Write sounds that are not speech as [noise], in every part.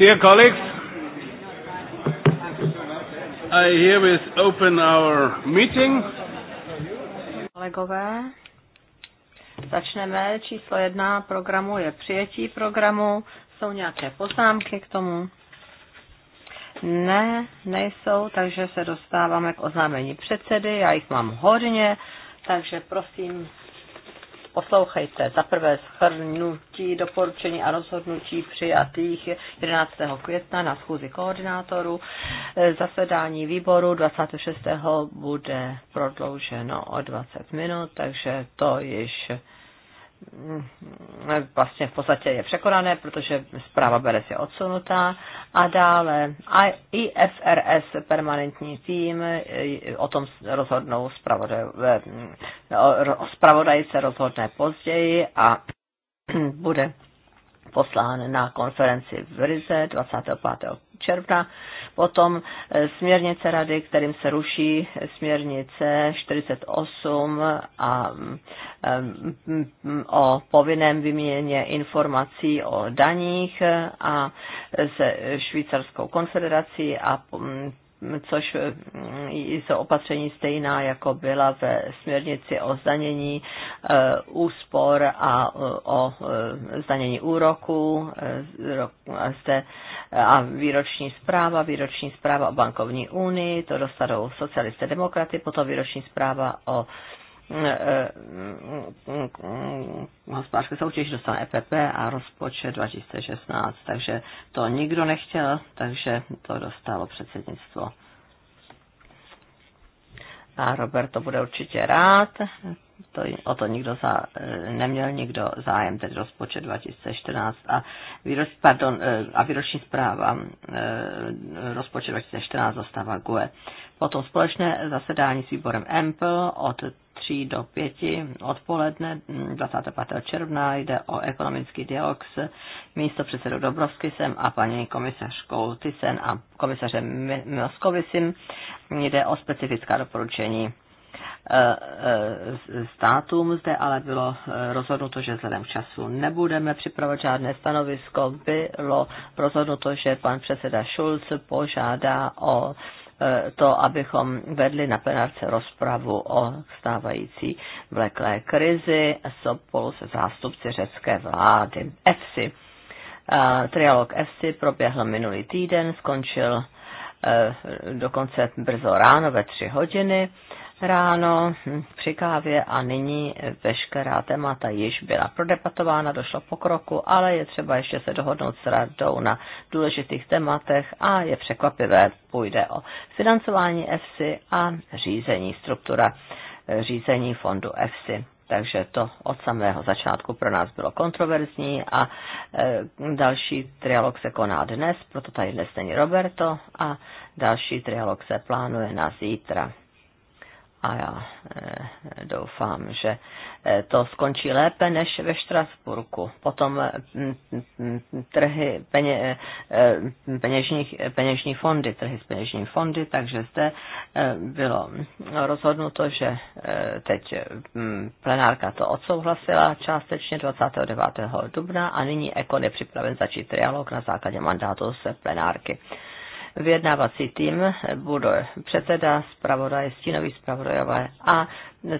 Dear colleagues, I herewith open our meeting. Kolegové, začneme. Číslo jedna programu je přijetí programu. Jsou nějaké poznámky k tomu? Ne, nejsou, takže se dostáváme k oznámení předsedy. Já jich mám hodně, takže prosím, poslouchejte. Za prvé shrnutí doporučení a rozhodnutí přijatých 11. května na schůzi koordinátorů. E, zasedání výboru 26. bude prodlouženo o 20 minut, takže to již Mm, eh, vlastně v podstatě je překonané, protože zpráva Beres je odsunutá. A dále IFRS, permanentní tým, eh, o tom rozhodnou zpravodaj, eh, se rozhodne později a [clears throat] bude poslán na konferenci v Rize 25 června. Potom e, směrnice rady, kterým se ruší směrnice 48 a mm, mm, mm, o povinném vyměně informací o daních a se Švýcarskou konfederací a což eh, jsou opatření stejná, jako byla ve směrnici o zdanění eh, úspor a eh, o zdanění úroku a výroční zpráva, výroční zpráva o bankovní unii, to dostanou socialisté demokraty, potom výroční zpráva o Eh, eh, hospodářské soutěž dostane EPP a rozpočet 2016, takže to nikdo nechtěl, takže to dostalo předsednictvo. A Robert to bude určitě rád, to, o to nikdo za, neměl nikdo zájem, tedy rozpočet 2014 a, pardon, eh, a výroční zpráva rozpočet 2014 dostává GUE. Potom společné zasedání s výborem EMPL od 3 do 5 odpoledne 25. Mm, června jde o ekonomický dialog s místo předsedou Dobrovskisem a paní komisařkou Tysen a komisařem Moskovisem. Jde o specifická doporučení e, e, státům. Zde ale bylo e, rozhodnuto, že vzhledem k času nebudeme připravovat žádné stanovisko. Bylo rozhodnuto, že pan předseda Schulz požádá o Eh, to, abychom vedli na plenárce rozpravu o stávající vleklé krizi spolu se zástupci řecké vlády EFSI. Eh, trialog EFSI proběhl minulý týden, skončil eh, dokonce brzo ráno ve tři hodiny ráno hm, při kávě a nyní veškerá témata již byla prodebatována, došlo pokroku, ale je třeba ještě se dohodnout s radou na důležitých tématech a je překvapivé, půjde o financování EFSI a řízení struktura eh, řízení fondu EFSI. Takže to od samého začátku pro nás bylo kontroverzní a e, další trialog se koná dnes, proto tady dnes není Roberto a další trialog se plánuje na zítra a já eh, doufám, že eh, to skončí lépe než ve Štrasburku. Potom eh, trhy peně, peněžních, peněžní fondy, trhy s peněžní fondy, takže zde bylo rozhodnuto, že teď plenárka to odsouhlasila částečně 29. dubna a nyní ECO je připraven začít trialog na základě mandátu se plenárky vyjednávací tým bude předseda, zpravodaj, stínový zpravodajové a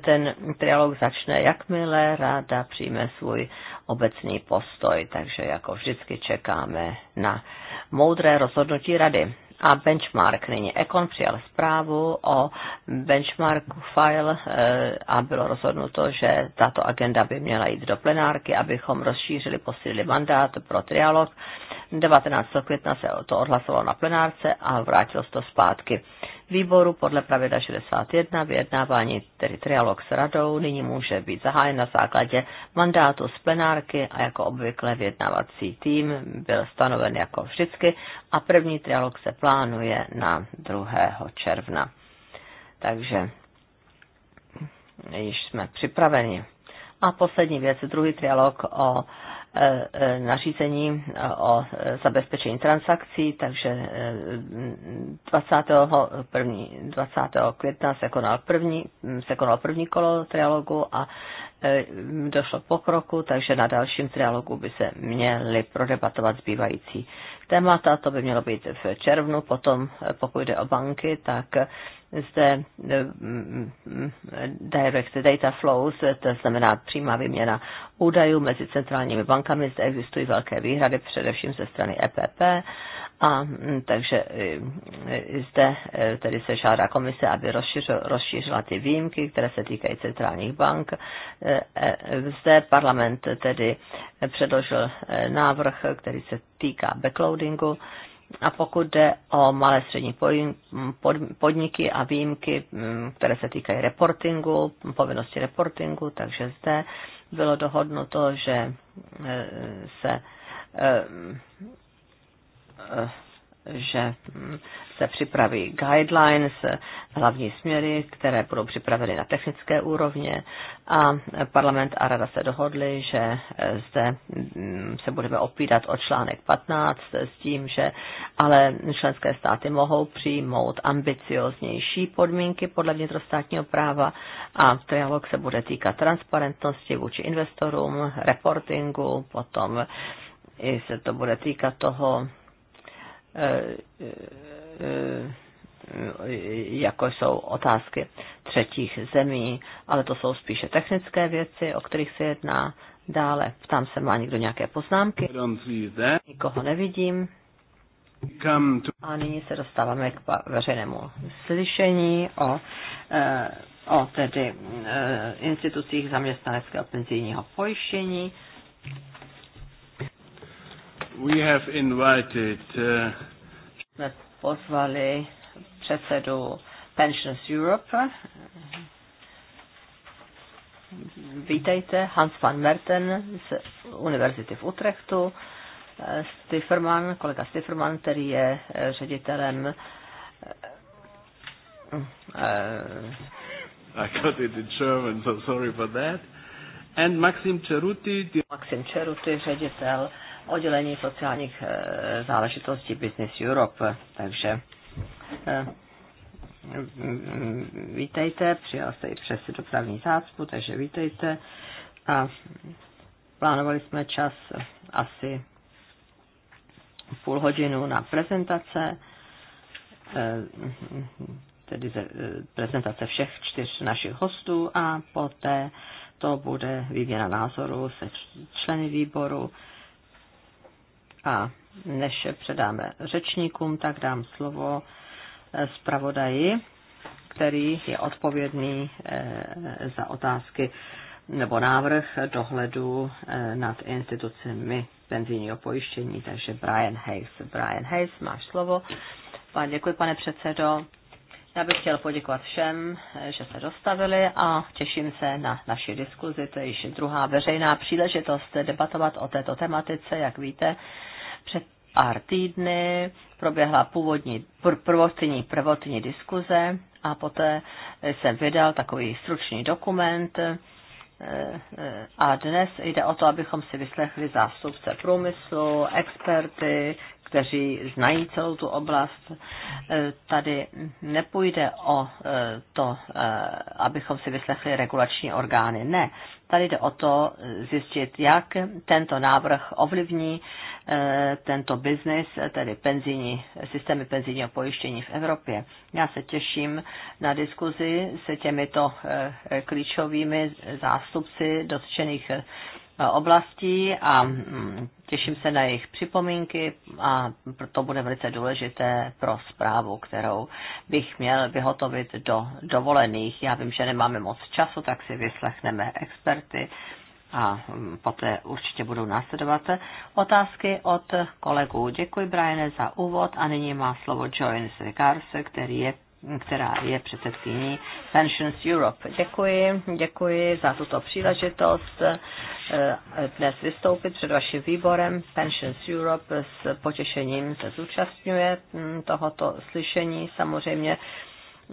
ten trialog začne, jakmile ráda přijme svůj obecný postoj. Takže jako vždycky čekáme na moudré rozhodnutí rady. A benchmark nyní. Econ přijal zprávu o benchmarku file eh, a bylo rozhodnuto, že tato agenda by měla jít do plenárky, abychom rozšířili, posílili mandát pro trialog 19. května se to odhlasovalo na plenárce a vrátilo se to zpátky. Výboru podle pravidla 61 vyjednávání, tedy trialog s radou, nyní může být zahájen na základě mandátu z plenárky a jako obvykle vyjednávací tým byl stanoven jako vždycky a první trialog se plánuje na 2. června. Takže již jsme připraveni. A poslední věc, druhý trialog o E, e, nařízení e, o zabezpečení transakcí, takže 20. května se konal první, se konal první kolo trialogu a došlo k pokroku, takže na dalším trialogu by se měly prodebatovat zbývající témata. To by mělo být v červnu, potom pokud jde o banky, tak zde mm, mm, direct data flows, to znamená přímá výměna údajů mezi centrálními bankami, zde existují velké výhrady, především ze strany EPP, a mm, takže zde eh, tedy se žádá komise, aby rozšířila ty výjimky, které se týkají centrálních bank. Eh, eh, zde parlament tedy předložil návrh, který se týká backloadingu a pokud jde o malé střední podniky a výjimky, mm, které se týkají reportingu, povinnosti reportingu, takže zde bylo dohodnuto, že e, se e, e, že se připraví guidelines, hlavní směry, které budou připraveny na technické úrovně a parlament a rada se dohodli, že zde se budeme opírat o článek 15 s tím, že ale členské státy mohou přijmout ambicioznější podmínky podle vnitrostátního práva a trialog se bude týkat transparentnosti vůči investorům, reportingu, potom i se to bude týkat toho, E, e, e, jako jsou otázky třetích zemí, ale to jsou spíše technické věci, o kterých se jedná dále. Ptám se, má někdo nějaké poznámky? Nikoho nevidím. A nyní se dostáváme k veřejnému slyšení o, o tedy institucích zaměstnaneckého penzijního pojištění we have invited, uh... Jsme pozvali předsedu Pensions Europe. Vítejte, Hans van Merten z Univerzity v Utrechtu, Stifferman, kolega Stifferman, který je eh, ředitelem uh, I got it in German, so sorry for that. And Maxim Ceruti, Maxim Ceruti, ředitel uh, oddělení sociálních eh, záležitostí Business Europe. Takže eh, vítejte, přijal jste i přes dopravní zácpu, takže vítejte. A plánovali jsme čas asi půl hodinu na prezentace, eh, tedy prezentace všech čtyř našich hostů a poté to bude výměna názoru se členy výboru a než předáme řečníkům, tak dám slovo eh, zpravodaji, který je odpovědný eh, za otázky nebo návrh dohledu eh, nad institucemi penzijního pojištění. Takže Brian Hayes. Brian Hayes, máš slovo. Pane, děkuji, pane předsedo. Já bych chtěl poděkovat všem, že se dostavili a těším se na naši diskuzi. To je již druhá veřejná příležitost debatovat o této tematice, jak víte. Před pár týdny proběhla původní, pr- prvotní, prvotní diskuze a poté jsem vydal takový stručný dokument, eh, eh, a dnes jde o to, abychom si vyslechli zástupce průmyslu, experty, kteří znají celou tu oblast. E, tady nepůjde o e, to, e, abychom si vyslechli regulační orgány. Ne, tady jde o to zjistit, jak tento návrh ovlivní tento biznis, tedy penzijní, systémy penzijního pojištění v Evropě. Já se těším na diskuzi se těmito klíčovými zástupci dotčených oblastí a mm, těším se na jejich připomínky a to bude velice důležité pro zprávu, kterou bych měl vyhotovit do dovolených. Já vím, že nemáme moc času, tak si vyslechneme experty a mm, poté určitě budou následovat otázky od kolegů. Děkuji, Brian, za úvod a nyní má slovo Joyce Ricars, který je která je předsedkyní Pensions Europe. Děkuji, děkuji za tuto příležitost eh, dnes vystoupit před vaším výborem. Pensions Europe s potěšením se zúčastňuje mm, tohoto slyšení. Samozřejmě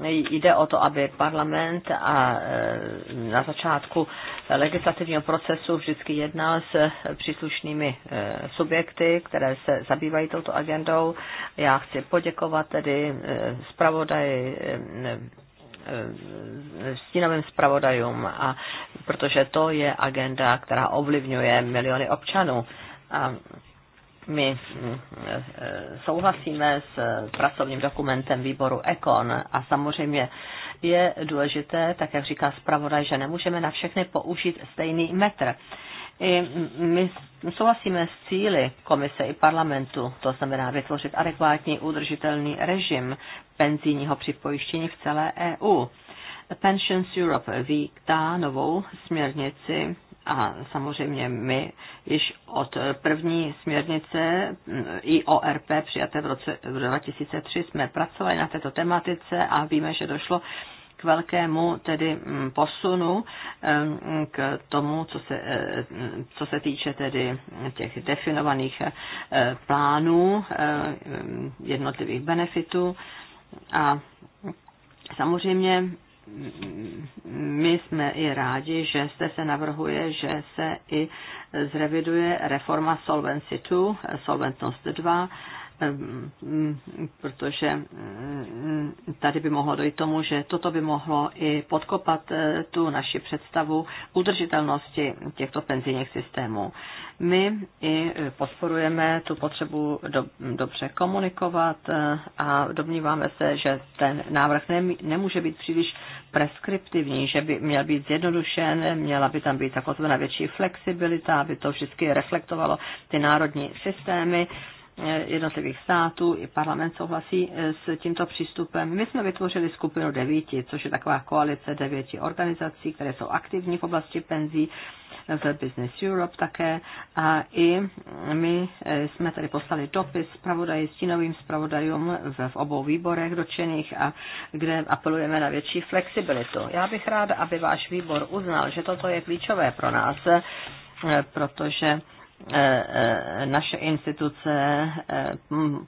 jde o to, aby parlament a e, na začátku legislativního procesu vždycky jednal s příslušnými e, subjekty, které se zabývají touto agendou. Já chci poděkovat tedy e, zpravodaji stínovým zpravodajům, a protože to je agenda, která ovlivňuje miliony občanů. A my eh, eh, souhlasíme s eh, pracovním dokumentem výboru Econ a samozřejmě je důležité, tak jak říká zpravodaj, že nemůžeme na všechny použít stejný metr. I my souhlasíme s cíly komise i parlamentu, to znamená vytvořit adekvátní udržitelný režim penzijního připojištění v celé EU. Pensions Europe vítá novou směrnici a samozřejmě my již od první směrnice IORP přijaté v roce 2003 jsme pracovali na této tematice a víme, že došlo k velkému tedy mm, posunu mm, k tomu, co se, mm, co se týče tedy těch definovaných eh, plánů eh, jednotlivých benefitů. A samozřejmě my jsme i rádi, že jste se navrhuje, že se i zreviduje reforma Solvency 2, Solventnost 2, Mm, protože mm, tady by mohlo dojít tomu, že toto by mohlo i podkopat eh, tu naši představu udržitelnosti těchto penzijních systémů. My i podporujeme tu potřebu do, dobře komunikovat eh, a domníváme se, že ten návrh ne, nemůže být příliš preskriptivní, že by měl být zjednodušen, měla by tam být taková větší flexibilita, aby to vždycky reflektovalo ty národní systémy jednotlivých států, i parlament souhlasí eh, s tímto přístupem. My jsme vytvořili skupinu devíti, což je taková koalice devíti organizací, které jsou aktivní v oblasti penzí, v Business Europe také. A i my eh, jsme tady poslali dopis zpravodaji, stínovým zpravodajům v obou výborech dočených, a kde apelujeme na větší flexibilitu. Já bych ráda, aby váš výbor uznal, že toto je klíčové pro nás, eh, protože Eh, eh, naše instituce eh,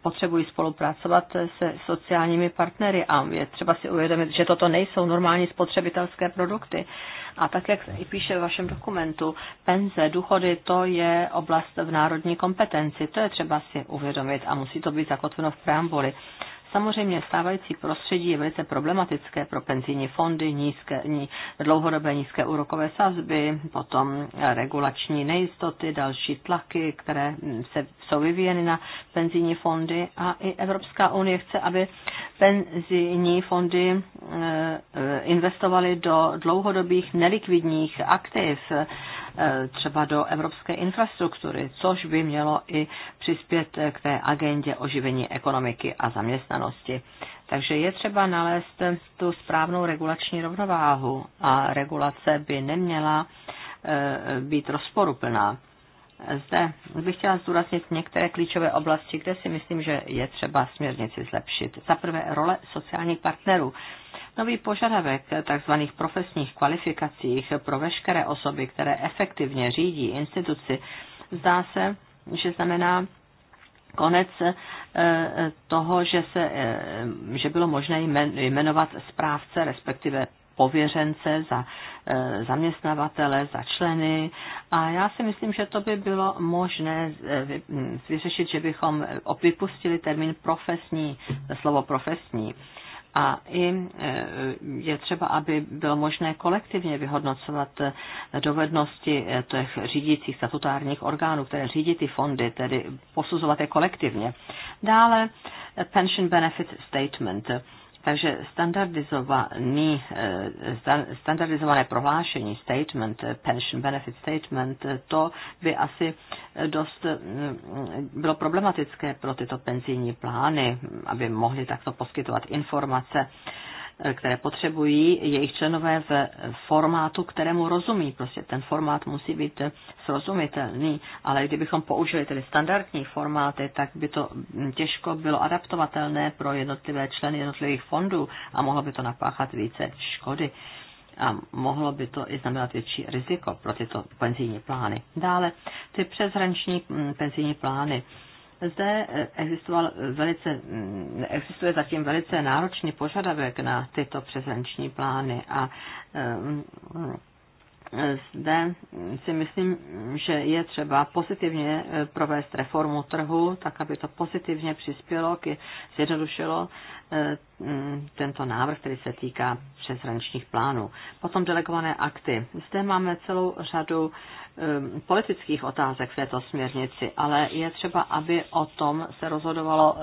potřebují spolupracovat se sociálními partnery a je třeba si uvědomit, že toto nejsou normální spotřebitelské produkty. A tak, jak i píše v vašem dokumentu, penze, důchody, to je oblast v národní kompetenci. To je třeba si uvědomit a musí to být zakotveno v preambuli. Samozřejmě stávající prostředí je velice problematické pro penzijní fondy, nízké, ní, dlouhodobé nízké úrokové sazby, potom regulační nejistoty, další tlaky, které hm, se, jsou vyvíjeny na penzijní fondy a i Evropská unie chce, aby penzijní fondy hm, investovaly do dlouhodobých nelikvidních aktiv Eh, třeba do evropské infrastruktury, což by mělo i přispět eh, k té agendě oživení ekonomiky a zaměstnanosti. Takže je třeba nalézt eh, tu správnou regulační rovnováhu a regulace by neměla být rozporuplná. Zde bych chtěla zdůraznit některé klíčové oblasti, kde si myslím, že je třeba směrnici zlepšit. Za prvé role sociálních partnerů. Nový požadavek tzv. profesních kvalifikacích pro veškeré osoby, které efektivně řídí instituci, zdá se, že znamená konec eh, toho, že, se, eh, že bylo možné jmenovat správce, respektive pověřence, za eh, zaměstnavatele, za členy. A já si myslím, že to by bylo možné mm, vyřešit, že bychom vypustili termín profesní, slovo profesní a i e, je třeba, aby bylo možné kolektivně vyhodnocovat e, dovednosti e, těch řídících statutárních orgánů, které řídí ty fondy, tedy posuzovat je kolektivně. Dále Pension Benefit Statement takže standardizovaný, eh, standardizované prohlášení, statement, eh, pension benefit statement, eh, to by asi dost mm, bylo problematické pro tyto penzijní plány, aby mohly takto poskytovat informace Eh, které potřebují jejich členové v formátu, kterému rozumí. Prostě ten formát musí být eh, srozumitelný, ale kdybychom použili tedy standardní formáty, tak by to mm, těžko bylo adaptovatelné pro jednotlivé členy jednotlivých fondů a mohlo by to napáchat více škody a mohlo by to i znamenat větší riziko pro tyto penzijní plány. Dále ty přeshraniční mm, penzijní plány zde eh, existoval velice, mm, existuje zatím velice náročný požadavek na tyto přezenční plány a eh, zde si myslím, že je třeba pozitivně eh, provést reformu trhu, tak aby to pozitivně přispělo, k, zjednodušilo eh, mm, tento návrh, který se týká přeshraničních plánů. Potom delegované akty. Zde máme celou řadu eh, politických otázek v této směrnici, ale je třeba, aby o tom se rozhodovalo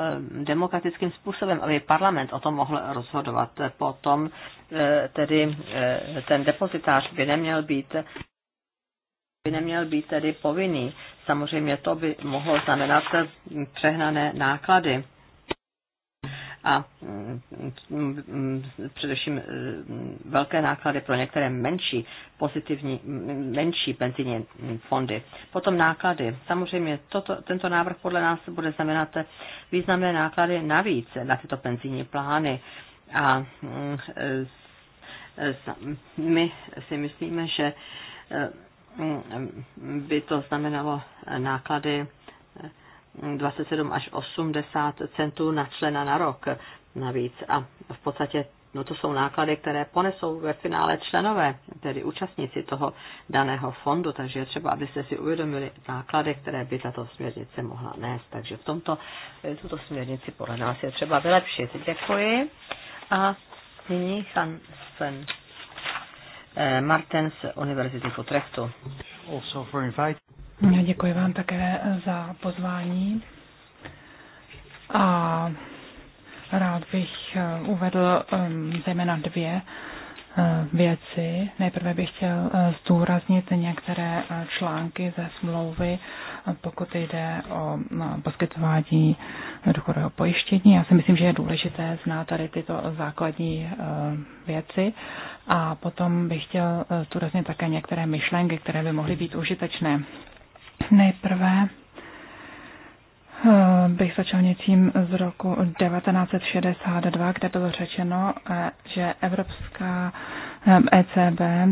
demokratickým způsobem, aby parlament o tom mohl rozhodovat. Potom Eh, tedy eh, ten depozitář by neměl být by neměl být tedy povinný. Samozřejmě to by mohlo znamenat přehnané náklady. A mm, mm, především eh, velké náklady pro některé menší, pozitivní, mm, menší penzijní fondy. Potom náklady. Samozřejmě toto, tento návrh podle nás bude znamenat významné náklady navíc na tyto penzijní plány a mm, e, e, my si myslíme, že e, mm, by to znamenalo náklady 27 až 80 centů na člena na rok navíc. A v podstatě no to jsou náklady, které ponesou ve finále členové, tedy účastníci toho daného fondu, takže je třeba, abyste si uvědomili náklady, které by tato směrnice mohla nést. Takže v tomto, tuto směrnici podle nás je třeba vylepšit. Děkuji. A nyní Hansen eh, Martens Univerzity v Utrechtu. Also no, Děkuji vám také za pozvání. A rád bych eh, uvedl eh, zejména dvě Eh, věci. Nejprve bych chtěl eh, zdůraznit některé eh, články ze smlouvy, pokud jde o poskytování důchodového pojištění. Já si myslím, že je důležité znát tady tyto základní věci. A potom bych chtěl zdůraznit také některé myšlenky, které by mohly být užitečné. Nejprve Eh, bych začal něčím z roku 1962, kde bylo řečeno, eh, že Evropská ECB eh,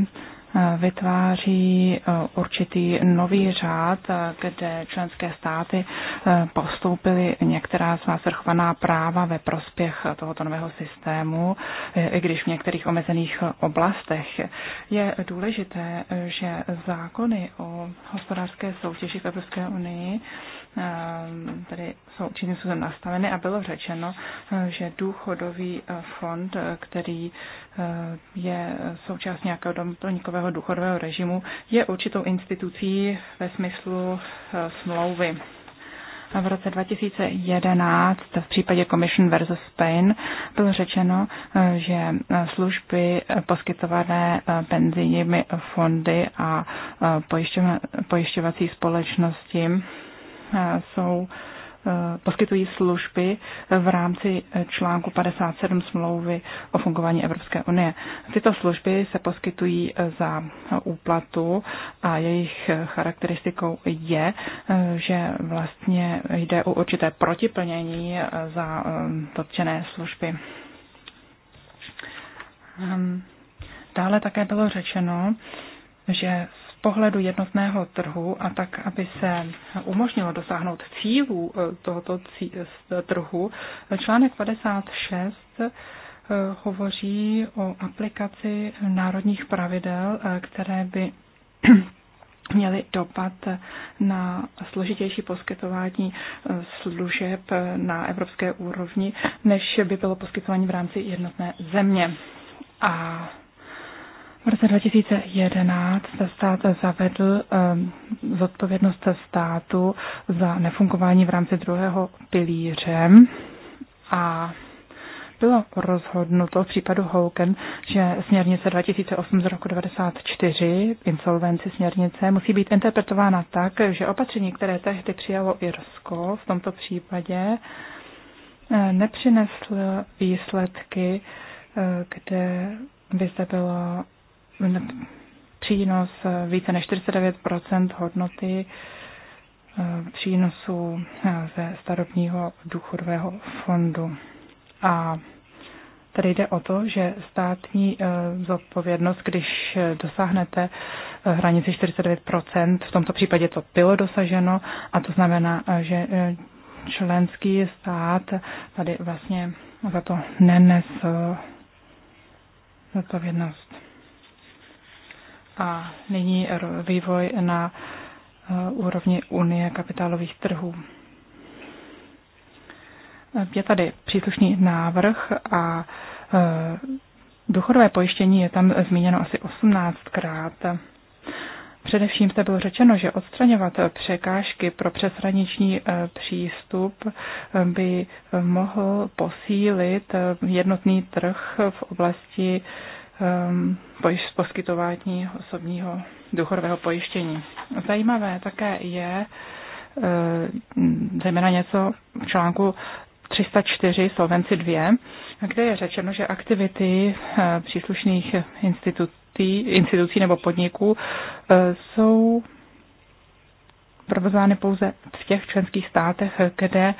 e vytváří určitý nový řád, kde členské státy postoupily některá svá zrchovaná práva ve prospěch tohoto nového systému, i když v některých omezených oblastech. Je důležité, že zákony o hospodářské soutěži v Evropské unii Ehm, tady jsou určitým způsobem nastaveny a bylo řečeno, eh, že důchodový eh, fond, eh, který je součást nějakého doplňkového důchodového režimu, je určitou institucí ve smyslu smlouvy. A v roce 2011 v případě Commission versus Spain bylo řečeno, že služby poskytované penzijními fondy a pojišťovací společnosti jsou poskytují služby v rámci článku 57 smlouvy o fungování Evropské unie. Tyto služby se poskytují za úplatu a jejich charakteristikou je, že vlastně jde o určité protiplnění za dotčené služby. Dále také bylo řečeno, že pohledu jednotného trhu a tak, aby se umožnilo dosáhnout cílů eh, tohoto eh, trhu, článek 56 eh, hovoří o aplikaci národních pravidel, které by [clears throat] měly dopad na složitější poskytování služeb na evropské úrovni, než by bylo poskytování v rámci jednotné země. A v roce 2011 stát zavedl ehm, zodpovědnost státu za nefungování v rámci druhého pilíře a bylo rozhodnuto v případu Hogan, že směrnice 2008 z roku 94, insolvenci směrnice, musí být interpretována tak, že opatření, které tehdy přijalo Irsko v tomto případě, eh, nepřineslo výsledky, eh, kde by zde bylo přínos eh, více než 49 hodnoty eh, přínosu eh, ze starobního důchodového fondu. A tady jde o to, že státní zodpovědnost, když dosáhnete hranici 49 v tomto případě to bylo dosaženo, a to znamená, že členský stát tady vlastně za to nenes zodpovědnost a nyní vývoj na e, úrovni Unie kapitálových trhů. E, je tady příslušný návrh a e, Důchodové pojištění je tam zmíněno asi 18krát. Především se bylo řečeno, že odstraňovat překážky pro přeshraniční přístup by mohl posílit jednotný trh v oblasti Um, poskytování osobního důchodového pojištění. Zajímavé také je eh, zejména něco v článku 304 Solvenci 2, kde je řečeno, že aktivity eh, příslušných institucí, institucí nebo podniků eh, jsou provozovány pouze v těch členských státech, kde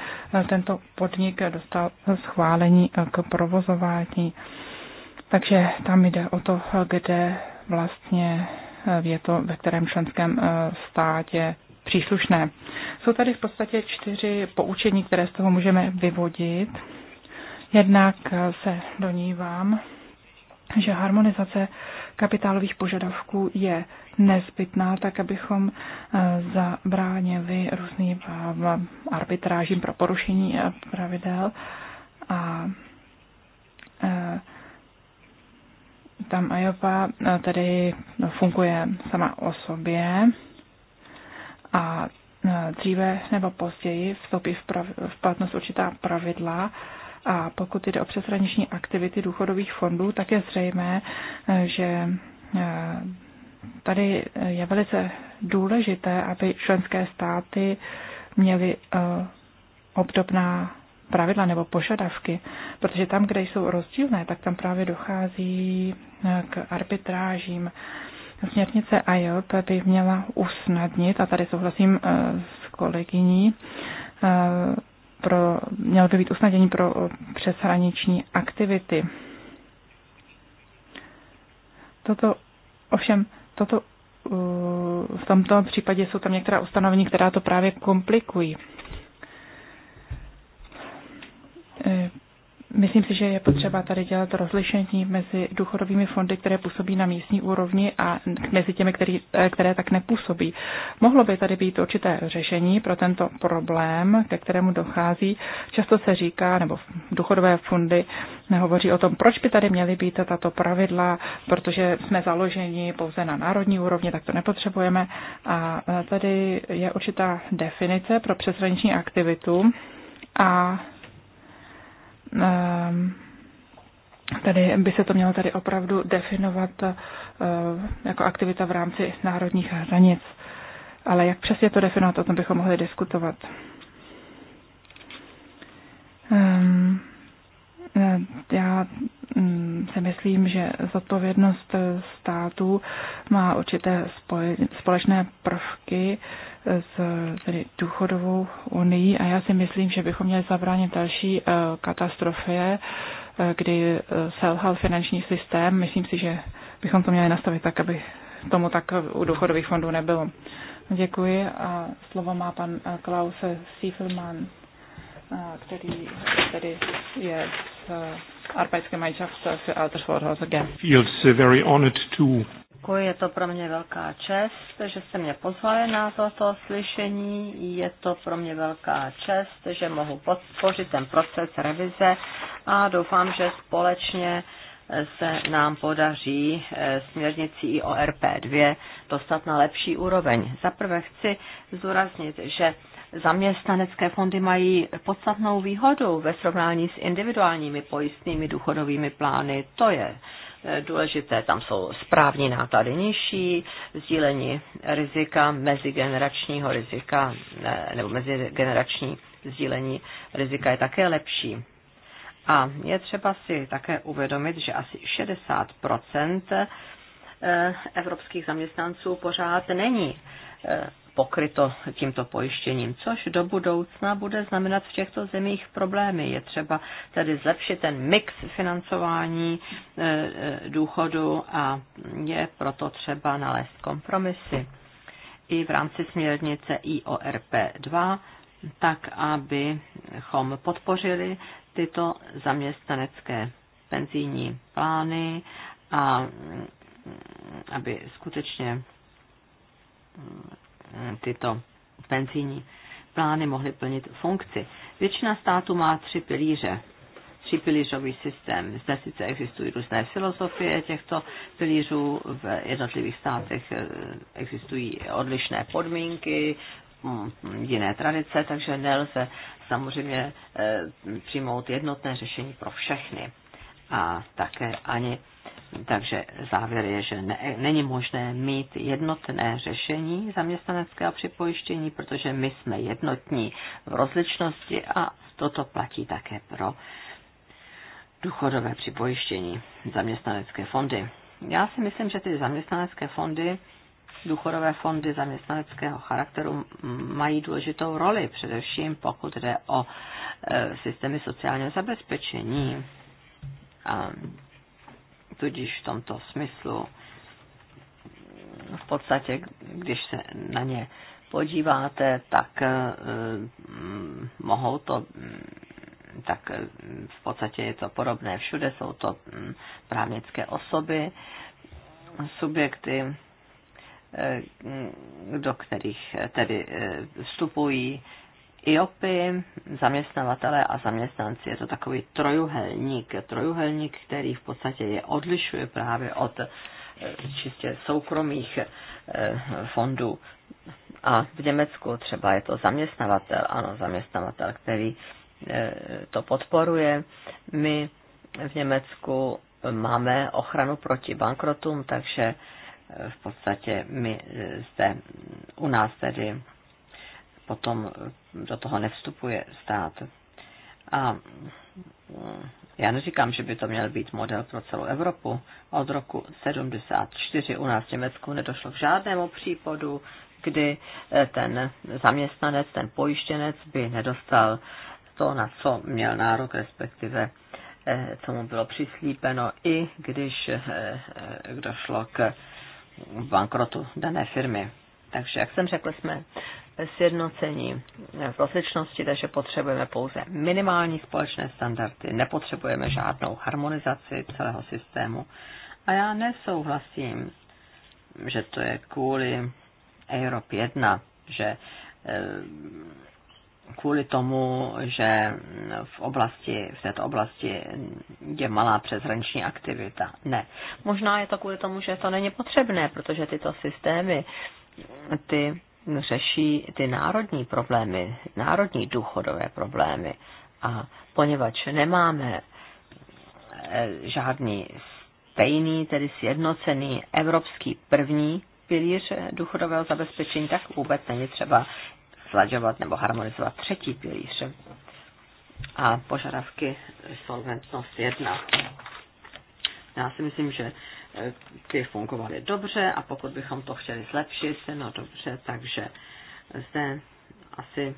tento podnik dostal schválení k provozování. Takže tam jde o to, kde vlastně je to ve kterém členském eh, státě příslušné. Jsou tady v podstatě čtyři poučení, které z toho můžeme vyvodit. Jednak eh, se donívám, že harmonizace kapitálových požadavků je nezbytná, tak abychom eh, zabránili různým arbitrážím pro porušení pravidel a tam Ajopa eh, tedy funguje sama o sobě a eh, dříve nebo později vstoupí v, prav, v platnost určitá pravidla a pokud jde o přeshraniční aktivity důchodových fondů, tak je zřejmé, eh, že tady je velice důležité, aby členské státy měly obdobná pravidla nebo požadavky, protože tam, kde jsou rozdílné, tak tam právě dochází eh, k arbitrážím. Směrnice IELP by měla usnadnit, a tady souhlasím eh, s kolegyní, eh, pro, měl by být usnadnění pro přeshraniční aktivity. Toto ovšem, toto v tomto případě jsou tam některá ustanovení, která to právě komplikují. E, myslím si, že je potřeba tady dělat rozlišení mezi důchodovými fondy, které působí na místní úrovni a mezi těmi, který, e, které tak nepůsobí. Mohlo by tady být určité řešení pro tento problém, ke kterému dochází. Často se říká, nebo důchodové fondy nehovoří o tom, proč by tady měly být tato pravidla, protože jsme založeni pouze na národní úrovni, tak to nepotřebujeme. A e, tady je určitá definice pro přeshraniční aktivitu a Ehm, tady by se to mělo tady opravdu definovat eh, jako aktivita v rámci národních hranic. Ale jak přesně to definovat, o tom bychom mohli diskutovat. Um, já mm, si myslím, že zodpovědnost státu má určité společné prvky s tedy důchodovou unii a já si myslím, že bychom měli zabránit další eh, katastrofě, eh, kdy eh, selhal finanční systém. Myslím si, že bychom to měli nastavit tak, aby tomu tak u důchodových fondů nebylo. Děkuji a slovo má pan Klaus Siefelmann který tedy je z Arbeitsgemeinschaft für Altersvorsorge. Feels very honored to Děkuji, je to pro mě velká čest, že jste mě pozvali na toto slyšení. Je to pro mě velká čest, že mohu podpořit ten proces revize a doufám, že společně se nám podaří eh, směrnicí IORP 2 dostat na lepší úroveň. Zaprvé chci zdůraznit, že zaměstnanecké fondy mají podstatnou výhodu ve srovnání s individuálními pojistnými důchodovými plány. To je eh, důležité. Tam jsou správní náklady nižší, sdílení rizika, mezigeneračního rizika eh, nebo mezigenerační sdílení rizika je také lepší. A je třeba si také uvědomit, že asi 60 eh, evropských zaměstnanců pořád není pokryto tímto pojištěním, což do budoucna bude znamenat v těchto zemích problémy. Je třeba tedy zlepšit ten mix financování e, e, důchodu a je proto třeba nalézt kompromisy i v rámci směrnice IORP 2, tak abychom podpořili tyto zaměstnanecké penzijní plány a aby skutečně Eh, tyto penzijní plány mohly plnit funkci. Většina států má tři pilíře. Tři pilířový systém. Zde sice existují různé filozofie těchto pilířů, v jednotlivých státech eh, existují odlišné podmínky, mm, jiné tradice, takže nelze samozřejmě eh, přijmout jednotné řešení pro všechny a také ani takže závěr je, že ne, není možné mít jednotné řešení zaměstnaneckého připojištění, protože my jsme jednotní v rozličnosti a toto platí také pro důchodové připojištění zaměstnanecké fondy. Já si myslím, že ty zaměstnanecké fondy, důchodové fondy zaměstnaneckého charakteru mají důležitou roli, především pokud jde o e, systémy sociálního zabezpečení. A Tudíž v tomto smyslu v podstatě, když se na ně podíváte, tak eh, mm, mohou to mm, tak eh, v podstatě je to podobné všude, jsou to mm, právnické osoby, subjekty, eh, do kterých tedy vstupují IOPy, zaměstnavatele a zaměstnanci. Je to takový trojuhelník, trojuhelník, který v podstatě je odlišuje právě od eh, čistě soukromých eh, fondů. A v Německu třeba je to zaměstnavatel, ano, zaměstnavatel, který eh, to podporuje. My v Německu máme ochranu proti bankrotům, takže v podstatě my zde u nás tedy potom eh, do toho nevstupuje stát. A mm, já neříkám, že by to měl být model pro celou Evropu. Od roku 74 u nás v Německu nedošlo k žádnému případu, kdy eh, ten zaměstnanec, ten pojištěnec by nedostal to, na co měl nárok, respektive eh, co mu bylo přislípeno, i když došlo k bankrotu dané firmy. Takže, jak jsem řekl, jsme sjednocení v rozličnosti, takže potřebujeme pouze minimální společné standardy, nepotřebujeme žádnou harmonizaci celého systému. A já nesouhlasím, že to je kvůli Europe 1, že eh, kvůli tomu, že v oblasti, v této oblasti je malá přeshraniční aktivita. Ne. Možná je to kvůli tomu, že to není potřebné, protože tyto systémy, ty řeší ty národní problémy, národní důchodové problémy. A poněvadž nemáme eh, žádný stejný, tedy sjednocený evropský první pilíř důchodového zabezpečení, tak vůbec není třeba slaďovat nebo harmonizovat třetí pilíř. A požadavky solventnost 1. Já si myslím, že eh, ty fungovaly dobře a pokud bychom to chtěli zlepšit, no dobře, takže zde asi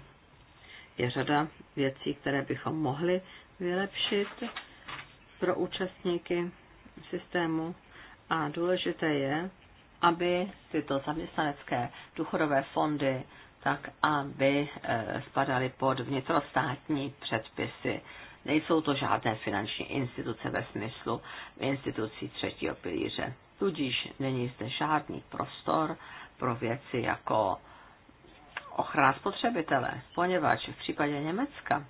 je řada věcí, které bychom mohli vylepšit pro účastníky systému. A důležité je, aby tyto zaměstnanecké důchodové fondy tak, aby eh, spadaly pod vnitrostátní předpisy Nejsou to žádné finanční instituce ve smyslu institucí třetího pilíře. Tudíž není zde žádný prostor pro věci jako ochrana spotřebitele, poněvadž v případě Německa,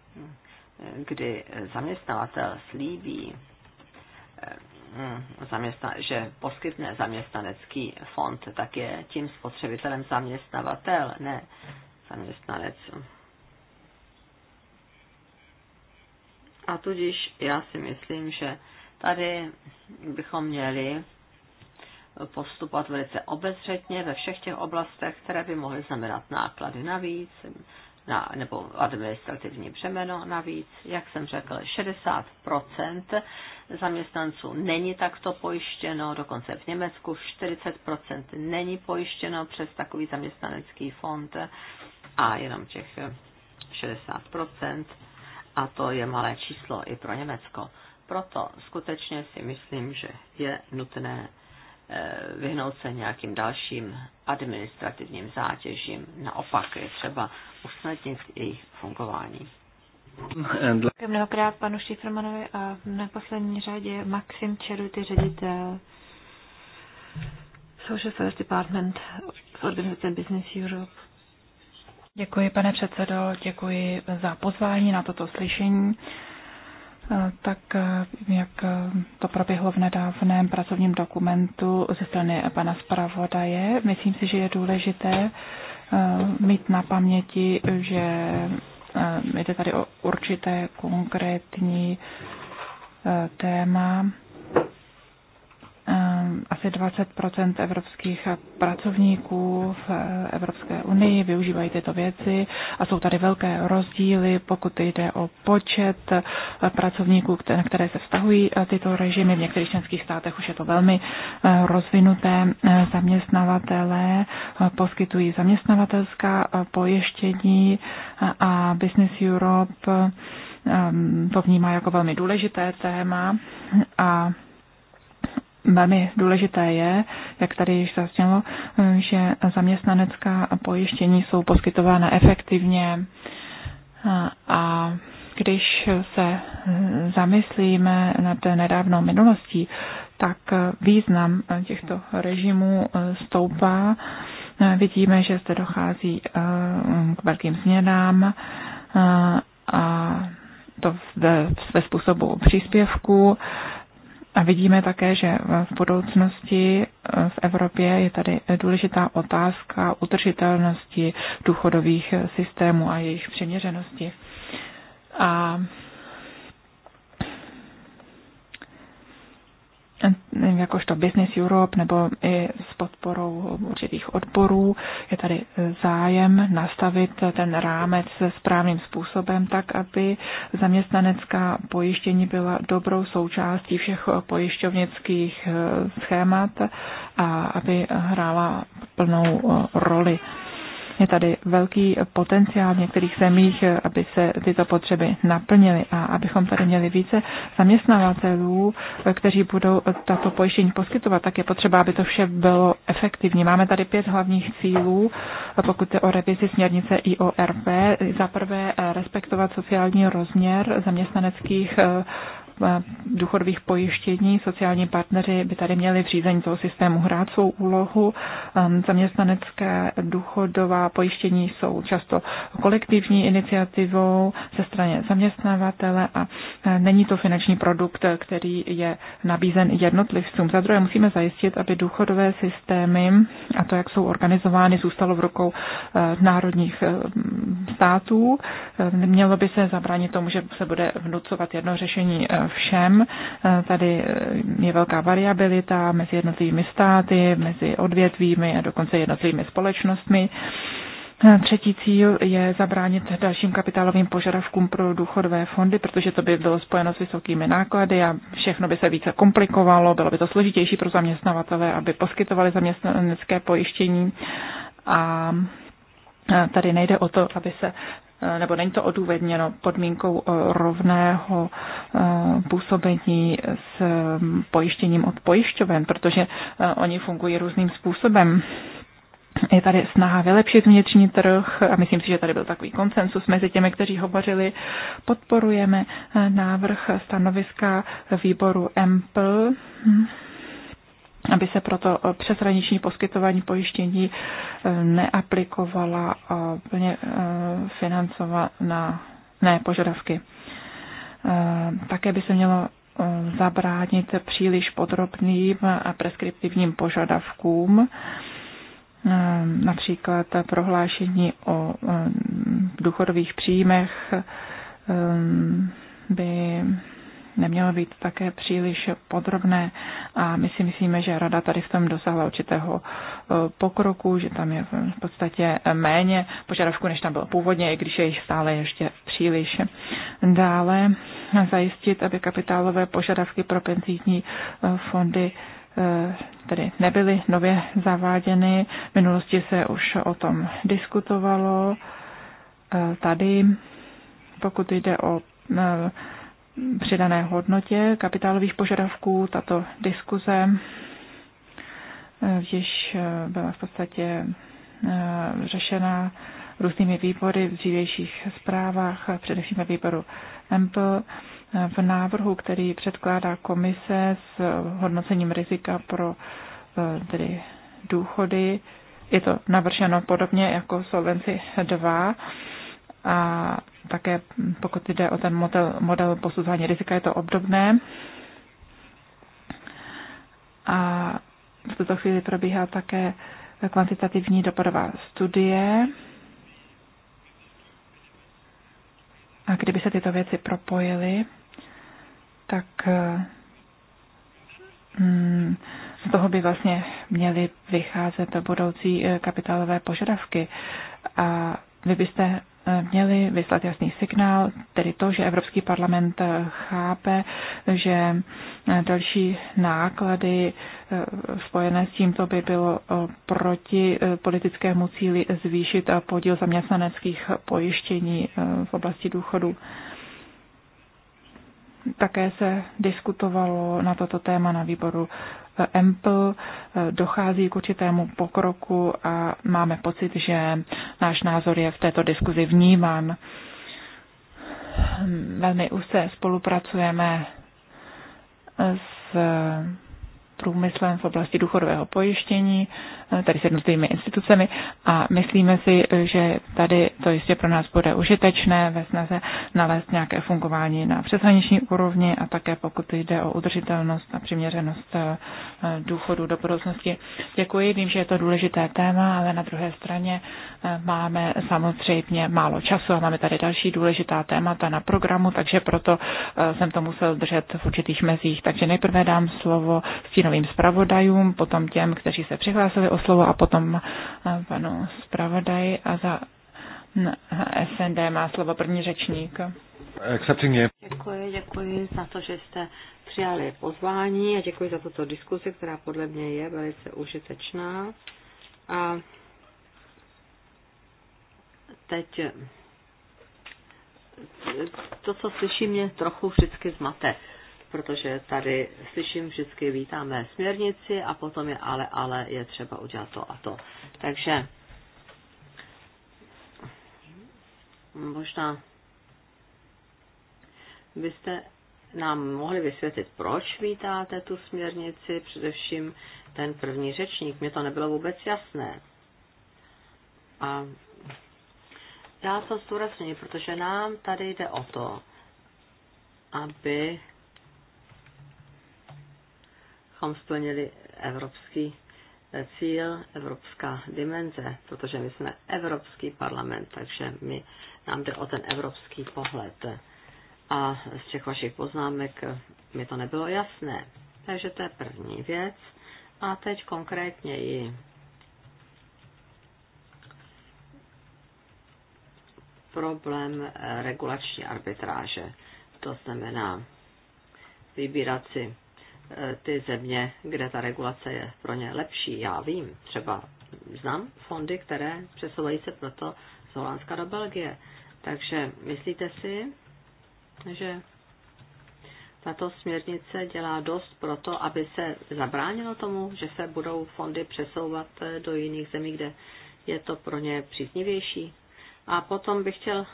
kdy zaměstnavatel slíbí, eh, že poskytne zaměstnanecký fond, tak je tím spotřebitelem zaměstnavatel, ne zaměstnanec. A tudíž já si myslím, že tady bychom měli postupovat velice obezřetně ve všech těch oblastech, které by mohly znamenat náklady navíc, na, nebo administrativní břemeno navíc. Jak jsem řekl, 60% zaměstnanců není takto pojištěno, dokonce v Německu 40% není pojištěno přes takový zaměstnanecký fond a jenom těch 60% a to je malé číslo i pro Německo. Proto skutečně si myslím, že je nutné eh, vyhnout se nějakým dalším administrativním zátěžím. Naopak je třeba usnadnit jejich fungování. Děkuji mnohokrát panu Šifrmanovi a na poslední řadě Maxim Čeruty, ředitel Social First Department z organizace Business Europe. Děkuji, pane předsedo, děkuji za pozvání na toto slyšení. Eh, tak eh, jak eh, to proběhlo v nedávném pracovním dokumentu ze strany pana zpravodaje, myslím si, že je důležité mít na paměti, že jde tady o určité konkrétní téma Ehm, asi 20 evropských pracovníků v eh, Evropské unii využívají tyto věci a jsou tady velké rozdíly, pokud jde o počet eh, pracovníků, na které se vztahují eh, tyto režimy. V některých členských státech už je to velmi rozvinuté. Zaměstnavatelé poskytují zaměstnavatelská pojištění a Business Europe ehm, to vnímá jako velmi důležité téma a Velmi důležité je, jak tady již zaznělo, že zaměstnanecká pojištění jsou poskytována efektivně a když se zamyslíme nad nedávnou minulostí, tak význam těchto režimů stoupá. Vidíme, že zde dochází eh, k velkým změnám eh, a to ve, způsobu příspěvků a vidíme také, že v budoucnosti eh, v Evropě je tady důležitá otázka udržitelnosti důchodových systémů a jejich přiměřenosti. A jakožto Business Europe nebo i s podporou určitých odborů. Je tady e, zájem nastavit ten rámec správným způsobem tak, aby zaměstnanecká pojištění byla dobrou součástí všech pojišťovnických e, schémat a aby hrála plnou e, roli. Je tady velký potenciál v některých zemích, aby se tyto potřeby naplnily a abychom tady měli více zaměstnavatelů, kteří budou tato pojištění poskytovat, tak je potřeba, aby to vše bylo efektivní. Máme tady pět hlavních cílů, pokud je o revizi směrnice IORP. Za prvé respektovat sociální rozměr zaměstnaneckých důchodových pojištění. Sociální partneři by tady měli v řízení toho systému hrát svou úlohu. Ehm, zaměstnanecké důchodová pojištění jsou často kolektivní iniciativou ze strany zaměstnavatele a e, není to finanční produkt, který je nabízen jednotlivcům. Za druhé musíme zajistit, aby důchodové systémy a to, jak jsou organizovány, zůstalo v rukou e, národních e, států. Ehm, Mělo by se zabránit tomu, že se bude vnucovat jedno řešení všem. Eh, tady eh, je velká variabilita mezi jednotlivými státy, mezi odvětvími a dokonce jednotlivými společnostmi. Eh, Třetí cíl je zabránit dalším kapitálovým požadavkům pro důchodové fondy, protože to by bylo spojeno s vysokými náklady a všechno by se více komplikovalo, bylo by to složitější pro zaměstnavatele, aby poskytovali zaměstnanecké pojištění. A tady nejde o to, aby se Eh, nebo není to odůvodněno podmínkou eh, rovného eh, působení s mm, pojištěním od pojišťoven, protože oni fungují různým způsobem. Je tady snaha vylepšit vnitřní trh a myslím si, že tady byl takový konsensus mezi těmi, kteří hovořili. Podporujeme návrh stanoviska výboru EMPL hm aby se proto eh, přeshraniční poskytování pojištění eh, neaplikovala plně eh, financovaná ne požadavky. Také by se mělo zabránit příliš podrobným a preskriptivním požadavkům, například prohlášení o důchodových příjmech by nemělo být také příliš podrobné a my si myslíme, že rada tady v tom dosáhla určitého e, pokroku, že tam je v podstatě méně požadavků, než tam bylo původně, i když je jich stále ještě příliš. Dále zajistit, aby kapitálové požadavky pro penzijní e, fondy e, tedy nebyly nově zaváděny. V minulosti se už o tom diskutovalo. Tady, pokud jde o přidané hodnotě kapitálových požadavků. Tato diskuze eh, již eh, byla v podstatě eh, řešena různými výbory v dřívějších zprávách, především ve výboru MPL. V návrhu, který předkládá komise s hodnocením rizika pro tedy důchody, je to navrženo podobně jako Solvency 2 a také pokud jde o ten model, model posuzování rizika, je to obdobné. A v tuto chvíli probíhá také kvantitativní dopadová studie. A kdyby se tyto věci propojily, tak hmm, z toho by vlastně měly vycházet budoucí eh, kapitálové požadavky. A vy byste měli vyslat jasný signál, tedy to, že Evropský parlament chápe, že další náklady eh, spojené s tímto by bylo eh, proti eh, politickému cíli zvýšit podíl zaměstnaneckých pojištění v oblasti důchodu. Také se diskutovalo na toto téma na výboru EMPL eh, dochází k určitému pokroku a máme pocit, že náš názor je v této diskuzi vnímán. Velmi úzce spolupracujeme s průmyslem v oblasti důchodového pojištění, eh, tady s jednotlivými institucemi a myslíme si, že tady to jistě pro nás bude užitečné ve snaze nalézt nějaké fungování na přeshraniční úrovni a také pokud jde o udržitelnost a přiměřenost eh, eh, důchodu do budoucnosti. Děkuji, vím, že je to důležité téma, ale na druhé straně máme samozřejmě málo času a máme tady další důležitá témata na programu, takže proto jsem to musel držet v určitých mezích. Takže nejprve dám slovo novým zpravodajům, potom těm, kteří se přihlásili o slovo a potom eh, panu zpravodaji a za SND má slovo první řečník. Děkuji, děkuji za to, že jste přijali pozvání a děkuji za tuto diskuzi, která podle mě je velice užitečná. A teď to, co slyším, mě trochu vždycky zmate protože tady slyším vždycky vítáme směrnici a potom je ale, ale je třeba udělat to a to. Takže možná byste nám mohli vysvětlit, proč vítáte tu směrnici, především ten první řečník. Mně to nebylo vůbec jasné. A já to zdůrazňuji, protože nám tady jde o to, aby abychom splnili evropský eh, cíl, evropská dimenze, protože my jsme Evropský parlament, takže my, nám jde o ten evropský pohled. A z těch vašich poznámek eh, mi to nebylo jasné. Takže to je první věc. A teď konkrétně i Problém eh, regulační arbitráže. To znamená vybírat si ty země, kde ta regulace je pro ně lepší. Já vím, třeba znám fondy, které přesouvají se proto z Holandska do Belgie. Takže myslíte si, že tato směrnice dělá dost pro to, aby se zabránilo tomu, že se budou fondy přesouvat eh, do jiných zemí, kde je to pro ně příznivější. A potom bych chtěl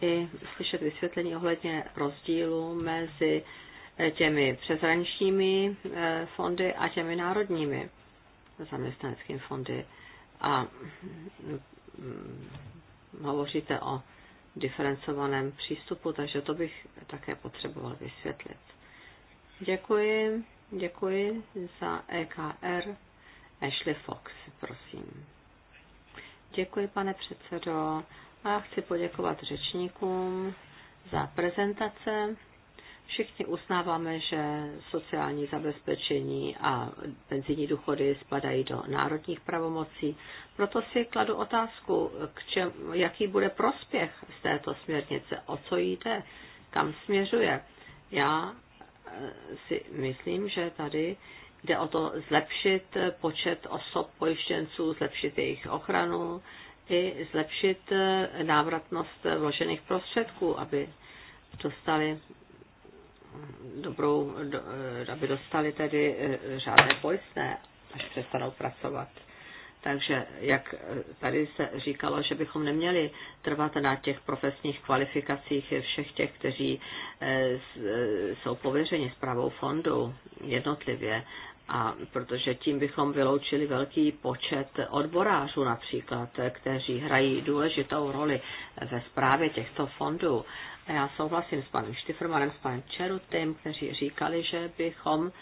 i slyšet vysvětlení ohledně rozdílu mezi těmi přezraničními eh, fondy a těmi národními zaměstnaneckými fondy. A mm, hovoříte o diferencovaném přístupu, takže to bych také potřeboval vysvětlit. Děkuji, děkuji za EKR. Ashley Fox, prosím. Děkuji, pane předsedo. A chci poděkovat řečníkům za prezentace Všichni uznáváme, že sociální zabezpečení a penzijní důchody spadají do národních pravomocí. Proto si kladu otázku, k čem, jaký bude prospěch z této směrnice, o co jde, kam směřuje. Já eh, si myslím, že tady jde o to zlepšit počet osob pojištěnců, zlepšit jejich ochranu i zlepšit eh, návratnost vložených prostředků, aby dostali dobrou, do, eh, aby dostali tedy žádné eh, pojistné, až přestanou pracovat. Takže jak eh, tady se říkalo, že bychom neměli trvat na těch profesních kvalifikacích všech těch, kteří jsou pověřeni zprávou fondu jednotlivě, a protože tím bychom vyloučili velký počet odborářů například, kteří hrají důležitou roli ve zprávě těchto fondů. A já souhlasím s panem Štifrmanem, s panem Čerutem, kteří říkali, že bychom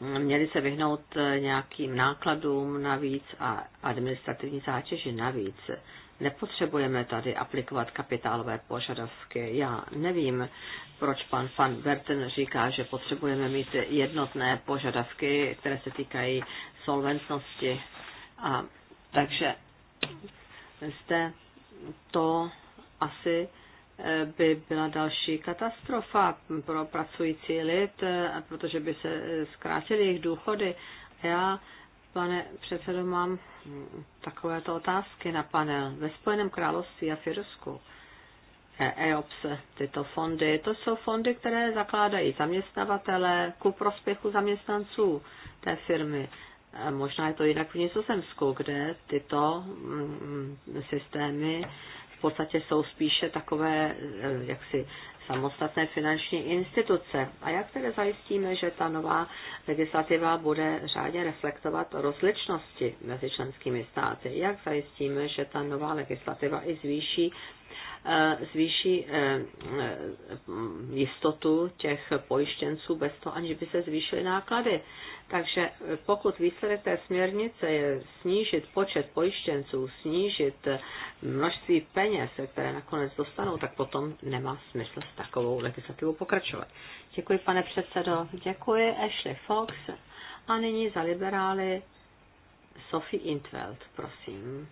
měli se vyhnout eh, nějakým nákladům navíc a administrativní zátěži navíc. Nepotřebujeme tady aplikovat kapitálové požadavky. Já nevím, proč pan Van Verten říká, že potřebujeme mít jednotné požadavky, které se týkají solventnosti. A, takže zde to asi eh, by byla další katastrofa pro pracující lid, eh, protože by se eh, zkrátily jejich důchody. Já, pane předsedo, mám hm, takovéto otázky na panel. Ve Spojeném království a Firsku, EOPS, tyto fondy, to jsou fondy, které zakládají zaměstnavatele ku prospěchu zaměstnanců té firmy. Možná je to jinak v Nizozemsku, kde tyto hm, hm, systémy v podstatě jsou spíše takové e, jaksi samostatné finanční instituce. A jak tedy zajistíme, že ta nová legislativa bude řádně reflektovat rozličnosti mezi členskými státy? Jak zajistíme, že ta nová legislativa i zvýší Eh, zvýší eh, eh, jistotu těch pojištěnců bez toho, aniž by se zvýšily náklady. Takže pokud výsledek té směrnice je snížit počet pojištěnců, snížit množství peněz, které nakonec dostanou, tak potom nemá smysl s takovou legislativou pokračovat. Děkuji, pane předsedo. Děkuji, Ashley Fox. A nyní za liberály Sophie Intveld, prosím.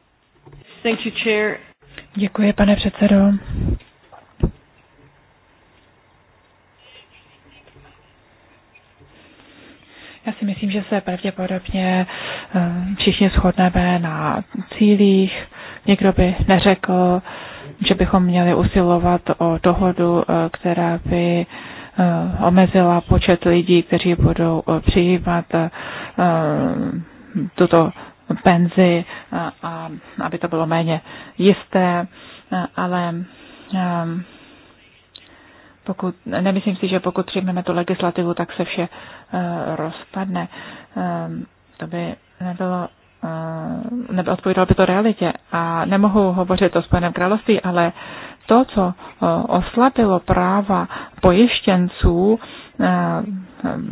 Thank you, chair. Děkuji, pane předsedo. Já si myslím, že se pravděpodobně eh, všichni shodneme na cílích. Někdo by neřekl, že bychom měli usilovat o dohodu, eh, která by eh, omezila počet lidí, kteří budou přijímat tuto penzi, a aby to bylo méně jisté, ale pokud, nemyslím si, že pokud přijmeme tu legislativu, tak se vše e, rozpadne. E, to by nebylo e, nebo by to realitě. A nemohu hovořit o Spojeném království, ale to, co oslabilo práva pojištěnců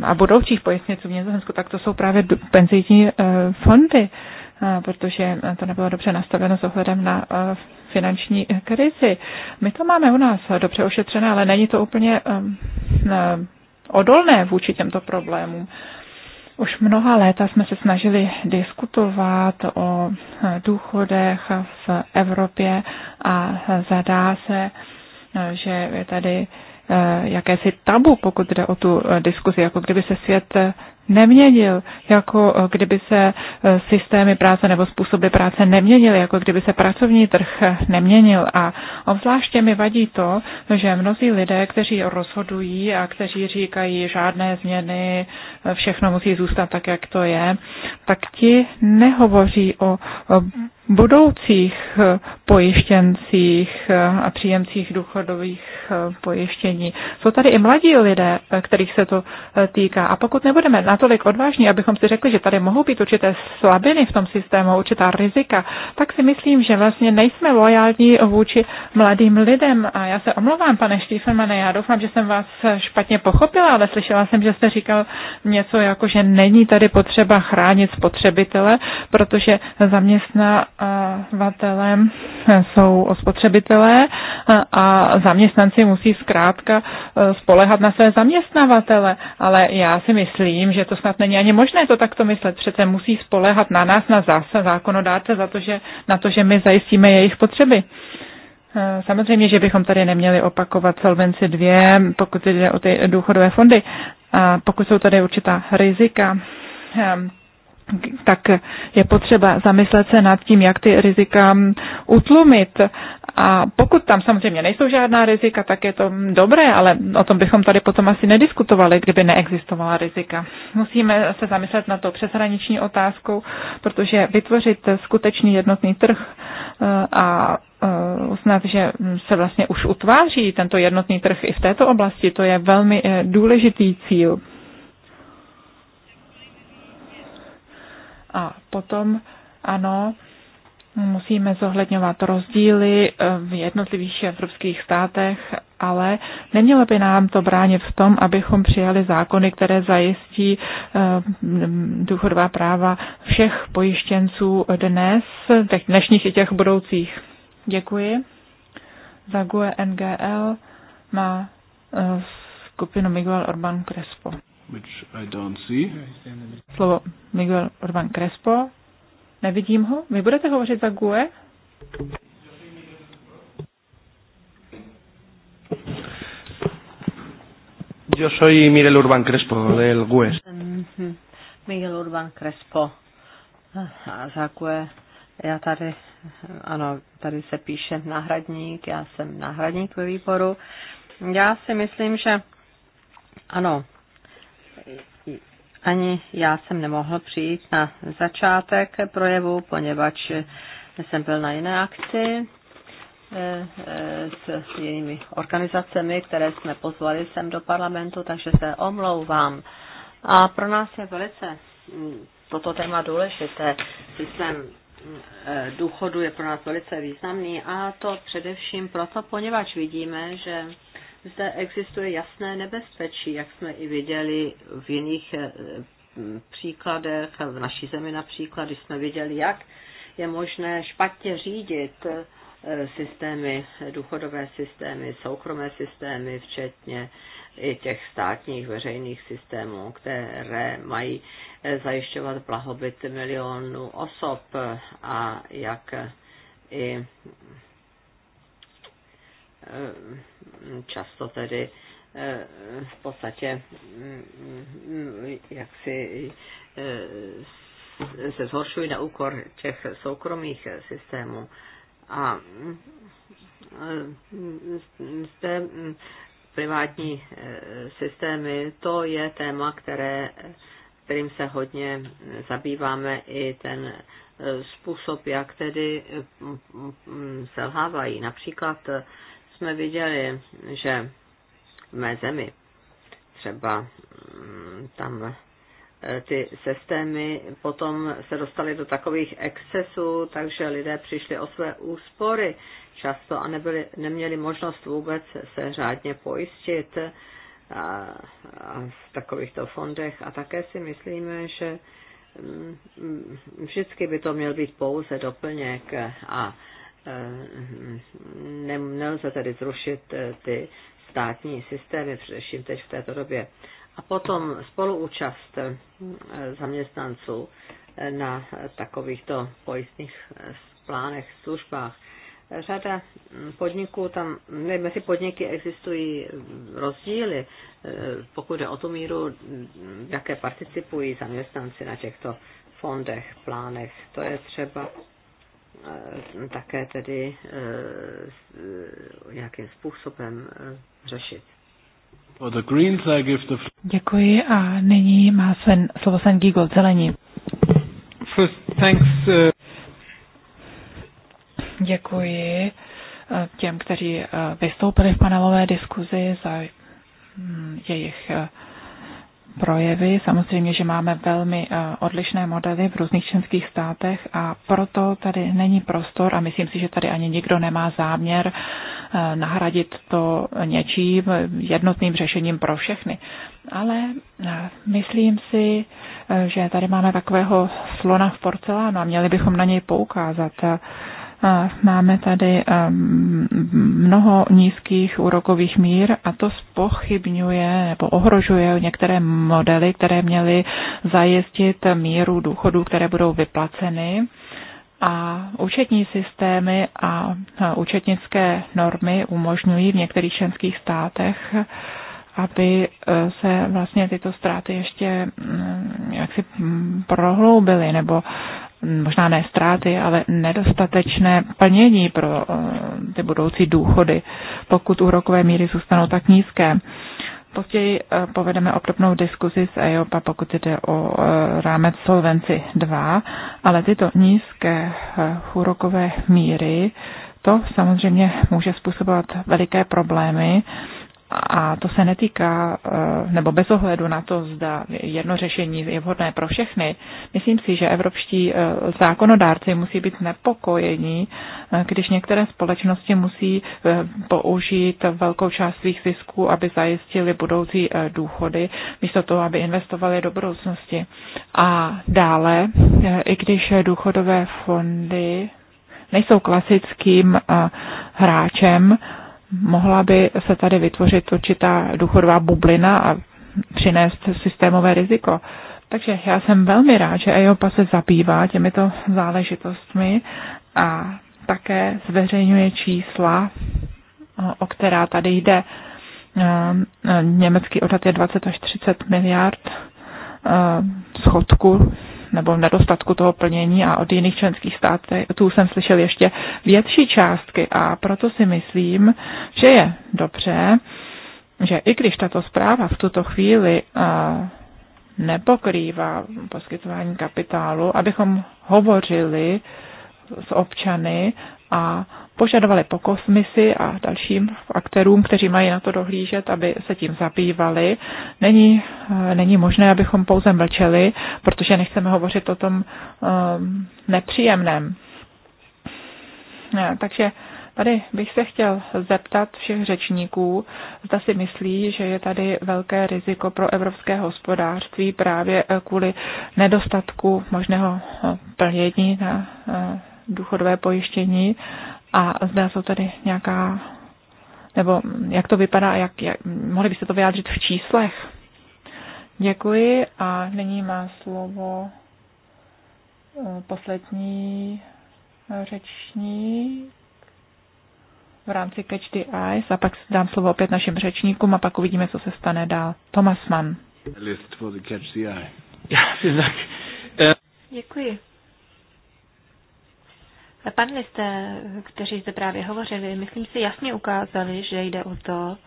a budoucích pojistněců v Nizozemsku, tak to jsou právě penzijní eh, fondy, eh, protože to nebylo dobře nastaveno s ohledem na eh, finanční krizi. My to máme u nás dobře ošetřené, ale není to úplně odolné vůči těmto problémům. Už mnoha léta jsme se snažili diskutovat o důchodech v Evropě a zadá se, že je tady Eh, jakési tabu, pokud jde o tu eh, diskuzi, jako kdyby se svět eh, neměnil, jako eh, kdyby se eh, systémy práce nebo způsoby práce neměnily, jako kdyby se pracovní trh eh, neměnil. A obzvláště mi vadí to, že mnozí lidé, kteří rozhodují a kteří říkají žádné změny, všechno musí zůstat tak, jak to je, tak ti nehovoří o budoucích pojištěncích a příjemcích důchodových pojištění. Jsou tady i mladí lidé, kterých se to týká. A pokud nebudeme natolik odvážní, abychom si řekli, že tady mohou být určité slabiny v tom systému, určitá rizika, tak si myslím, že vlastně nejsme lojální vůči mladým lidem. A já se omlouvám, pane Štýfemane, já doufám, že jsem vás špatně pochopila, ale slyšela jsem, že jste říkal něco jako, že není tady potřeba chránit spotřebitele, protože zaměstnavatele jsou spotřebitelé a zaměstnanci musí zkrátka spolehat na své zaměstnavatele. Ale já si myslím, že že to snad není ani možné to takto myslet. Přece musí spolehat na nás, na zása, zákonodárce, za to, že, na to, že my zajistíme jejich potřeby. Eh, samozřejmě, že bychom tady neměli opakovat solvenci dvě, pokud jde o ty důchodové fondy, a pokud jsou tady určitá rizika, eh, tak je potřeba zamyslet se nad tím, jak ty rizika mm, utlumit. A pokud tam samozřejmě nejsou žádná rizika, tak je to dobré, ale o tom bychom tady potom asi nediskutovali, kdyby neexistovala rizika. Musíme se zamyslet na to přeshraniční otázkou, protože vytvořit skutečný jednotný trh eh, a eh, uznat, že se vlastně už utváří tento jednotný trh i v této oblasti, to je velmi eh, důležitý cíl. A potom, ano, musíme zohledňovat rozdíly eh, v jednotlivých evropských státech, ale nemělo by nám to bránit v tom, abychom přijali zákony, které zajistí eh, důchodová práva všech pojištěnců dnes, těch dnešních i těch budoucích. Děkuji. Za GUE NGL má eh, skupinu Miguel Orban Crespo. Slovo Miguel Orban Crespo Nevidím ho. Vy budete hovořit za GUE? Yo soy Miguel Urbán Crespo, del GUE. Mhm. Miguel Urbán Crespo, za GUE. Já tady, ano, tady se píše náhradník, já jsem náhradník ve výboru. Já si myslím, že ano, ani já jsem nemohl přijít na začátek projevu, poněvadž jsem byl na jiné akci eh, eh, s jinými organizacemi, které jsme pozvali sem do parlamentu, takže se omlouvám. A pro nás je velice mm, toto téma důležité. Systém eh, důchodu je pro nás velice významný a to především proto, poněvadž vidíme, že zde existuje jasné nebezpečí, jak jsme i viděli v jiných eh, příkladech, v naší zemi například, když jsme viděli, jak je možné špatně řídit eh, systémy, důchodové systémy, soukromé systémy, včetně i těch státních veřejných systémů, které mají eh, zajišťovat blahobyt milionů osob a jak i Eh, často tedy eh, v podstatě mm, mm, jak si eh, se zhoršují na úkor těch soukromých systémů. A zde mm, privátní systémy, to je téma, které, kterým se hodně zabýváme i ten způsob, jak tedy selhávají. Například jsme viděli, že v mé zemi třeba mm, tam eh, ty systémy potom se dostaly do takových excesů, takže lidé přišli o své úspory často a nebyli, neměli možnost vůbec se řádně pojistit a, eh, a v takovýchto fondech. A také si myslíme, že mm, mm, vždycky by to měl být pouze doplněk a Eh, ne, nelze tedy zrušit eh, ty státní systémy, především teď v této době. A potom spoluúčast eh, zaměstnanců na takovýchto pojistných plánech, službách. Řada hm, podniků tam, ne, mezi podniky existují hm, rozdíly, pokud je o tu míru, hm, jaké participují zaměstnanci na těchto fondech, plánech. To je třeba Eh, také tedy eh, nějakým způsobem eh, řešit. Děkuji a nyní má Sven, slovo Sven Giegold, zelení. First, thanks. Děkuji těm, kteří vystoupili v panelové diskuzi za mm, jejich projevy. Samozřejmě, že máme velmi eh, odlišné modely v různých členských státech a proto tady není prostor a myslím si, že tady ani nikdo nemá záměr eh, nahradit to něčím jednotným řešením pro všechny. Ale eh, myslím si, že tady máme takového slona v porcelánu a měli bychom na něj poukázat. Máme tady ehm, mnoho nízkých úrokových mír a to spochybňuje nebo ohrožuje některé modely, které měly zajistit míru důchodů, které budou vyplaceny. A účetní systémy a účetnické normy umožňují v některých členských státech aby e, se vlastně tyto ztráty ještě mm, jaksi mm, prohloubily nebo možná ne ztráty, ale nedostatečné plnění pro eh, ty budoucí důchody, pokud úrokové míry zůstanou tak nízké. Později eh, povedeme obdobnou diskuzi s EIOPA, pokud jde o eh, rámec Solvenci 2, ale tyto nízké úrokové míry, to samozřejmě může způsobovat veliké problémy a to se netýká, eh, nebo bez ohledu na to, zda jedno řešení je vhodné pro všechny, myslím si, že evropští eh, zákonodárci musí být znepokojení, eh, když některé společnosti musí použít velkou část svých zisků, aby zajistili budoucí důchody, místo toho, aby investovali do budoucnosti. A dále, i když důchodové fondy nejsou klasickým hráčem, mohla by se tady vytvořit určitá důchodová bublina a přinést systémové riziko. Takže já jsem velmi rád, že EIOPA se zabývá těmito záležitostmi a také zveřejňuje čísla, o která tady jde. Ehm, ehm, německý odhad je 20 až 30 miliard ehm, schodku nebo v nedostatku toho plnění a od jiných členských států jsem slyšel ještě větší částky a proto si myslím, že je dobře, že i když tato zpráva v tuto chvíli nepokrývá poskytování kapitálu, abychom hovořili s občany a požadovali po kosmisi a dalším aktérům, kteří mají na to dohlížet, aby se tím zabývali. Není, eh, není možné, abychom pouze mlčeli, protože nechceme hovořit o tom um, nepříjemném. Ne, eh, takže Tady bych se chtěl zeptat všech řečníků, zda si myslí, že je tady velké riziko pro evropské hospodářství právě eh, kvůli nedostatku možného plnění na důchodové pojištění a zda jsou tady nějaká, nebo jak to vypadá, jak, jak mohli byste to vyjádřit v číslech? Děkuji a nyní má slovo eh, poslední řečník v rámci Catch the Eyes a pak dám slovo opět našim řečníkům a pak uvidíme, co se stane dál. Thomas Mann. List for the Catch the Eye. [laughs] Eh. Děkuji. Panelisté, kteří zde právě hovořili, myslím si, jasně ukázali, že jde o to,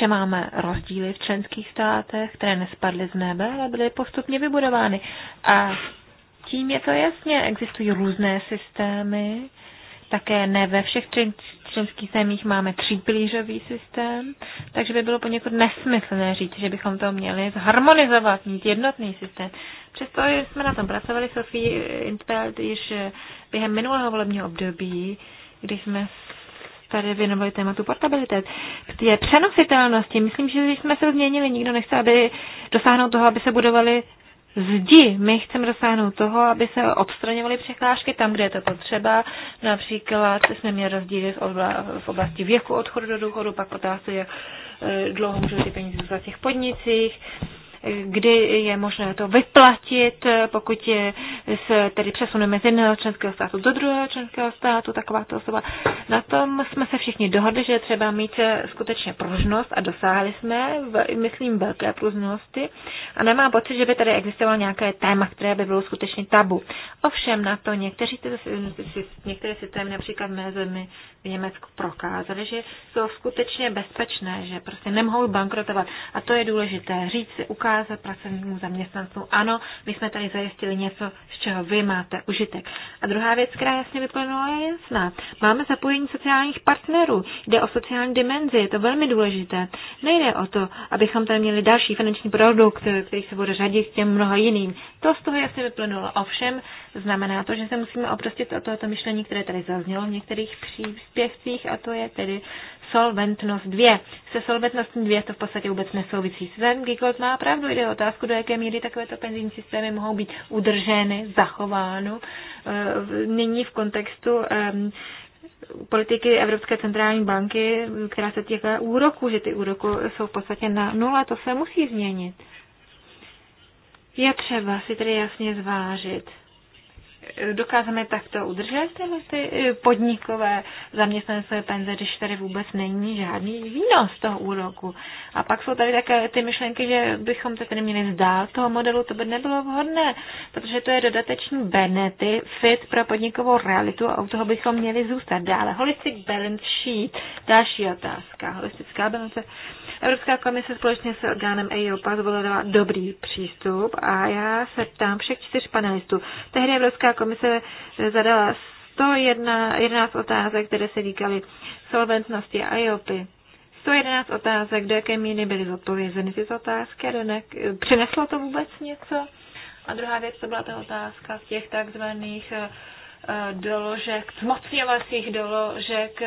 že máme rozdíly v členských státech, které nespadly z nebe, ale byly postupně vybudovány. A tím je to jasně, existují různé systémy, také ne ve všech členských zemích máme třípilířový systém, takže by bylo poněkud nesmyslné říct, že bychom to měli zharmonizovat, mít jednotný systém. Přesto jsme na tom pracovali, Sofie Intfeld již během minulého volebního období, když jsme tady věnovali tématu portability, je přenositelnosti. Myslím, že když jsme se změnili, nikdo nechce, aby dosáhnout toho, aby se budovaly zdi. My chceme dosáhnout toho, aby se odstraňovaly překážky tam, kde je to potřeba. Například jsme měli rozdíly v oblasti věku odchodu do důchodu, pak otázka, jak eh, dlouho můžou ty peníze zůstat v těch podnicích kdy je možné to vyplatit, pokud je, se tedy přesuneme z jednoho členského státu do druhého členského státu, takováto osoba. Na tom jsme se všichni dohodli, že třeba mít skutečně pružnost a dosáhli jsme, v, myslím, velké pružnosti a nemá pocit, že by tady existovalo nějaké téma, které by bylo skutečně tabu. Ovšem na to někteří ty, některé systémy, například mé zemi v Německu, prokázali, že jsou skutečně bezpečné, že prostě nemohou bankrotovat. A to je důležité říct si, ukázat, ukázat pracovnímu zaměstnancům, ano, my jsme tady zajistili něco, z čeho vy máte užitek. A druhá věc, která jasně vyplnula, je jasná. Máme zapojení sociálních partnerů, jde o sociální dimenzi, je to velmi důležité. Nejde o to, abychom tam měli další finanční produkt, který se bude řadit k těm mnoha jiným. To z toho jasně vyplnulo. Ovšem, znamená to, že se musíme oprostit od tohoto myšlení, které tady zaznělo v některých příspěvcích, a to je tedy solventnost 2. Se solventností 2 to v podstatě vůbec nesouvisí. Sven Gigold má pravdu, jde o otázku, do jaké míry takovéto penzijní systémy mohou být udrženy, zachovány. Eh, nyní v kontextu ehm, politiky Evropské centrální banky, která se týká úroku, že ty úroky jsou v podstatě na nula, to se musí změnit. Je třeba si tedy jasně zvážit, dokážeme takto udržet tyhle ty eh, podnikové zaměstnanecké penze, když tady vůbec není žádný výnos toho úroku. A pak jsou tady také ty myšlenky, že bychom se tedy měli zdát toho modelu, to by nebylo vhodné, protože to je dodateční benety, fit pro podnikovou realitu a u toho bychom měli zůstat dále. Holistic balance sheet, další otázka. Holistická balance Evropská komise společně s orgánem EIOPA zvolila dobrý přístup a já se ptám všech čtyř panelistů. Tehdy Evropská komise zadala 111 otázek, které se týkaly solventnosti EIOPy. 111 otázek, do jaké míny byly zodpovězeny tyto otázky, ne... přineslo to vůbec něco? A druhá věc, to byla ta otázka těch takzvaných eh, Eh, doložek, zmocňovacích doložek.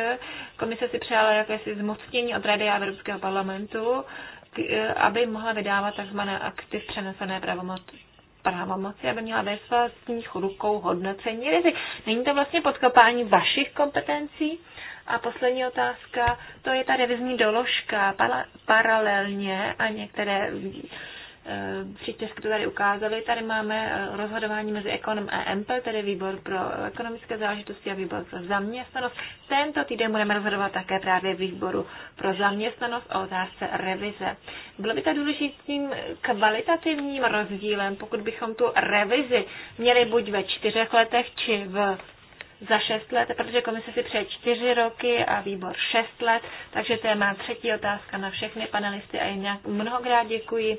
Komise si přijala jakési zmocnění od Rady a Evropského parlamentu, eh, aby mohla vydávat tzv. aktiv přenesené pravomoci pravomoci, aby měla ve vlastních rukou hodnocení rizik. Není to vlastně podkopání vašich kompetencí? A poslední otázka, to je ta revizní doložka. Paralelně a některé jsme eh, to tady ukázali. Tady máme eh, rozhodování mezi ekonom a MP, tedy výbor pro ekonomické záležitosti a výbor pro zaměstnanost. Tento týden budeme rozhodovat také právě výboru pro zaměstnanost o otázce revize. Bylo by to důležitým kvalitativním rozdílem, pokud bychom tu revizi měli buď ve čtyřech letech, či v za šest let, protože komise si přeje čtyři roky a výbor šest let, takže to je má třetí otázka na všechny panelisty a jinak mnohokrát děkuji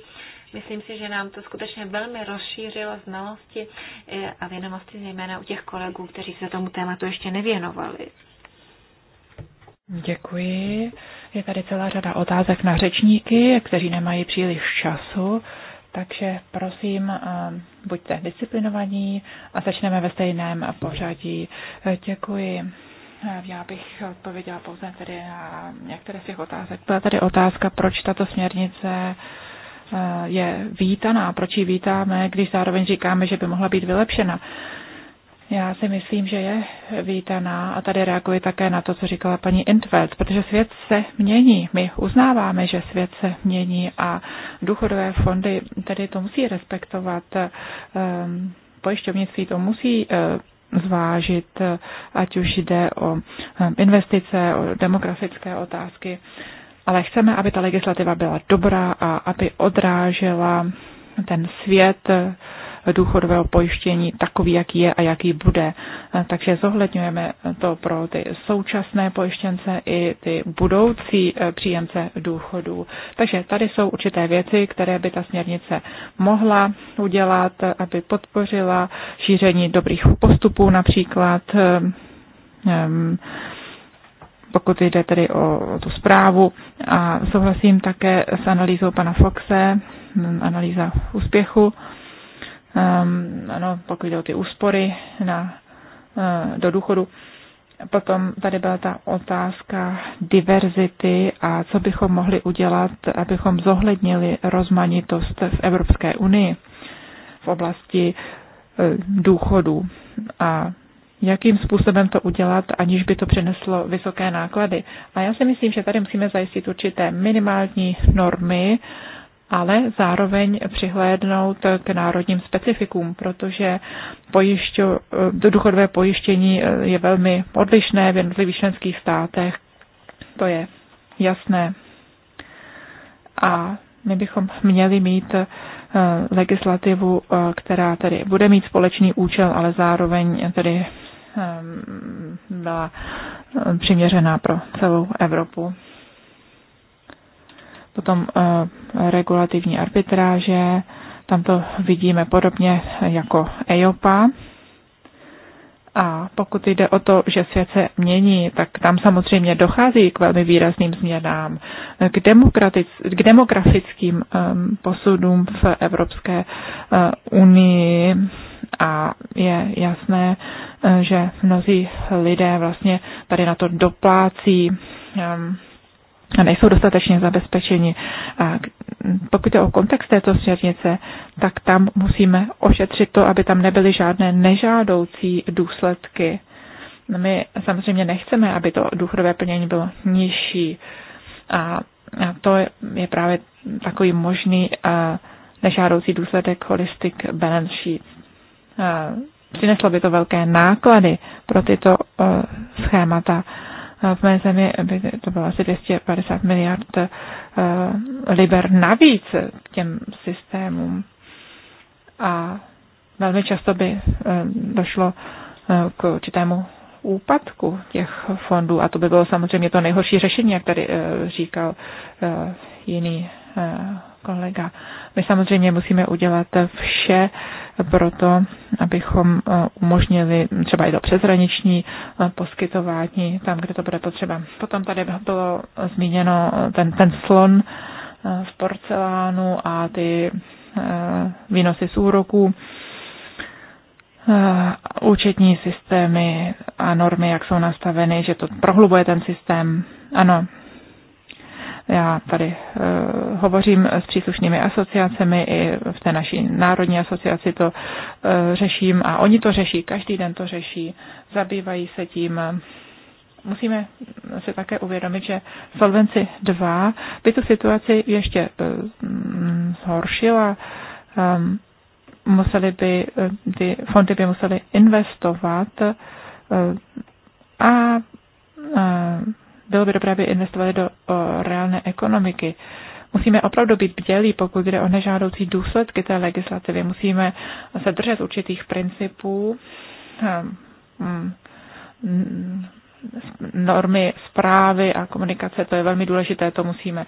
Myslím si, že nám to skutečně velmi rozšířilo znalosti eh, a vědomosti zejména u těch kolegů, kteří se tomu tématu ještě nevěnovali. Děkuji. Je tady celá řada otázek na řečníky, kteří nemají příliš času, takže prosím, eh, buďte disciplinovaní a začneme ve stejném pořadí. Eh, děkuji. Já bych odpověděla pouze tedy na některé z těch otázek. Byla tady otázka, proč tato směrnice Eh, je vítaná, proč ji vítáme, když zároveň říkáme, že by mohla být vylepšena. Já si myslím, že je vítaná a tady reaguji také na to, co říkala paní Intveld, protože svět se mění. My uznáváme, že svět se mění a důchodové fondy tedy to musí respektovat. Ehm, pojišťovnictví to musí eh, zvážit, eh, ať už jde o investice, o demografické otázky ale chceme, aby ta legislativa byla dobrá a aby odrážela ten svět důchodového pojištění takový, jaký je a jaký bude. Takže zohledňujeme to pro ty současné pojištěnce i ty budoucí příjemce důchodů. Takže tady jsou určité věci, které by ta směrnice mohla udělat, aby podpořila šíření dobrých postupů například ehm, pokud jde tedy o, o tu zprávu. A souhlasím také s analýzou pana Foxe, analýza úspěchu. Um, ano, pokud jde o ty úspory na, uh, do důchodu. Potom tady byla ta otázka diverzity a co bychom mohli udělat, abychom zohlednili rozmanitost v Evropské unii v oblasti e, důchodu A jakým způsobem to udělat, aniž by to přineslo vysoké náklady. A já si myslím, že tady musíme zajistit určité minimální normy, ale zároveň přihlédnout k národním specifikům, protože pojišťo, důchodové pojištění eh, je velmi odlišné v jednotlivých členských státech. To je jasné. A my bychom měli mít eh, legislativu, eh, která tedy bude mít společný účel, ale zároveň tedy Ehm, byla přiměřená pro celou Evropu. Potom eh, regulativní arbitráže, tam to vidíme podobně jako EIOPA. A pokud jde o to, že svět se mění, tak tam samozřejmě dochází k velmi výrazným změnám, k, k demografickým um, posudům v Evropské uh, unii a je jasné, eh, že mnozí lidé vlastně tady na to doplácí ehm, a nejsou dostatečně zabezpečeni. A pokud je o kontext této směrnice, tak tam musíme ošetřit to, aby tam nebyly žádné nežádoucí důsledky. No, my samozřejmě nechceme, aby to důchodové plnění bylo nižší. A to je právě takový možný eh, nežádoucí důsledek holistic balance sheet přineslo by to velké náklady pro tyto e, schémata. V mé zemi by to bylo asi 250 miliard e, liber navíc k těm systémům. A velmi často by e, došlo k určitému úpadku těch fondů a to by bylo samozřejmě to nejhorší řešení, jak tady říkal jiný kolega. My samozřejmě musíme udělat vše proto, abychom eh, umožnili třeba i to přeshraniční eh, poskytování tam, kde to bude potřeba. Potom tady bylo zmíněno eh, ten, ten slon v porcelánu a ty výnosy z úroků účetní systémy a normy, jak jsou nastaveny, že to prohlubuje ten systém. Ano, já tady uh, hovořím s příslušnými asociacemi, i v té naší národní asociaci to uh, řeším a oni to řeší, každý den to řeší, zabývají se tím. Musíme si také uvědomit, že Solvenci 2 by tu situaci ještě uh, zhoršila. Um, museli by, ty fondy by musely investovat uh, a uh, bylo by dobré, aby investovali do reálné ekonomiky. Musíme opravdu být bdělí, pokud jde o nežádoucí důsledky té legislativy. Musíme se držet určitých principů, ehm, mm, mm, normy zprávy a komunikace, to je velmi důležité, to musíme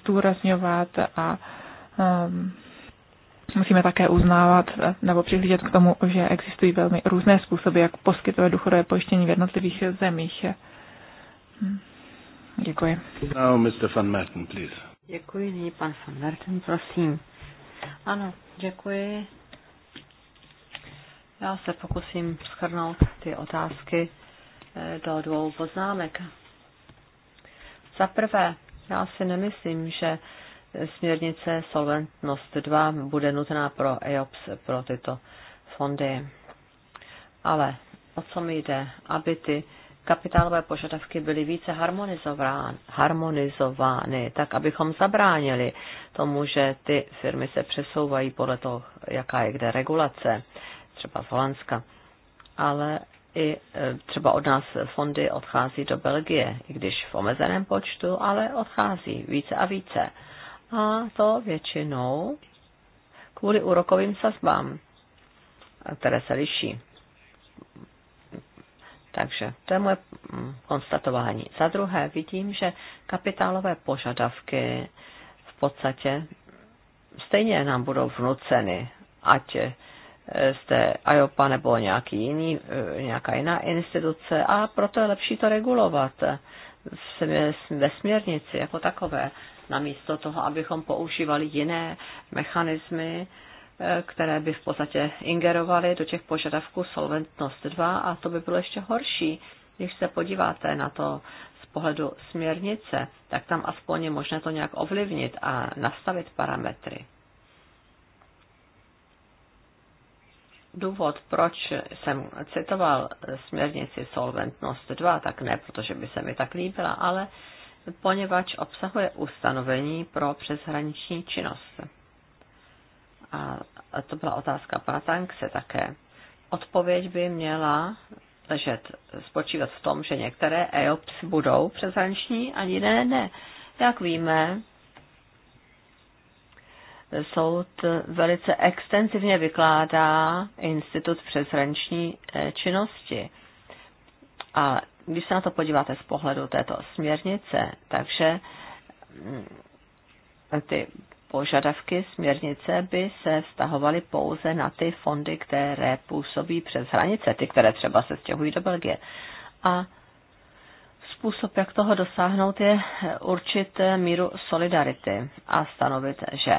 zdůrazňovat a ehm, musíme také uznávat nebo přihlížet k tomu, že existují velmi různé způsoby, jak poskytovat duchové pojištění v jednotlivých zemích. Děkuji. Now, Mr. Van Merten, please. Děkuji, nyní pan Van Merten, prosím. Ano, děkuji. Já se pokusím schrnout ty otázky eh, do dvou poznámek. Za prvé, já si nemyslím, že eh, směrnice Solventnost 2 bude nutná pro EOPS, pro tyto fondy. Ale o co mi jde, aby ty kapitálové požadavky byly více harmonizovány, tak abychom zabránili tomu, že ty firmy se přesouvají podle toho, jaká je kde regulace, třeba z Holandska. Ale i e, třeba od nás fondy odchází do Belgie, i když v omezeném počtu, ale odchází více a více. A to většinou kvůli úrokovým sazbám, které se liší. Takže to je moje mm, konstatování. Za druhé, vidím, že kapitálové požadavky v podstatě stejně nám budou vnuceny, ať jste eh, IOPA nebo nějaký jiný, eh, nějaká jiná instituce a proto je lepší to regulovat ve směrnici jako takové, namísto toho, abychom používali jiné mechanismy, které by v podstatě ingerovaly do těch požadavků Solventnost 2 a to by bylo ještě horší. Když se podíváte na to z pohledu směrnice, tak tam aspoň je možné to nějak ovlivnit a nastavit parametry. důvod, proč jsem citoval směrnici Solventnost 2, tak ne, protože by se mi tak líbila, ale poněvadž obsahuje ustanovení pro přeshraniční činnost. A to byla otázka pana Tankse také. Odpověď by měla ležet, spočívat v tom, že některé EOPS budou přeshraniční a jiné ne. Jak víme, soud velice extenzivně vykládá institut přeshraniční eh, činnosti. A když se na to podíváte z pohledu této směrnice, takže mm, ty požadavky směrnice by se vztahovaly pouze na ty fondy, které působí přes hranice, ty, které třeba se stěhují do Belgie. A způsob, jak toho dosáhnout, je určit míru solidarity a stanovit, že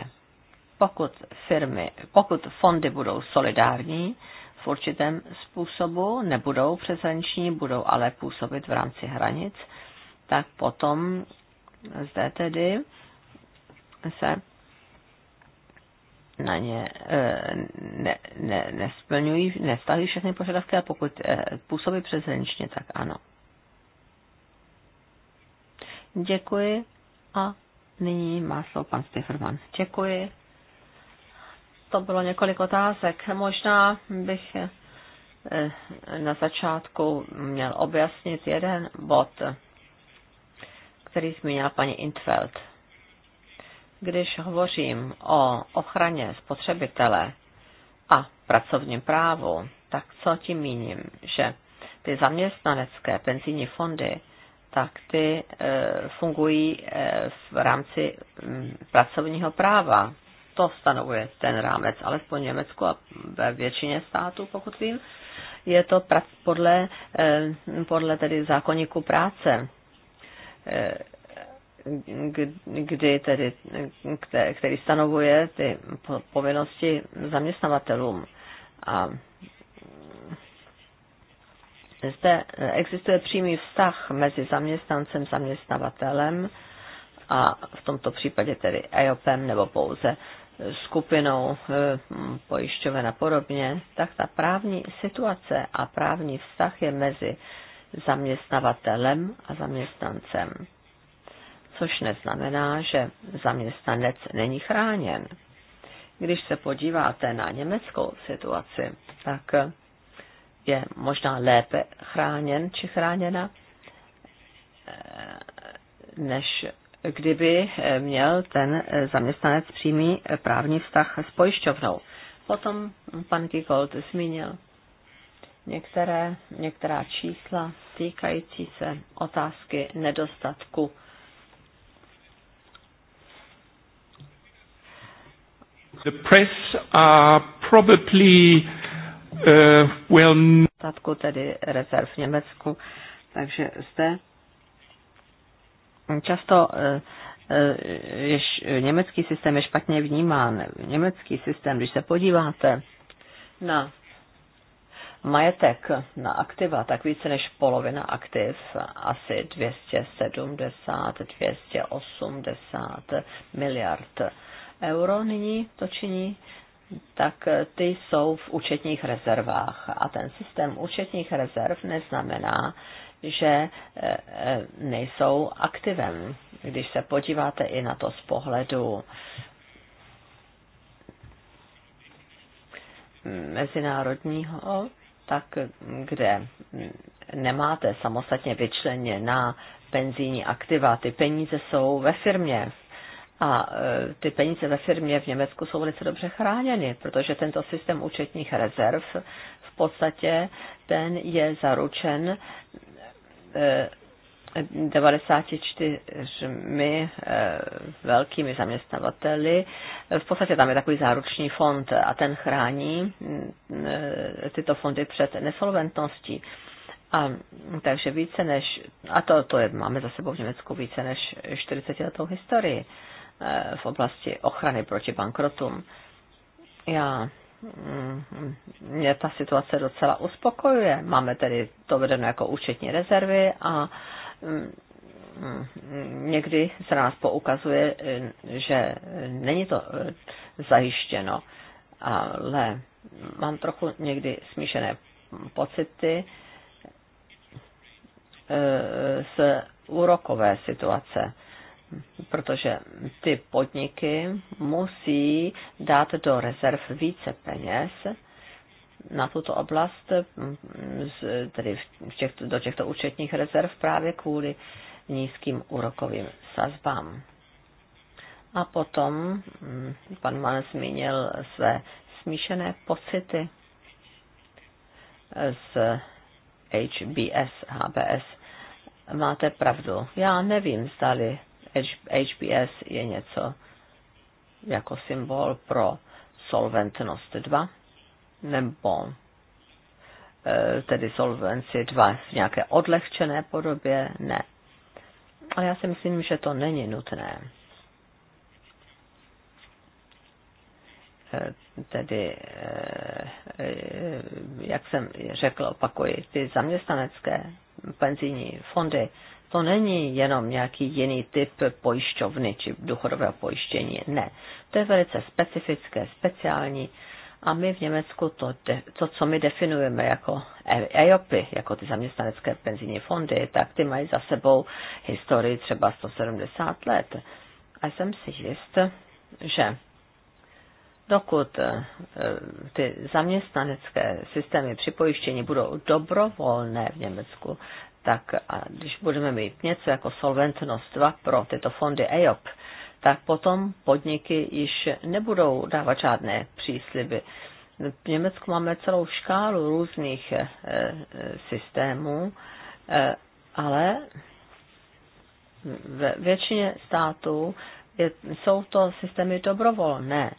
pokud firmy, pokud fondy budou solidární v určitém způsobu, nebudou přeshraniční, budou ale působit v rámci hranic, tak potom zde tedy se na ně eh, ne, ne, nesplňují, nevztahují všechny požadavky a pokud eh, působí přezenčně, tak ano. Děkuji a nyní má slovo pan Stefan. Děkuji. To bylo několik otázek. Možná bych eh, na začátku měl objasnit jeden bod, který zmínila paní Intfeld když hovořím o ochraně spotřebitele a pracovním právu, tak co tím míním? Že ty zaměstnanecké penzijní fondy, tak ty e, fungují e, v rámci mm, pracovního práva. To stanovuje ten rámec, alespoň v Německu a ve většině států, pokud vím, je to podle, e, podle tedy zákonníku práce kdy tedy, který stanovuje ty povinnosti zaměstnavatelům. A zde existuje přímý vztah mezi zaměstnancem, zaměstnavatelem a v tomto případě tedy EOPem nebo pouze skupinou eh, pojišťoven a podobně, tak ta právní situace a právní vztah je mezi zaměstnavatelem a zaměstnancem což neznamená, že zaměstnanec není chráněn. Když se podíváte na německou situaci, tak je možná lépe chráněn či chráněna, eh, než kdyby měl ten zaměstnanec přímý právní vztah s pojišťovnou. Potom pan Gigold zmínil některé, některá čísla týkající se otázky nedostatku The press are probably uh, well... Statku tedy rezerv v Německu. Takže zde často uh, jež, německý systém je špatně vnímán. Německý systém, když se podíváte na majetek, na aktiva, tak více než polovina aktiv, asi 270, 280 miliard euro nyní to činí, tak ty jsou v účetních rezervách. A ten systém účetních rezerv neznamená, že e, e, nejsou aktivem. Když se podíváte i na to z pohledu mezinárodního, tak kde nemáte samostatně vyčleněná penzijní aktiva, ty peníze jsou ve firmě, a e, ty peníze ve firmě v Německu jsou velice dobře chráněny, protože tento systém účetních rezerv v podstatě ten je zaručen 94 e, e, velkými zaměstnavateli. V podstatě tam je takový záruční fond a ten chrání tyto fondy před nesolventností. A, takže více než, a to, to je, máme za sebou v Německu více než 40 letou historii v oblasti ochrany proti bankrotům. Já, mm, mě ta situace docela uspokojuje. Máme tedy to vedeno jako účetní rezervy a mm, někdy se nás poukazuje, že není to e, zajištěno, ale mám trochu někdy smíšené pocity e, z úrokové situace protože ty podniky musí dát do rezerv více peněz na tuto oblast, tedy v do těchto účetních rezerv právě kvůli nízkým úrokovým sazbám. A potom mm, pan Mann zmínil své smíšené pocity z HBS, HBS. Máte pravdu. Já nevím, zdali HBS je něco jako symbol pro solventnost 2, nebo e, tedy solvenci 2 v nějaké odlehčené podobě, ne. Ale já si myslím, že to není nutné. E, tedy, e, jak jsem řekl, opakuji, ty zaměstnanecké penzijní fondy to není jenom nějaký jiný typ pojišťovny či důchodového pojištění. Ne, to je velice specifické, speciální. A my v Německu to, to co my definujeme jako EIOPy, jako ty zaměstnanecké penzijní fondy, tak ty mají za sebou historii třeba 170 let. A jsem si jist, že dokud eh, ty zaměstnanecké systémy připojištění budou dobrovolné v Německu, tak a když budeme mít něco jako solventnost 2 pro tyto fondy EOP, tak potom podniky již nebudou dávat žádné přísliby. V Německu máme celou škálu různých e, systémů, e, ale ve většině států je, jsou to systémy dobrovolné.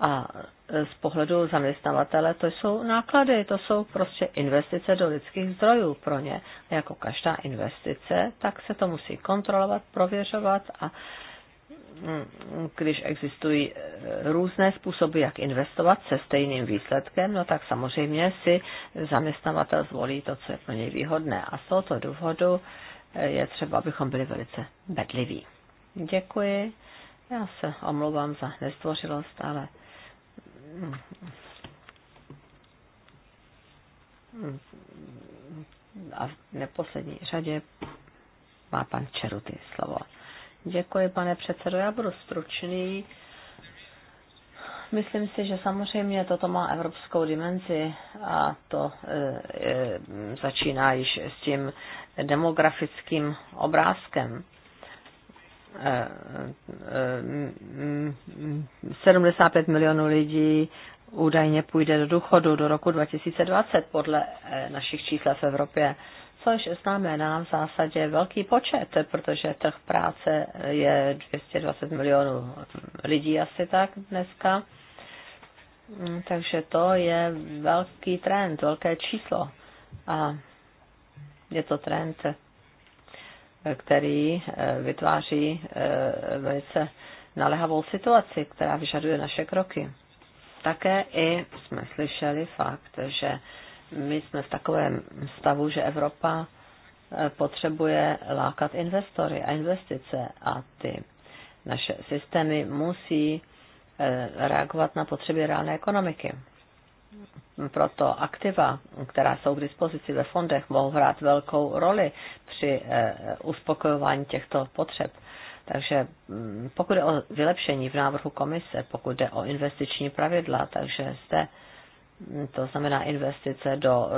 A z pohledu zaměstnavatele, to jsou náklady, to jsou prostě investice do lidských zdrojů pro ně. jako každá investice, tak se to musí kontrolovat, prověřovat a mm, když existují e, různé způsoby, jak investovat se stejným výsledkem, no tak samozřejmě si zaměstnavatel zvolí to, co je pro něj výhodné. A z tohoto důvodu e, je třeba, abychom byli velice bedliví. Děkuji. Já se omlouvám za nestvořilost, ale a v neposlední řadě má pan Čeruty slovo. Děkuji, pane předsedo, já budu stručný. Myslím si, že samozřejmě toto má evropskou dimenzi a to e, e, začíná již s tím demografickým obrázkem. 75 milionů lidí údajně půjde do důchodu do roku 2020 podle eh, našich čísel v Evropě, což znamená v zásadě velký počet, protože trh práce je 220 milionů lidí asi tak dneska. Mm, takže to je velký trend, velké číslo. A je to trend, který eh, vytváří eh, velice naléhavou situaci, která vyžaduje naše kroky. Také i jsme slyšeli fakt, že my jsme v takovém stavu, že Evropa eh, potřebuje lákat investory a investice a ty naše systémy musí reagovat na potřeby reálné ekonomiky proto aktiva, která jsou k dispozici ve fondech, mohou hrát velkou roli při eh, uspokojování těchto potřeb. Takže mm, pokud je o vylepšení v návrhu komise, pokud jde o investiční pravidla, takže zde mm, to znamená investice do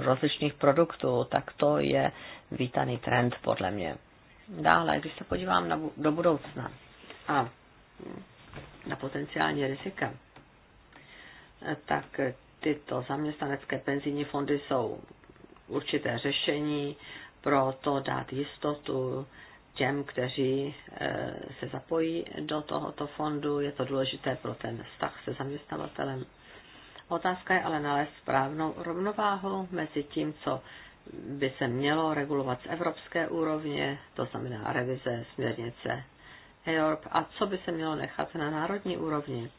rozličných produktů, tak to je vítaný trend podle mě. Dále, když se podívám na, do budoucna a na potenciální rizika, eh, tak tyto zaměstnanecké penzijní fondy jsou určité řešení pro to dát jistotu těm, kteří eh, se zapojí do tohoto fondu. Je to důležité pro ten vztah se zaměstnavatelem. Otázka je ale nalézt správnou rovnováhu mezi tím, co by se mělo regulovat z evropské úrovně, to znamená revize směrnice EORP, a co by se mělo nechat na národní úrovni.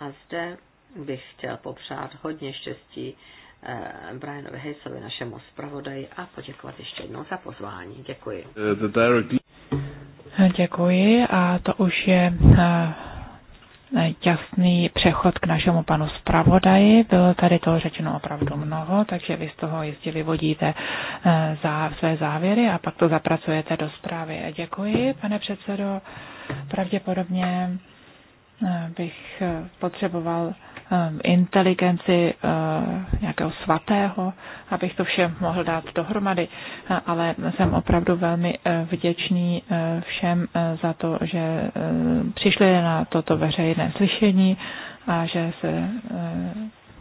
A zde bych chtěl popřát hodně štěstí eh, Brianovi Hejsovi, našemu zpravodaji, a poděkovat ještě jednou za pozvání. Děkuji. Eh, eh, děkuji a to už je jasný přechod k našemu panu zpravodaji. Bylo tady toho řečeno opravdu mnoho, takže vy z toho jistě vyvodíte za své závěry a pak to zapracujete do zprávy. Děkuji, pane předsedo. Pravděpodobně bych potřeboval Eh, inteligenci eh, nějakého svatého, abych to vše mohl dát dohromady, eh, ale jsem opravdu velmi vděčný všem za to, že přišli na toto veřejné slyšení a že se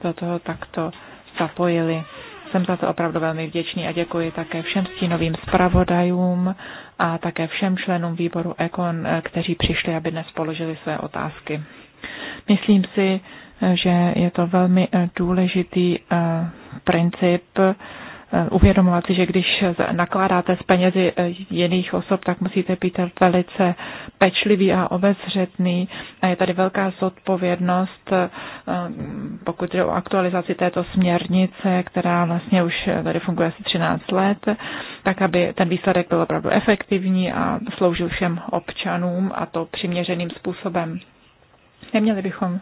do toho takto zapojili. Jsem za to opravdu velmi vděčný a děkuji také všem stínovým zpravodajům a také všem členům výboru EKON, kteří přišli, aby dnes položili své otázky. Myslím si, že je to velmi eh, důležitý eh, princip eh, uvědomovat si, že když nakládáte s penězi jiných osob, tak musíte být velice pečlivý a obezřetný. A je tady velká zodpovědnost, pokud jde o aktualizaci této směrnice, která vlastně už tady funguje asi 13 let, tak aby ten výsledek byl opravdu efektivní a sloužil všem občanům a to přiměřeným způsobem. Neměli bychom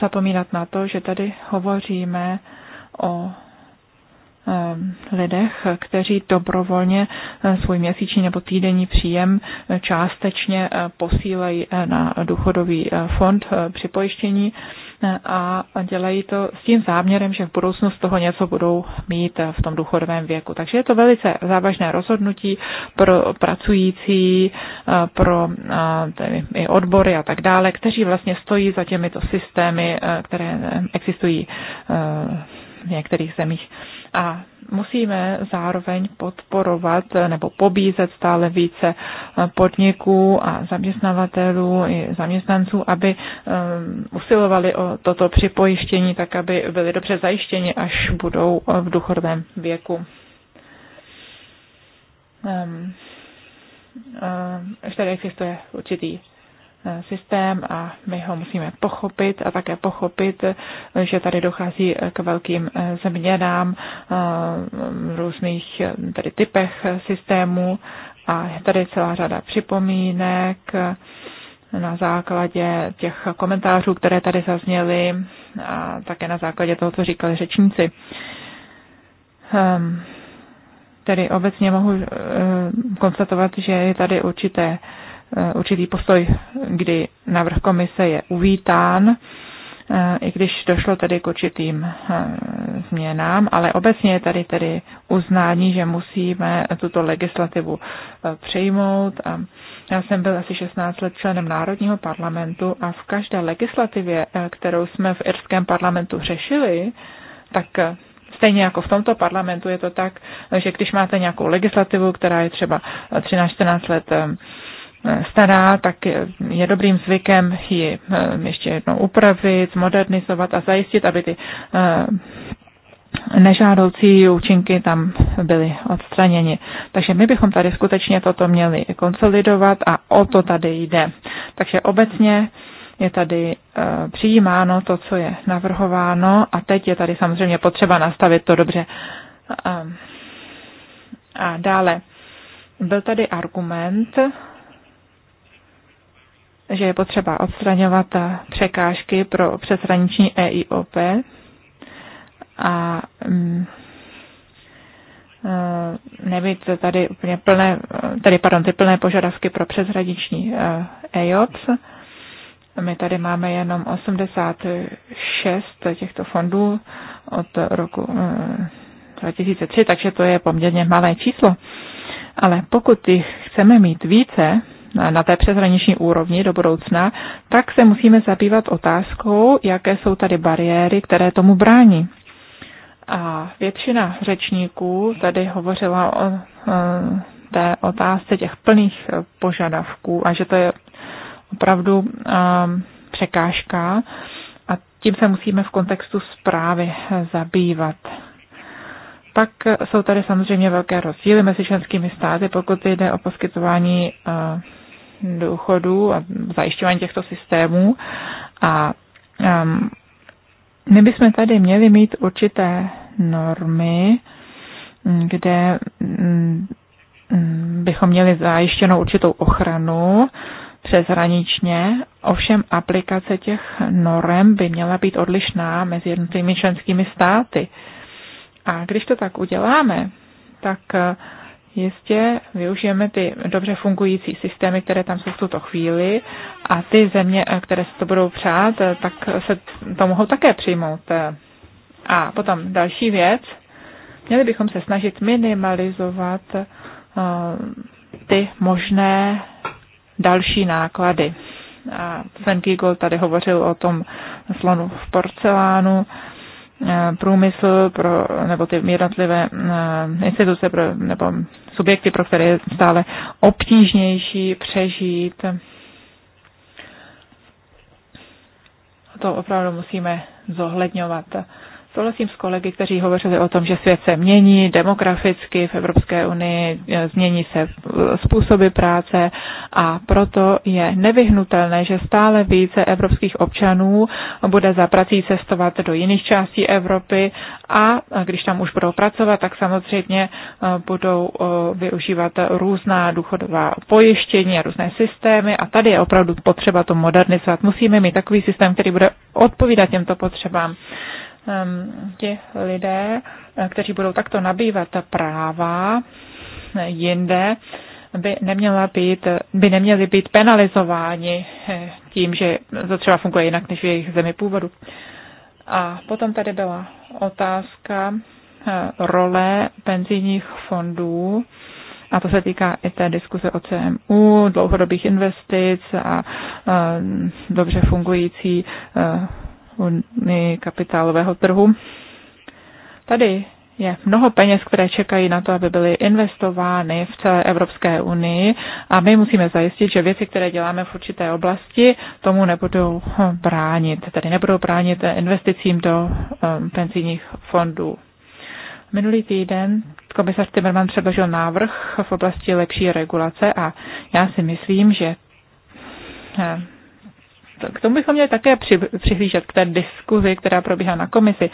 zapomínat na to, že tady hovoříme o lidech, kteří dobrovolně eh, svůj měsíční nebo týdenní příjem eh, částečně eh, posílají na důchodový fond při pojištění a dělají to s tím záměrem, že v budoucnu z toho něco budou mít v tom důchodovém věku. Takže je to velice závažné rozhodnutí pro pracující, eh, pro eh, tedy, i odbory a tak dále, kteří vlastně stojí za těmito systémy, eh, které existují v některých zemích. A musíme zároveň podporovat nebo pobízet stále více eh, podniků a zaměstnavatelů i zaměstnanců, aby eh, usilovali o toto připojištění, tak aby byli dobře zajištěni, až budou eh, v důchodovém věku. Um, um, ještě existuje určitý Eh, systém a my ho musíme pochopit a také pochopit, že tady dochází eh, k velkým eh, změnám v různých tady typech systémů a je tady celá řada připomínek na základě těch komentářů, které tady zazněly a také na základě toho, co říkali řečníci. Ehm, tedy obecně mohu konstatovat, že je tady určité Eh, určitý postoj, kdy návrh komise je uvítán, eh, i když došlo tedy k určitým eh, změnám, ale obecně je tady tedy uznání, že musíme tuto legislativu přijmout. já jsem byl asi 16 let členem Národního parlamentu a v každé legislativě, kterou jsme v irském parlamentu řešili, tak Stejně jako v tomto parlamentu je to tak, že když máte nějakou legislativu, která je třeba 13-14 let stará, tak je dobrým zvykem ji eh, ještě jednou upravit, modernizovat a zajistit, aby ty eh, nežádoucí účinky tam byly odstraněni. Takže my bychom tady skutečně toto měli konsolidovat a o to tady jde. Takže obecně je tady eh, přijímáno to, co je navrhováno a teď je tady samozřejmě potřeba nastavit to dobře. A dále byl tady argument, že je potřeba odstraňovat překážky pro přeshraniční EIOP a mm, eh, nebýt tady úplně plné, tady, pardon, ty plné požadavky pro přeshraniční EIOPS. Eh, e My tady máme jenom 86 těchto fondů od roku 2003, eh, takže to je poměrně malé číslo. Ale pokud jich chceme mít více, na té přeshraniční úrovni do budoucna, tak se musíme zabývat otázkou, jaké jsou tady bariéry, které tomu brání. A většina řečníků tady hovořila o té otázce těch plných požadavků a že to je opravdu překážka a tím se musíme v kontextu zprávy zabývat. Pak jsou tady samozřejmě velké rozdíly mezi členskými státy, pokud jde o poskytování důchodů a zajišťování těchto systémů. A um, my bychom tady měli mít určité normy, kde mm, bychom měli zajištěnou určitou ochranu přeshraničně, ovšem aplikace těch norem by měla být odlišná mezi jednotlivými členskými státy. A když to tak uděláme, tak jistě využijeme ty dobře fungující systémy, které tam jsou v tuto chvíli a ty země, eh, které se to budou přát, eh, tak se to mohou také přijmout. Eh, a potom další věc, měli bychom se snažit minimalizovat ty možné další náklady. A Sven Giegel tady hovořil o tom slonu v porcelánu Eh, průmysl pro, nebo ty jednotlivé eh, instituce pro, nebo subjekty, pro které je stále obtížnější přežít. To opravdu musíme zohledňovat. Souhlasím s kolegy, kteří hovořili o tom, že svět se mění demograficky v Evropské unii, e, změní se e, způsoby práce a proto je nevyhnutelné, že stále více evropských občanů bude za prací cestovat do jiných částí Evropy a když tam už budou pracovat, tak samozřejmě e, budou využívat různá důchodová pojištění a různé systémy a tady je opravdu potřeba to modernizovat. Musíme mít takový systém, který bude odpovídat těmto potřebám. Ehm, ti lidé, eh, kteří budou takto nabývat práva eh, jinde, by, neměla být, by neměli být penalizováni eh, tím, že to třeba funguje jinak než v jejich zemi původu. A potom tady byla otázka role penzijních fondů, a to se týká i té diskuse o CMU, dlouhodobých investic a dobře fungující unii kapitálového trhu. Tady je mnoho peněz, které čekají na to, aby byly investovány v celé Evropské unii a my musíme zajistit, že věci, které děláme v určité oblasti, tomu nebudou hm, bránit, tedy nebudou bránit investicím do hm, penzijních fondů. Minulý týden komisař Timmerman předložil návrh v oblasti lepší regulace a já si myslím, že hm, k tomu bychom měli také přihlížet k té diskuzi, která probíhá na komisi.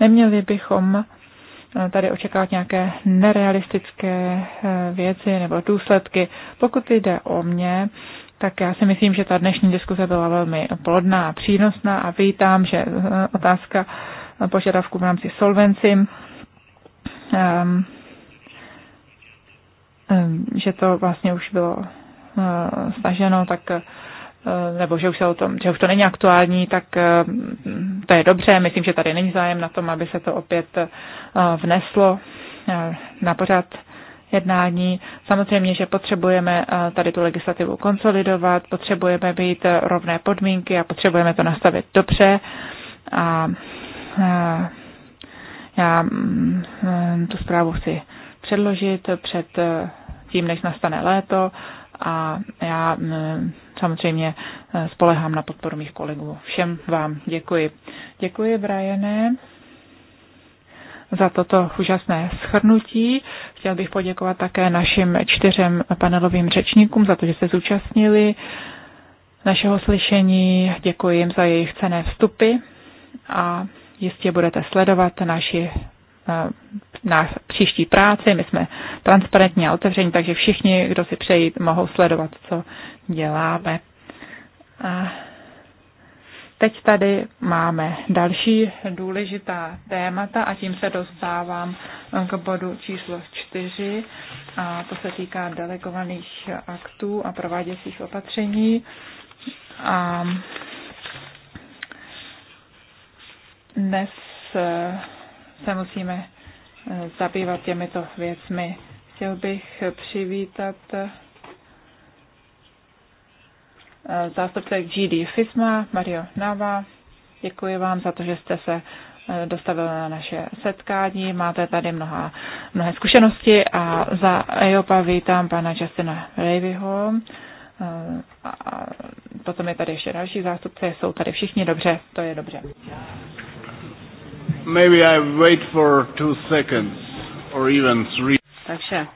Neměli bychom eh, tady očekávat nějaké nerealistické eh, věci nebo důsledky. Pokud jde o mě, tak já si myslím, že ta dnešní diskuze byla velmi plodná a přínosná a vítám, že eh, otázka požadavku v rámci solvenci, ehm, ehm, že to vlastně už bylo staženo, tak Eh, nebo že už, se o tom, že už to není aktuální, tak eh, to je dobře. Myslím, že tady není zájem na tom, aby se to opět eh, vneslo na pořad jednání. Samozřejmě, že potřebujeme tady tu legislativu konsolidovat, potřebujeme být rovné podmínky a potřebujeme to nastavit dobře. A já mm, tu zprávu chci předložit před tím, než nastane léto a já mm, samozřejmě eh, spolehám na podporu mých kolegů. Všem vám děkuji. Děkuji, Briané za toto úžasné schrnutí. Chtěl bych poděkovat také našim čtyřem panelovým řečníkům za to, že se zúčastnili našeho slyšení. Děkuji jim za jejich cené vstupy a jistě budete sledovat naši eh, na příští práci. My jsme transparentní a otevření, takže všichni, kdo si přejí, mohou sledovat, co děláme. A teď tady máme další důležitá témata a tím se dostávám k bodu číslo čtyři. A to se týká delegovaných aktů a prováděcích opatření. A dnes se musíme zabývat těmito věcmi. Chtěl bych přivítat eh, zástupce GD FISMA, Mario Nava. Děkuji vám za to, že jste se eh, dostavil na naše setkání. Máte tady mnoha, mnohé zkušenosti a za EOPA vítám pana Justina Levyho. Eh, a potom je tady ještě další zástupce, jsou tady všichni dobře, to je dobře. Maybe I wait for two seconds or even three. Takže.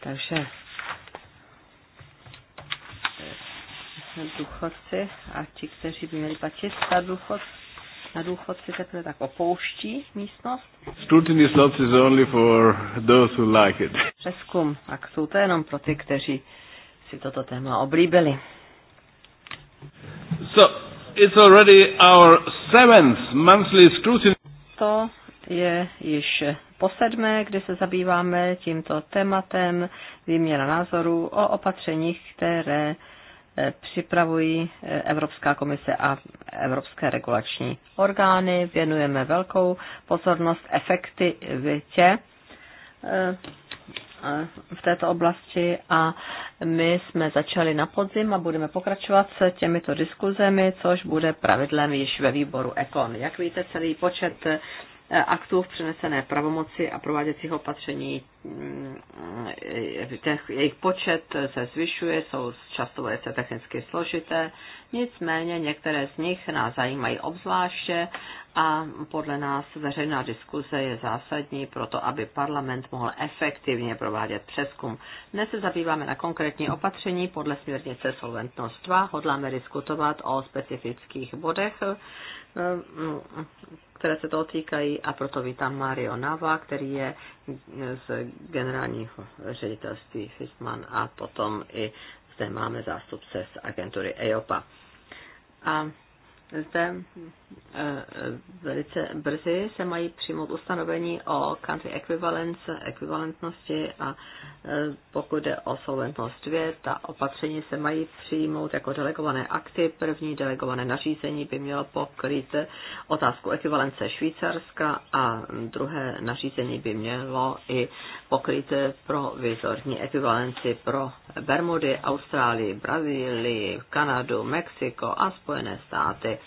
Takže. Důchodci a ti, kteří by měli platit na důchod, na důchodci teprve tak opouští místnost. Scrutiny slots is only for those who like it. Přeskum jsou to jenom pro ty, kteří si toto téma oblíbili. So, it's already our seventh monthly scrutiny. To je již po sedmé, kdy se zabýváme tímto tématem výměna názorů o opatřeních, které eh, připravují eh, Evropská komise a evropské regulační orgány. Věnujeme velkou pozornost efektivitě eh, Eh, v této oblasti a my jsme začali na podzim a budeme pokračovat se těmito diskuzemi, což bude pravidlem již ve výboru EKON. Jak víte, celý počet eh, aktů v přenesené pravomoci a prováděcích opatření, mm, eh, těch, jejich počet se zvyšuje, jsou často velice technicky složité Nicméně některé z nich nás zajímají obzvláště a podle nás veřejná diskuze je zásadní pro to, aby parlament mohl efektivně provádět přeskum. Dnes se zabýváme na konkrétní opatření podle směrnice Solventnost 2. Hodláme diskutovat o specifických bodech, eh, které se toho týkají a proto vítám Mario Nava, který je z generálního ředitelství FISMAN a potom i zde máme zástupce z agentury EOPA a zde eh, eh, velice brzy se mají přijmout ustanovení o country equivalence, ekvivalentnosti a eh, pokud jde o solventnost 2, ta opatření se mají přijmout jako delegované akty. První delegované nařízení by mělo pokryt otázku ekvivalence Švýcarska a druhé nařízení by mělo i pokryt provizorní ekvivalenci pro Bermudy, Austrálii, Brazílii, Kanadu, Mexiko a Spojené státy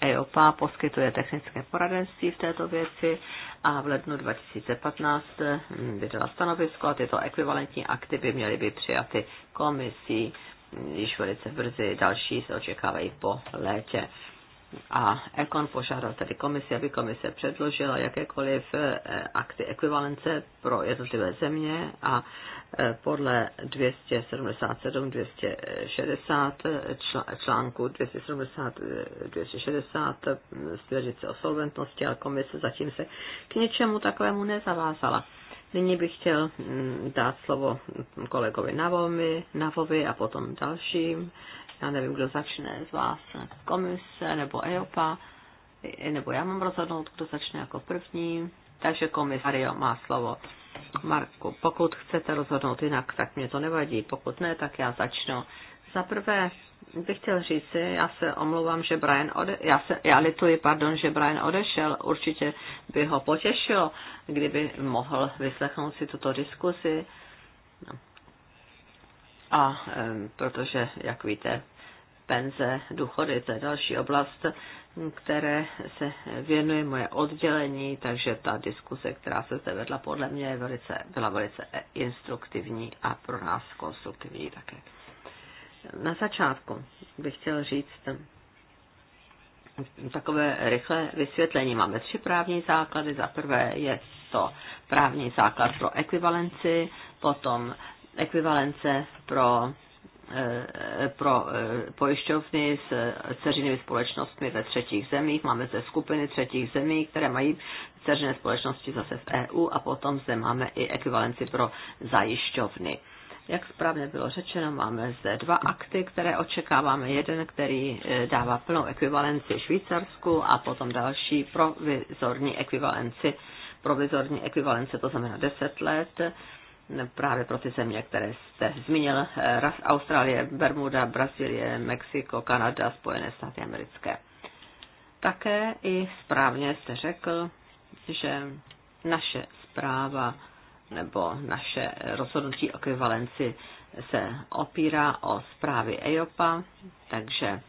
EOPA poskytuje technické poradenství v této věci a v lednu 2015 vydala stanovisko a tyto ekvivalentní akty by měly být přijaty komisí již velice brzy, další se očekávají po létě a Econ požádal tedy komisi, aby komise předložila jakékoliv eh, akty ekvivalence pro jednotlivé země a eh, podle 277, 260 eh, článku 270, 260 hm, směrnice o solventnosti, ale komise zatím se k ničemu takovému nezavázala. Nyní bych chtěl hm, dát slovo kolegovi Navovi, Navovi a potom dalším já nevím, kdo začne z vás, komise nebo EOPA, nebo já mám rozhodnout, kdo začne jako první, takže komisario má slovo. Marku, pokud chcete rozhodnout jinak, tak mě to nevadí, pokud ne, tak já začnu. Za prvé bych chtěl říci, já se omlouvám, že Brian ode, já, se, já lituji, pardon, že Brian odešel, určitě by ho potěšilo, kdyby mohl vyslechnout si tuto diskusi. No, a protože, jak víte, penze, důchody, to je další oblast, které se věnuje moje oddělení, takže ta diskuse, která se zde vedla, podle mě je velice, byla velice instruktivní a pro nás konstruktivní také. Na začátku bych chtěl říct takové rychlé vysvětlení. Máme tři právní základy. Za prvé je to právní základ pro ekvivalenci, potom ekvivalence pro eh, pro eh, pojišťovny s eh, ceřinými společnostmi ve třetích zemích. Máme zde skupiny třetích zemí, které mají ceřinné společnosti zase v EU a potom zde máme i ekvivalenci pro zajišťovny. Jak správně bylo řečeno, máme zde dva akty, které očekáváme. Jeden, který dává plnou ekvivalenci Švýcarsku a potom další provizorní ekvivalenci provizorní ekvivalence, to znamená 10 let právě pro ty země, které jste zmínil, eh, Austrálie, Bermuda, Brazílie, Mexiko, Kanada, Spojené státy americké. Také i správně jste řekl, že naše zpráva nebo naše rozhodnutí o ekvivalenci se opírá o zprávy EIOPA, takže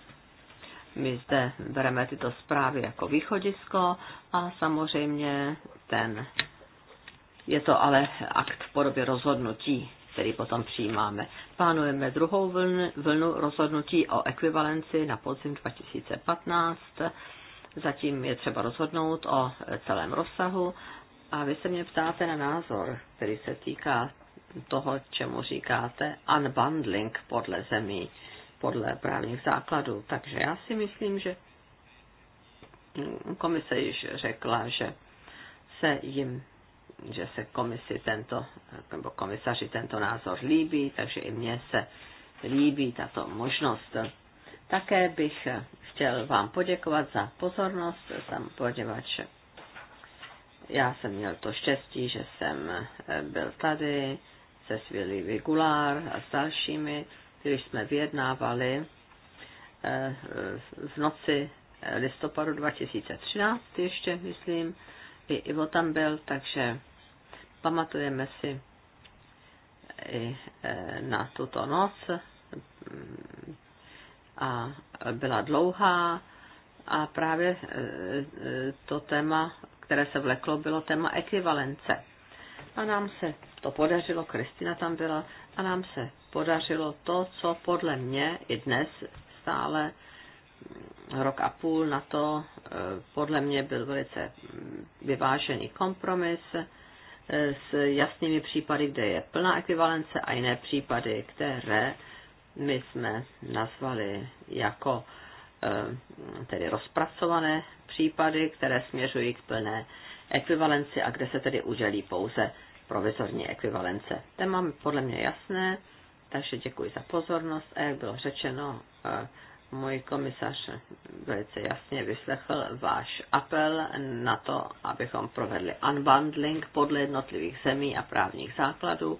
my zde bereme tyto zprávy jako východisko a samozřejmě ten je to ale akt v podobě rozhodnutí, který potom přijímáme. Plánujeme druhou vlnu, vlnu rozhodnutí o ekvivalenci na podzim 2015. Zatím je třeba rozhodnout o celém rozsahu. A vy se mě ptáte na názor, který se týká toho, čemu říkáte unbundling podle zemí, podle právních základů. Takže já si myslím, že komise již řekla, že se jim že se komisi tento, nebo komisaři tento názor líbí, takže i mně se líbí tato možnost. Také bych chtěl vám poděkovat za pozornost, sam poděvač. Já jsem měl to štěstí, že jsem byl tady se Svili Vigulár a s dalšími, když jsme vyjednávali eh, v noci listopadu 2013 ještě, myslím, i Ivo tam byl, takže Pamatujeme si i e, na tuto noc a byla dlouhá a právě e, e, to téma, které se vleklo, bylo téma ekvivalence. A nám se to podařilo, Kristina tam byla, a nám se podařilo to, co podle mě i dnes stále rok a půl na to podle mě byl velice vyvážený kompromis s jasnými případy, kde je plná ekvivalence a jiné případy, které my jsme nazvali jako eh, tedy rozpracované případy, které směřují k plné ekvivalenci a kde se tedy udělí pouze provizorní ekvivalence. Ten máme podle mě jasné, takže děkuji za pozornost a jak bylo řečeno, eh, můj komisař velice jasně vyslechl váš apel na to, abychom provedli unbundling podle jednotlivých zemí a právních základů.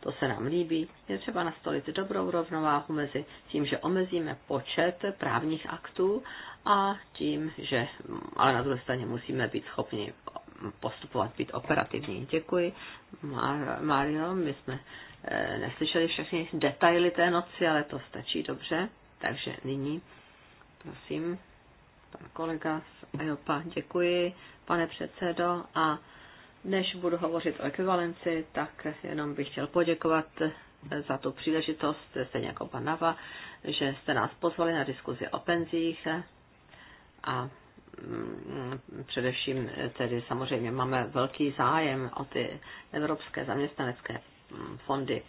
To se nám líbí. Je třeba nastolit dobrou rovnováhu mezi tím, že omezíme počet právních aktů a tím, že ale na druhé straně musíme být schopni postupovat, být operativní. Děkuji, Mario. My jsme eh, neslyšeli všechny detaily té noci, ale to stačí dobře. Takže nyní, prosím, pan kolega z EOPA, děkuji, pane předsedo, a než budu hovořit o ekvivalenci, tak jenom bych chtěl poděkovat za tu příležitost, stejně jako pan Nava, že jste nás pozvali na diskuzi o penzích a mm, především tedy samozřejmě máme velký zájem o ty evropské zaměstnanecké mm, fondy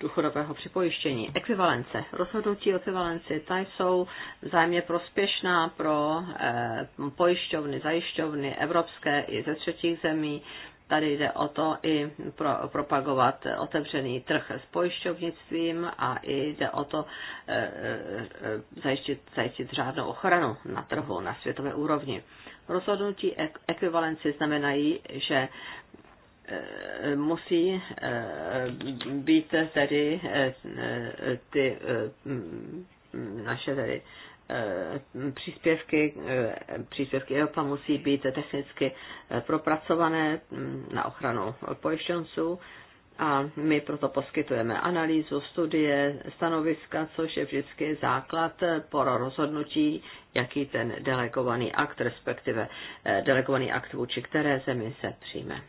důchodového připojištění. Ekvivalence. Rozhodnutí o ekvivalenci, ta jsou vzájemně prospěšná pro eh, pojišťovny, zajišťovny evropské i ze třetích zemí. Tady jde o to i pro, propagovat otevřený trh s pojišťovnictvím a i jde o to e, zajistit, zajistit řádnou ochranu na trhu na světové úrovni. Rozhodnutí ek- ekvivalenci znamenají, že musí eh, být tedy eh, ty eh, naše tedy příspěvky, příspěvky EOPA musí být technicky propracované mm, na ochranu pojišťonců a my proto poskytujeme analýzu, studie, stanoviska, což je vždycky základ pro rozhodnutí, jaký ten delegovaný akt, respektive delegovaný akt vůči které zemi se přijme.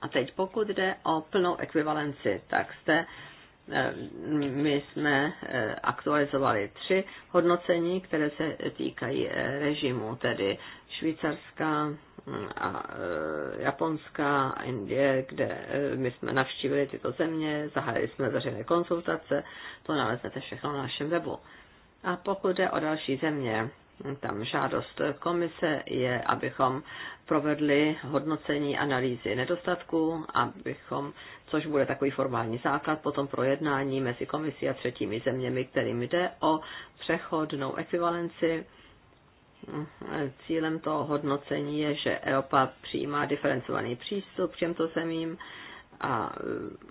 A teď pokud jde o plnou ekvivalenci, tak jste eh, my jsme eh, aktualizovali tři hodnocení, které se týkají eh, režimu, tedy Švýcarska, hm, a Japonska a Indie, kde my jsme navštívili tyto země, zahájili jsme veřejné konzultace, to naleznete všechno na našem webu. A pokud jde o další země, tam žádost komise je, abychom provedli hodnocení analýzy nedostatků, abychom, což bude takový formální základ potom projednání mezi komisí a třetími zeměmi, kterým jde o přechodnou ekvivalenci. Cílem toho hodnocení je, že EOPA přijímá diferencovaný přístup k těmto zemím, a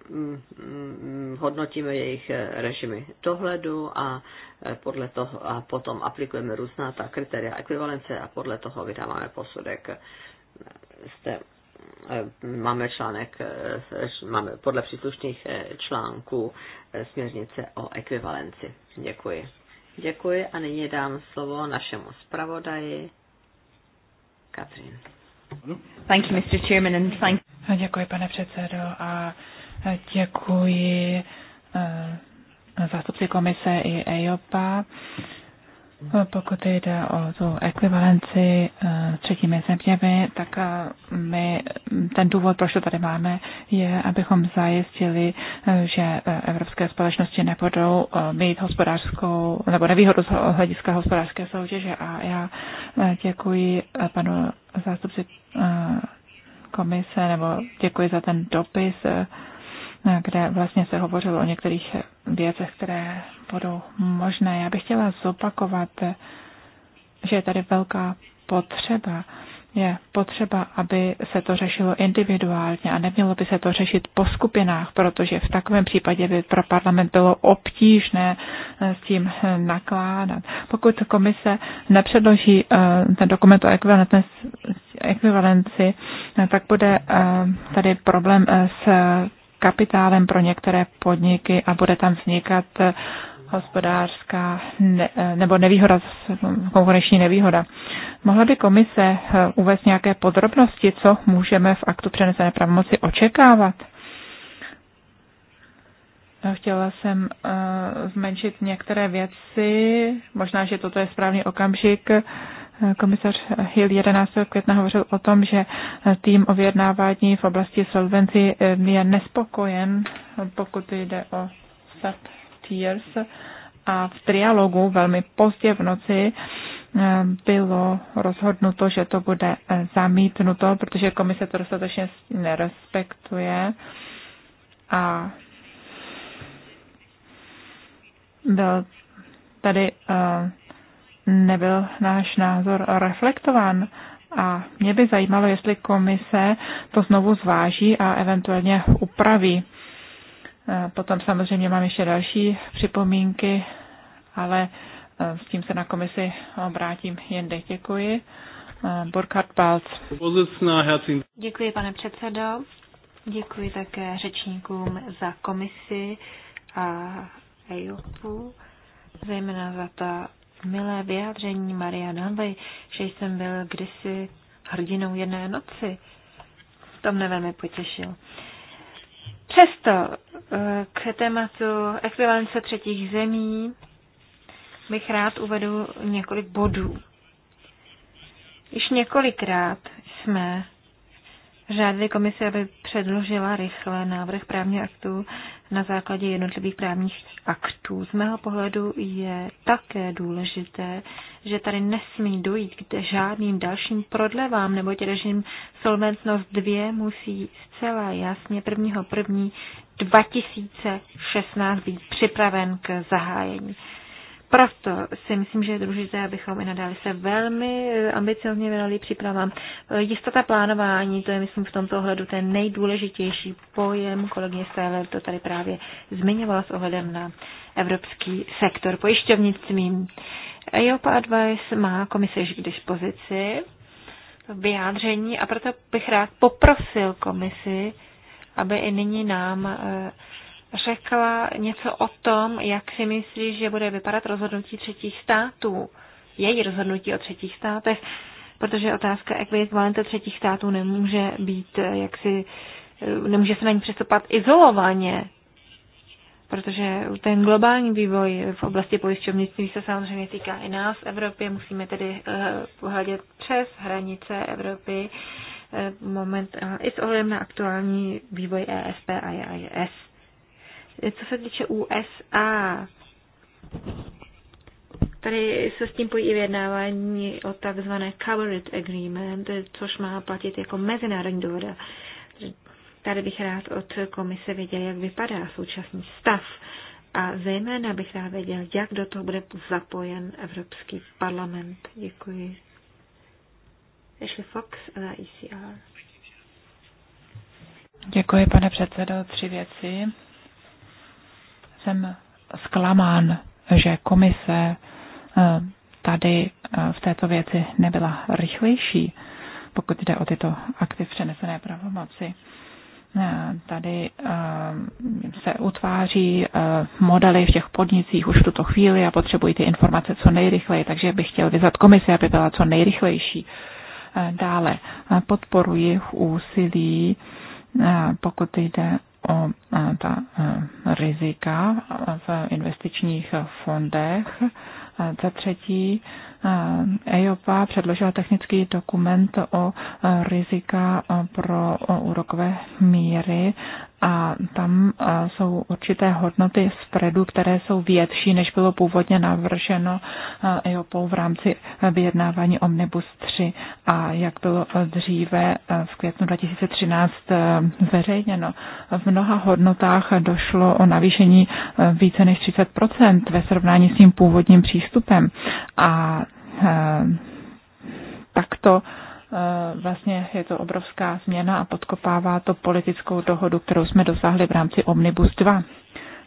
mm, mm, hodnotíme jejich eh, režimy dohledu a, eh, podle toho, a potom aplikujeme různá ta kritéria ekvivalence a podle toho vydáváme posudek. Jste, eh, máme článek, máme podle příslušných článků směrnice o ekvivalenci. Děkuji. Děkuji a nyní dám slovo našemu zpravodaji Katrin. Thank you, Mr. Chairman, and thank No, děkuji, pane předsedo, a děkuji eh, zástupci komise i EIOPA. Pokud jde o tu ekvivalenci eh, třetími zeměmi, tak eh, my ten důvod, proč to tady máme, je, abychom zajistili, že evropské společnosti nebudou mít hospodářskou nebo nevýhodu z hlediska hospodářské soutěže. A já děkuji panu zástupci komise, nebo děkuji za ten dopis, eh, kde vlastně se hovořilo o některých eh, věcech, které budou možné. Já bych chtěla zopakovat, eh, že je tady velká potřeba je potřeba, aby se to řešilo individuálně a nemělo by se to řešit po skupinách, protože v takovém případě by pro parlament bylo obtížné eh, s tím eh, nakládat. Pokud komise nepředloží eh, ten dokument o ekvivalenci, tak bude tady problém s kapitálem pro některé podniky a bude tam vznikat hospodářská ne, nebo nevýhoda, konkurenční nevýhoda. Mohla by komise eh, uvést nějaké podrobnosti, co můžeme v aktu přenesené pravomoci očekávat? Eh, chtěla jsem uh, zmenšit některé věci, možná, že toto je správný okamžik. Komisař Hill 11. května hovořil o tom, že tým o vyjednávání v oblasti solvenci je nespokojen, pokud jde o SAP Tears a v trialogu velmi pozdě v noci eh, bylo rozhodnuto, že to bude eh, zamítnuto, protože komise to dostatečně nerespektuje a byl tady eh, nebyl náš názor reflektován. A mě by zajímalo, jestli komise to znovu zváží a eventuálně upraví. Eh, potom samozřejmě mám ještě další připomínky, ale eh, s tím se na komisi obrátím jindy. Děkuji. Eh, Burkhard Balc. Děkuji, pane předsedo. Děkuji také řečníkům za komisi a EIOPu, zejména za ta milé vyjádření Maria Danvey, že jsem byl kdysi hrdinou jedné noci. To mne velmi potěšil. Přesto eh, k tématu ekvivalence třetích zemí bych rád uvedl několik bodů. Již několikrát jsme žádali komise aby předložila rychle návrh právních aktů na základě jednotlivých právních aktů. Z mého pohledu je také důležité, že tady nesmí dojít k žádným dalším prodlevám, nebo režim Solventnost 2 musí zcela jasně 1. 1. 2016 být připraven k zahájení. Proto si myslím, že je důležité, abychom i nadále se velmi eh, ambiciozně věnovali přípravám. Eh, Jistota plánování, to je, myslím, v tomto ohledu ten nejdůležitější pojem. Kolegyně Stéler to tady právě zmiňovala s ohledem na evropský sektor pojišťovnictví. EOPA Advice má komise již k dispozici vyjádření a proto bych rád poprosil komisi, aby i nyní nám eh, řekla něco o tom, jak si myslí, že bude vypadat rozhodnutí třetích států, její rozhodnutí o třetích státech, protože otázka ekvivalente třetích států nemůže být eh, jak si eh, nemůže se na ní přistupovat izolovaně, protože ten globální vývoj v oblasti pojišťovnictví se samozřejmě týká i nás v Evropě, musíme tedy eh, pohledět přes hranice Evropy moment, i s ohledem na aktuální vývoj ESP a EIS. Co se týče USA, Tady se s tím pojí i vyjednávání o takzvané Covered Agreement, což má platit jako mezinárodní dohoda. Tady bych rád od komise věděl, jak vypadá současný stav. A zejména bych rád věděl, jak do toho bude zapojen Evropský parlament. Děkuji. Ashley Fox, ICR. E Děkuji, pane předsedo. Tři věci jsem zklamán, že komise eh, tady eh, v této věci nebyla rychlejší, pokud jde o tyto akty v přenesené pravomoci. Eh, tady se utváří modely v těch podnicích už v tuto chvíli a potřebují ty informace co nejrychleji, takže bych chtěl vyzvat komisi, aby byla co nejrychlejší. Dále podporuji úsilí, pokud jde o ta rizika v investičních fondech. Za třetí, EIOPA předložila technický dokument o rizika pro úrokové míry a tam jsou určité hodnoty spreadu, které jsou větší, než bylo původně navrženo EOPou v rámci vyjednávání Omnibus 3 a jak bylo dříve v květnu 2013 zveřejněno. V mnoha hodnotách došlo o navýšení více než 30% ve srovnání s tím původním přístupem a takto Eh, vlastně je to obrovská změna a podkopává to politickou dohodu, kterou jsme dosáhli v rámci Omnibus 2.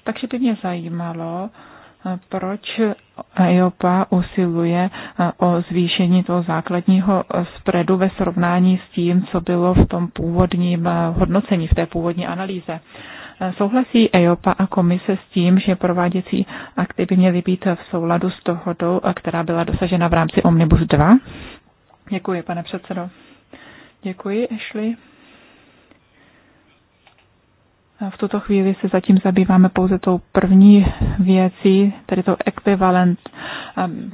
Takže by mě zajímalo, eh, proč EOPA usiluje eh, o zvýšení toho základního spreadu ve srovnání s tím, co bylo v tom původním hodnocení, v té původní analýze. Souhlasí EOPA a komise s tím, že prováděcí akty by měly být v souladu s dohodou, která byla dosažena v rámci Omnibus 2? Děkuji, pane předsedo. Děkuji, Ashley. V tuto chvíli se zatím zabýváme pouze tou první věcí, tedy tou ekvivalent.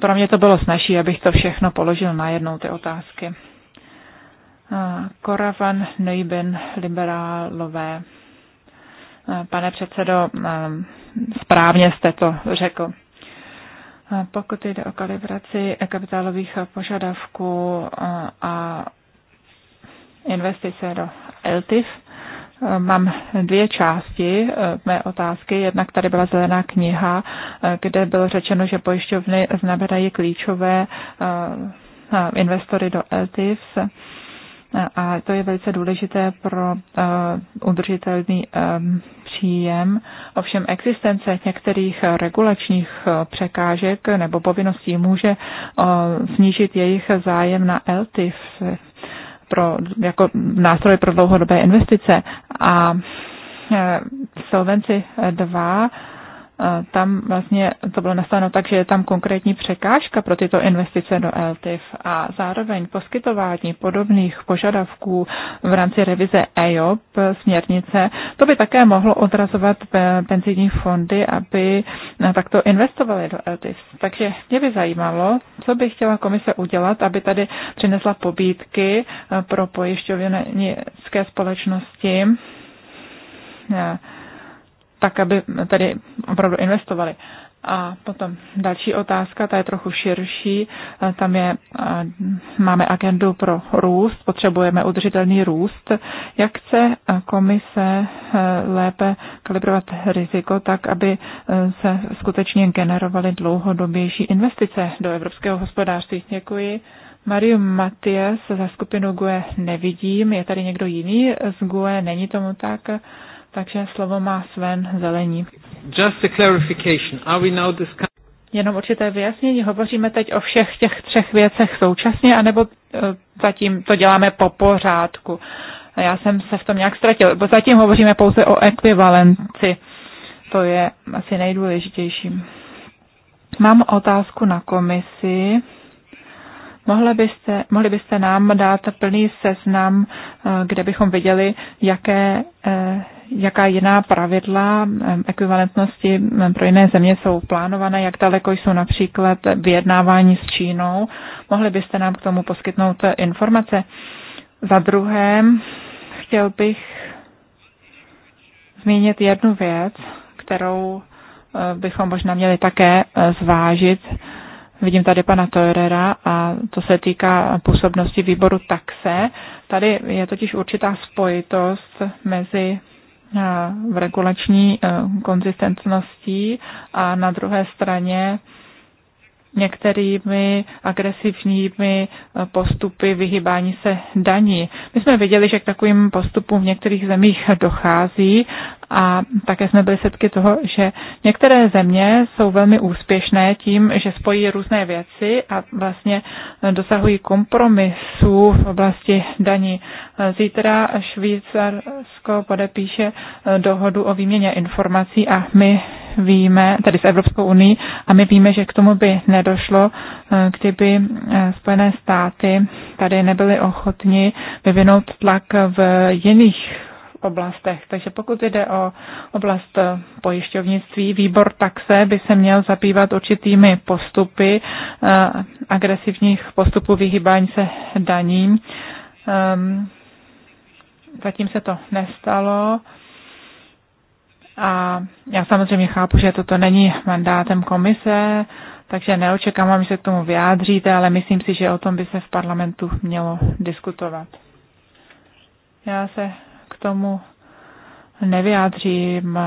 Pro mě to bylo snažší, abych to všechno položil na jednou ty otázky. Koravan Neuben, liberálové. Pane předsedo, správně jste to řekl. Pokud jde o kalibraci kapitálových požadavků a investice do LTIF, Mám dvě části e, mé otázky. Jednak tady byla zelená kniha, e, kde bylo řečeno, že pojišťovny znamenají klíčové e, investory do LTIFs a to je velice důležité pro udržitelný příjem, ovšem existence některých regulačních eh, překážek nebo povinností může eh, snížit jejich zájem na LTIF pro, jako nástroj pro dlouhodobé investice. A eh, Solvenci 2 tam vlastně to bylo nastaveno tak, že je tam konkrétní překážka pro tyto investice do LTIF a zároveň poskytování podobných požadavků v rámci revize EOP směrnice, to by také mohlo odrazovat penzijní fondy, aby takto investovali do LTIF. Takže mě by zajímalo, co by chtěla komise udělat, aby tady přinesla pobídky eh, pro pojišťovnické společnosti tak aby tady opravdu investovali. A potom další otázka, ta je trochu širší. Tam je, máme agendu pro růst, potřebujeme udržitelný růst. Jak chce komise e, lépe kalibrovat riziko tak, aby e, se skutečně generovaly dlouhodobější investice do evropského hospodářství? Děkuji. Mariu Matias za skupinu GUE nevidím. Je tady někdo jiný z GUE? Není tomu tak. Takže slovo má Sven Zelení. Just a clarification. Are we now discussing... Jenom určité vyjasnění. Hovoříme teď o všech těch třech věcech současně, anebo e, zatím to děláme po pořádku? Já jsem se v tom nějak ztratil, bo zatím hovoříme pouze o ekvivalenci. To je asi nejdůležitějším. Mám otázku na komisi. Mohli byste, mohli byste nám dát plný seznam, e, kde bychom viděli, jaké e, jaká jiná pravidla ekvivalentnosti pro jiné země jsou plánované, jak daleko jsou například vyjednávání s Čínou. Mohli byste nám k tomu poskytnout eh, informace? Za druhé, chtěl bych zmínit jednu věc, kterou eh, bychom možná měli také eh, zvážit. Vidím tady pana Torera a to se týká působnosti výboru taxe. Tady je totiž určitá spojitost mezi Eh, v regulační eh, konzistentnosti a na druhé straně některými agresivními eh, postupy vyhybání se daní. My jsme viděli, že k takovým postupům v některých zemích dochází a také jsme byli svědky toho, že některé země jsou velmi úspěšné tím, že spojí různé věci a vlastně dosahují kompromisů v oblasti daní. Zítra Švýcarsko podepíše dohodu o výměně informací a my víme, tady s Evropskou unii, a my víme, že k tomu by nedošlo, kdyby Spojené státy tady nebyly ochotni vyvinout tlak v jiných oblastech. Takže pokud jde o oblast pojišťovnictví, výbor taxe by se měl zabývat určitými postupy eh, agresivních postupů vyhýbání se daním. Ehm, zatím se to nestalo. A já samozřejmě chápu, že toto není mandátem komise, takže neočekávám, že se k tomu vyjádříte, ale myslím si, že o tom by se v parlamentu mělo diskutovat. Já se tomu nevyjádřím,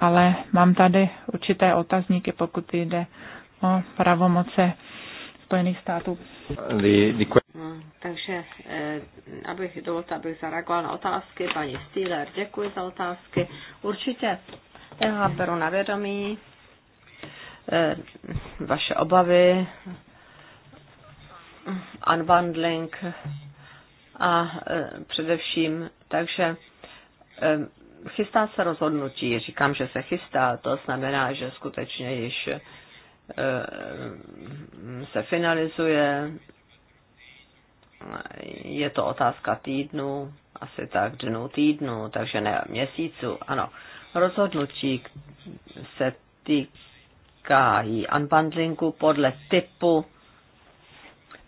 ale mám tady určité otazníky, pokud jde o pravomoce Spojených států. No, takže eh, abych, dovolte, abych zareagoval na otázky. Paní Stýler, děkuji za otázky. Určitě já beru na vědomí eh, vaše obavy, unbundling a e, především, takže e, chystá se rozhodnutí, říkám, že se chystá, to znamená, že skutečně již e, se finalizuje, je to otázka týdnu, asi tak dnu týdnu, takže ne měsíců, ano. Rozhodnutí se týkají unbundlingu podle typu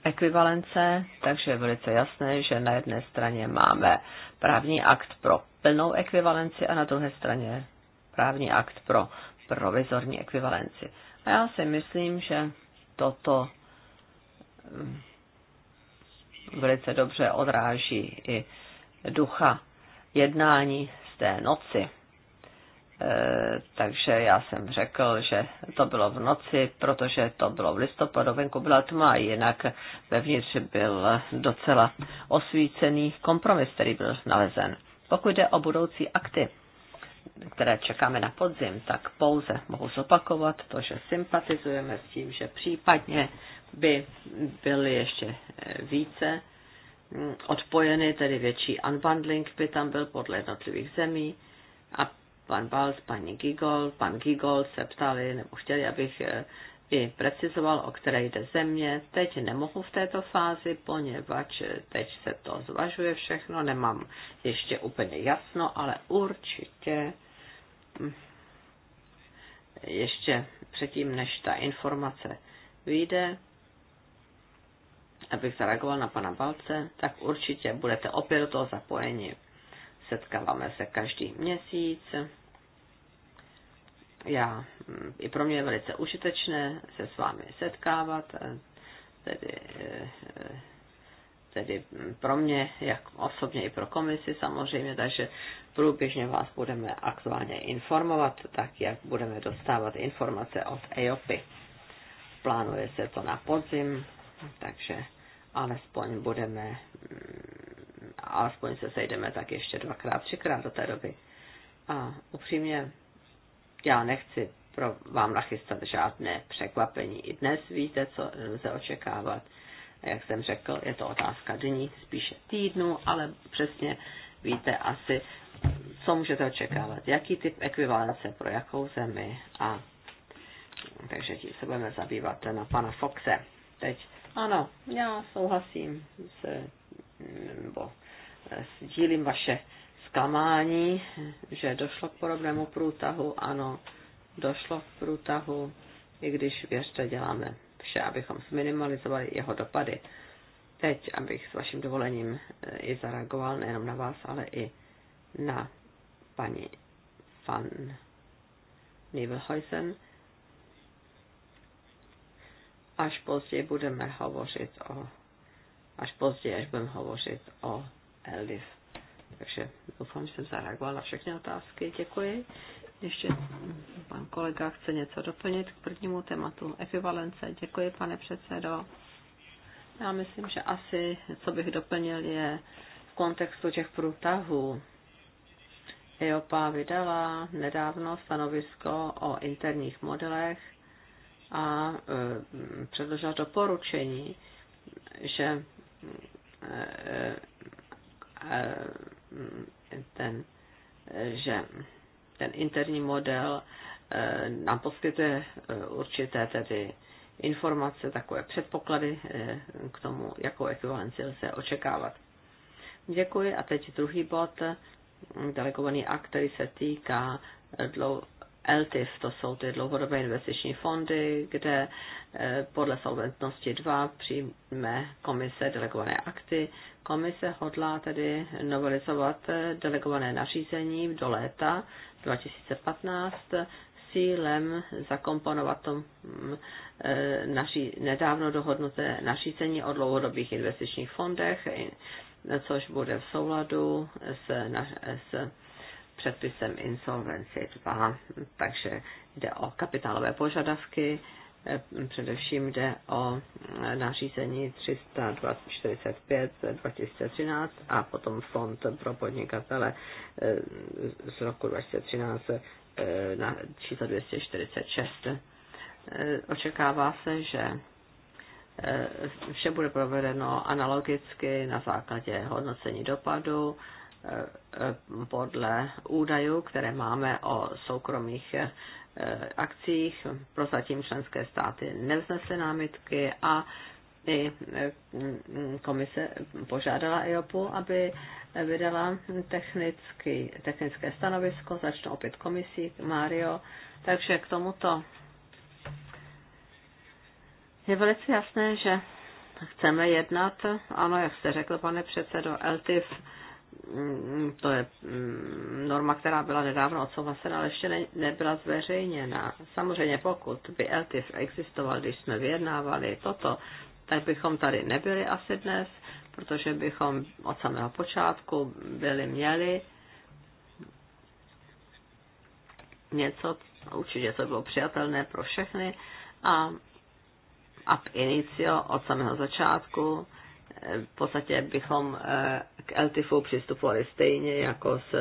ekvivalence, takže je velice jasné, že na jedné straně máme právní akt pro plnou ekvivalenci a na druhé straně právní akt pro provizorní ekvivalenci. A já si myslím, že toto mm, velice dobře odráží i ducha jednání z té noci Eh, takže já jsem řekl, že to bylo v noci, protože to bylo v listopadu, venku byla tma, jinak vevnitř byl docela osvícený kompromis, který byl nalezen. Pokud jde o budoucí akty, které čekáme na podzim, tak pouze mohu zopakovat to, že sympatizujeme s tím, že případně by byly ještě eh, více hm, odpojeny, tedy větší unbundling by tam byl podle jednotlivých zemí a pan Balc, paní Gigol, pan Gigol se ptali, nebo chtěli, abych eh, i precizoval, o které jde země. Teď nemohu v této fázi, poněvadž eh, teď se to zvažuje všechno, nemám ještě úplně jasno, ale určitě hm, ještě předtím, než ta informace vyjde, abych zareagoval na pana Balce, tak určitě budete opět do toho zapojeni. Setkáváme se každý měsíc já, hm, i pro mě je velice užitečné se s vámi setkávat, eh, tedy, eh, tedy hm, pro mě, jak osobně i pro komisi samozřejmě, takže průběžně vás budeme aktuálně informovat, tak jak budeme dostávat informace od EOPy. Plánuje se to na podzim, takže alespoň budeme, hm, alespoň se sejdeme tak ještě dvakrát, třikrát do té doby. A upřímně, já nechci pro vám nachystat žádné překvapení. I dnes víte, co lze očekávat. Jak jsem řekl, je to otázka dní, spíše týdnu, ale přesně víte asi, co můžete očekávat, jaký typ ekvivalence pro jakou zemi a takže tím se budeme zabývat na pana Foxe. Teď ano, já souhlasím s, nebo sdílím vaše zklamání, že došlo k podobnému průtahu. Ano, došlo k průtahu, i když věřte, děláme vše, abychom zminimalizovali jeho dopady. Teď, abych s vaším dovolením eh, i zareagoval nejenom na vás, ale i na paní van Nivelhuisen. Až později budeme hovořit o až později, až budeme hovořit o Elif takže doufám, že jsem zareagovala na všechny otázky. Děkuji. Ještě pan kolega chce něco doplnit k prvnímu tématu ekvivalence. Děkuji, pane předsedo. Já myslím, že asi, co bych doplnil, je v kontextu těch průtahů. EOPA vydala nedávno stanovisko o interních modelech a e, předložila doporučení, že e, e, Eh, ten, eh, že ten interní model eh, nám poskytuje určité tedy informace, takové předpoklady k tomu, jakou ekvivalenci lze očekávat. Děkuji a teď druhý bod, delegovaný akt, který se týká LTIF, to jsou ty dlouhodobé investiční fondy, kde eh, podle solventnosti 2 přijme komise delegované akty. Komise hodlá tedy novelizovat eh, delegované nařízení do léta 2015 s cílem zakomponovat to mm, eh, naší, nedávno dohodnuté nařízení o dlouhodobých investičních fondech, což bude v souladu s, na, s předpisem Insolvency 2, takže jde o kapitálové požadavky, eh, především jde o eh, nařízení 345 2013 a potom fond pro podnikatele eh, z roku 2013 na číslo 246. Očekává se, že vše bude provedeno analogicky na základě hodnocení dopadu Eh, podle údajů, které máme o soukromých eh, akcích. Prozatím členské státy nevznesly námitky a i eh, komise požádala EOPu, aby vydala technický, technické stanovisko, začnu opět komisí, Mario. Takže k tomuto je velice jasné, že chceme jednat, ano, jak jste řekl, pane předsedo, LTIF Mm, to je mm, norma, která byla nedávno odsouhlasena, ale ještě ne, nebyla zveřejněna. Samozřejmě pokud by LTIF existoval, když jsme vyjednávali toto, tak bychom tady nebyli asi dnes, protože bychom od samého počátku byli měli něco, určitě to bylo přijatelné pro všechny a ab initio od samého začátku v podstatě bychom eh, k LTIFu přistupovali stejně jako s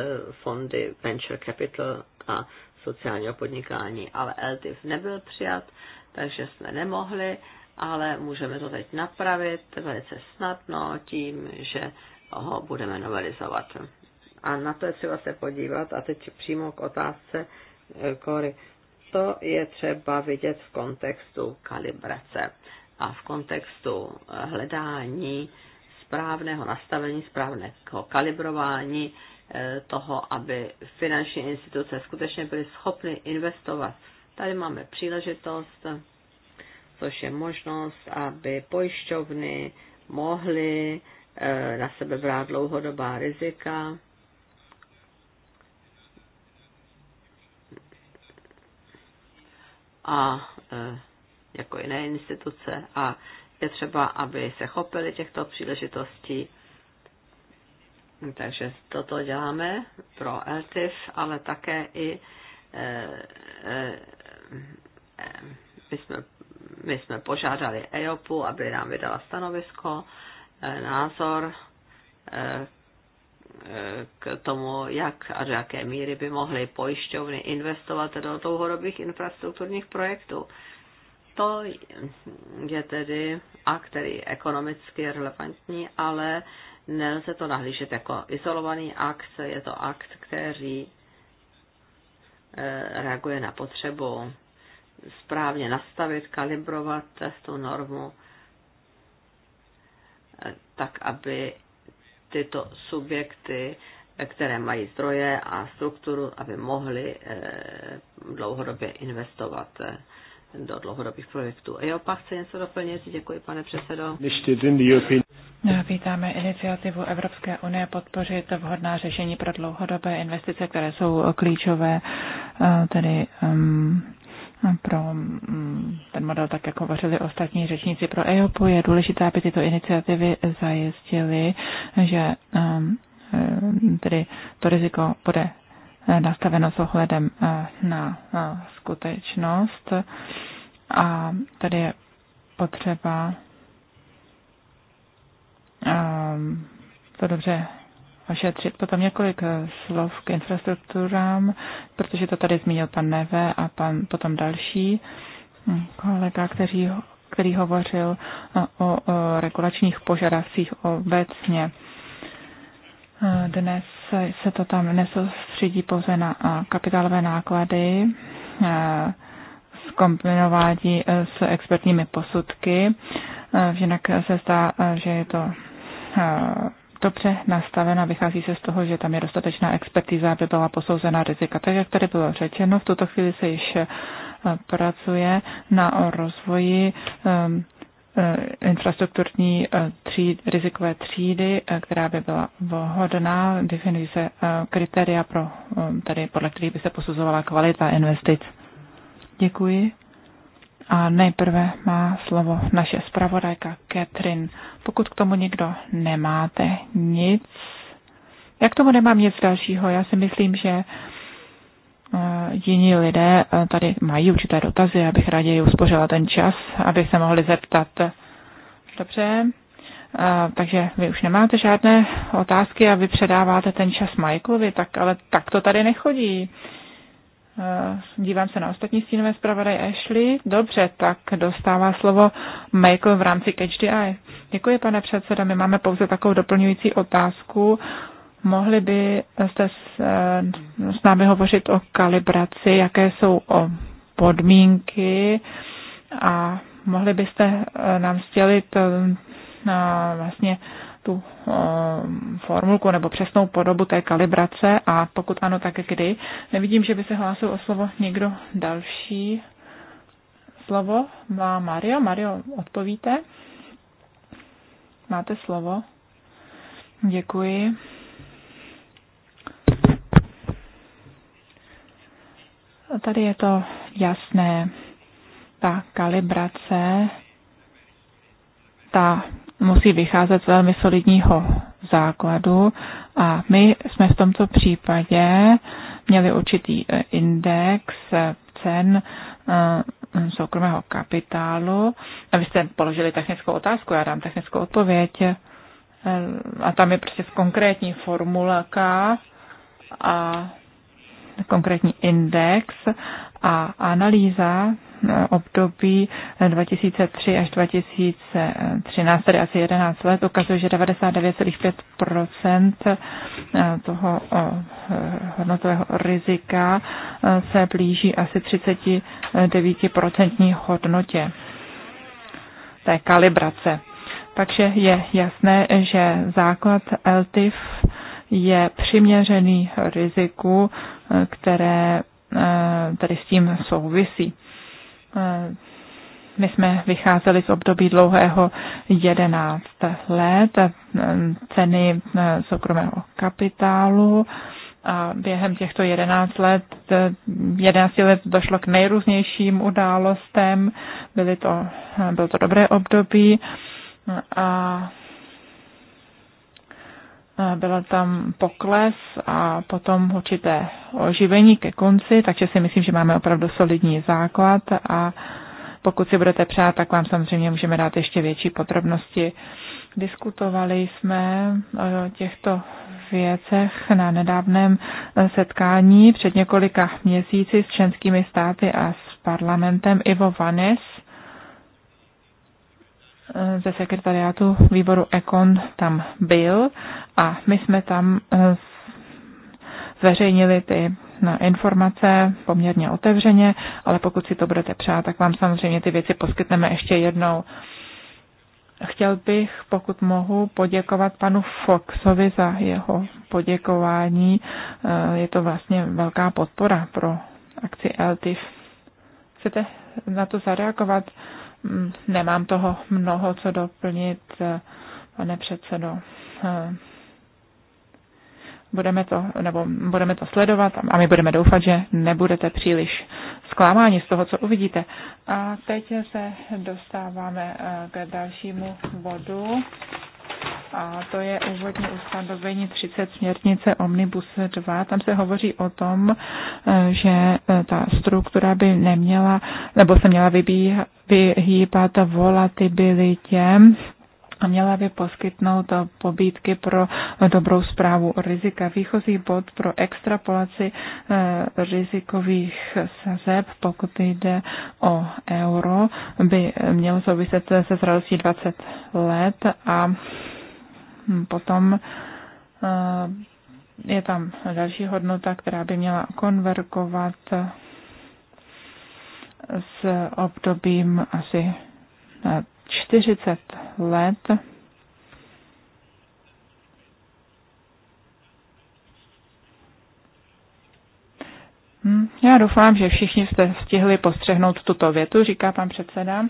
fondy Venture Capital a sociálního podnikání, ale LTIF nebyl přijat, takže jsme nemohli, ale můžeme to teď napravit velice snadno tím, že ho budeme novelizovat. A na to je třeba se podívat a teď přímo k otázce Kory. Eh, to je třeba vidět v kontextu kalibrace a v kontextu eh, hledání správného nastavení, správného kalibrování eh, toho, aby finanční instituce skutečně byly schopny investovat. Tady máme příležitost, což je možnost, aby pojišťovny mohly eh, na sebe brát dlouhodobá rizika. A jako jiné instituce a je třeba, aby se chopili těchto příležitostí. Takže toto děláme pro LTIF, ale také i e, e, my, jsme, my jsme požádali EOPu, aby nám vydala stanovisko, e, názor e, k tomu, jak a do jaké míry by mohly pojišťovny investovat do dlouhodobých infrastrukturních projektů. E, to je tedy a který ekonomicky relevantní, ale nelze to nahlížet jako izolovaný akt, je to akt, který eh, reaguje na potřebu správně nastavit, kalibrovat tu normu eh, tak, aby tyto subjekty, eh, které mají zdroje a strukturu, aby mohly dlouhodobě investovat do dlouhodobých projektů. pak chce něco doplnit? Děkuji, pane předsedo. No, vítáme iniciativu Evropské unie podpořit vhodná řešení pro dlouhodobé investice, které jsou klíčové eh, tedy um, pro um, ten model, tak jak hovořili ostatní řečníci pro EOPu, je důležité, aby tyto iniciativy zajistily, že um, tedy to riziko bude nastaveno s ohledem eh, na eh, skutečnost. A tady je potřeba ehm, to dobře ošetřit. Potom několik eh, slov k infrastrukturám, protože to tady zmínil pan Neve a pan potom další hm, kolega, kteří, který hovořil o, o regulačních požadavcích obecně. Dnes se to tam nesoustředí pouze na kapitálové náklady zkombinování e, s expertními posudky. E, jinak se zdá, e, že je to dobře nastavena, vychází se z toho, že tam je dostatečná expertiza, aby byla posouzena rizika. Tak, jak tady bylo řečeno, v tuto chvíli se již pracuje na rozvoji Eh, infrastrukturní eh, tříd, rizikové třídy, eh, která by byla vhodná. Definují se kritéria, pro, tady, podle kterých by se posuzovala kvalita investic. Děkuji. A nejprve má slovo naše zpravodajka Katrin. Pokud k tomu nikdo nemáte nic, jak tomu nemám nic dalšího, já si myslím, že Eh, jiní lidé eh, tady mají určité dotazy, abych raději uspořila ten čas, aby se mohli zeptat. Dobře, eh, takže vy už nemáte žádné otázky a vy předáváte ten čas Michaelovi, tak ale tak to tady nechodí. Dívám se na ostatní stínové zpravodaj Ashley. Dobře, tak dostává slovo Michael v rámci Catch the Eye. Děkuji, pane předseda. My máme pouze takovou doplňující otázku Mohli byste s, eh, s námi hovořit o kalibraci, jaké jsou o podmínky a mohli byste eh, nám sdělit eh, vlastně tu formulku nebo přesnou podobu té kalibrace a pokud ano, tak kdy. Nevidím, že by se hlásil o slovo někdo další. Slovo má Mario. Mario, odpovíte? Máte slovo. Děkuji. Tady je to jasné. Ta kalibrace, ta musí vycházet z velmi solidního základu a my jsme v tomto případě měli určitý e, index cen e, soukromého kapitálu. A vy jste položili technickou otázku, já dám technickou odpověď. E, a tam je prostě konkrétní formulka a konkrétní index a analýza e, období 2003 až 2013, tedy asi 11 let, ukazuje, že 99,5 e, toho e, hodnotového rizika se blíží asi 39 hodnotě té kalibrace. Takže je jasné, že základ LTIF je přiměřený riziku které eh, tady s tím souvisí. Eh, my jsme vycházeli z období dlouhého 11 let eh, ceny soukromého kapitálu a během těchto 11 let, 11 let došlo k nejrůznějším událostem, byly to, bylo to dobré období a byl tam pokles a potom určité oživení ke konci, takže si myslím, že máme opravdu solidní základ a pokud si budete přát, tak vám samozřejmě můžeme dát ještě větší podrobnosti. Diskutovali jsme o těchto věcech na nedávném setkání před několika měsíci s členskými státy a s parlamentem. Ivo Vanes Eh, ze sekretariátu výboru Econ tam byl a my jsme tam eh, zveřejnili ty informace poměrně otevřeně, ale pokud si to budete přát, tak vám samozřejmě ty věci poskytneme ještě jednou. Chtěl bych, pokud mohu, poděkovat panu Foxovi za jeho poděkování. Eh, je to vlastně velká podpora pro akci LTIF. Chcete na to zareagovat? Nemám toho mnoho co doplnit, pane předsedo. Budeme to, nebo budeme to sledovat a my budeme doufat, že nebudete příliš zklamáni z toho, co uvidíte. A teď se dostáváme eh, k dalšímu bodu a to je úvodní ustanovení 30 směrnice Omnibus 2. Tam se hovoří o tom, e, že e, ta struktura by neměla, nebo se měla vybíhat, vyhýbat volatibilitě a měla by poskytnout pobídky pro dobrou zprávu o rizika. Výchozí bod pro extrapolaci eh, rizikových sazeb, pokud jde o euro, by mělo souviset se zralostí 20 let a hm, potom eh, je tam další hodnota, která by měla konvergovat s obdobím asi 40 let hm, Já doufám, že všichni jste stihli postřehnout tuto větu, říká pan předseda.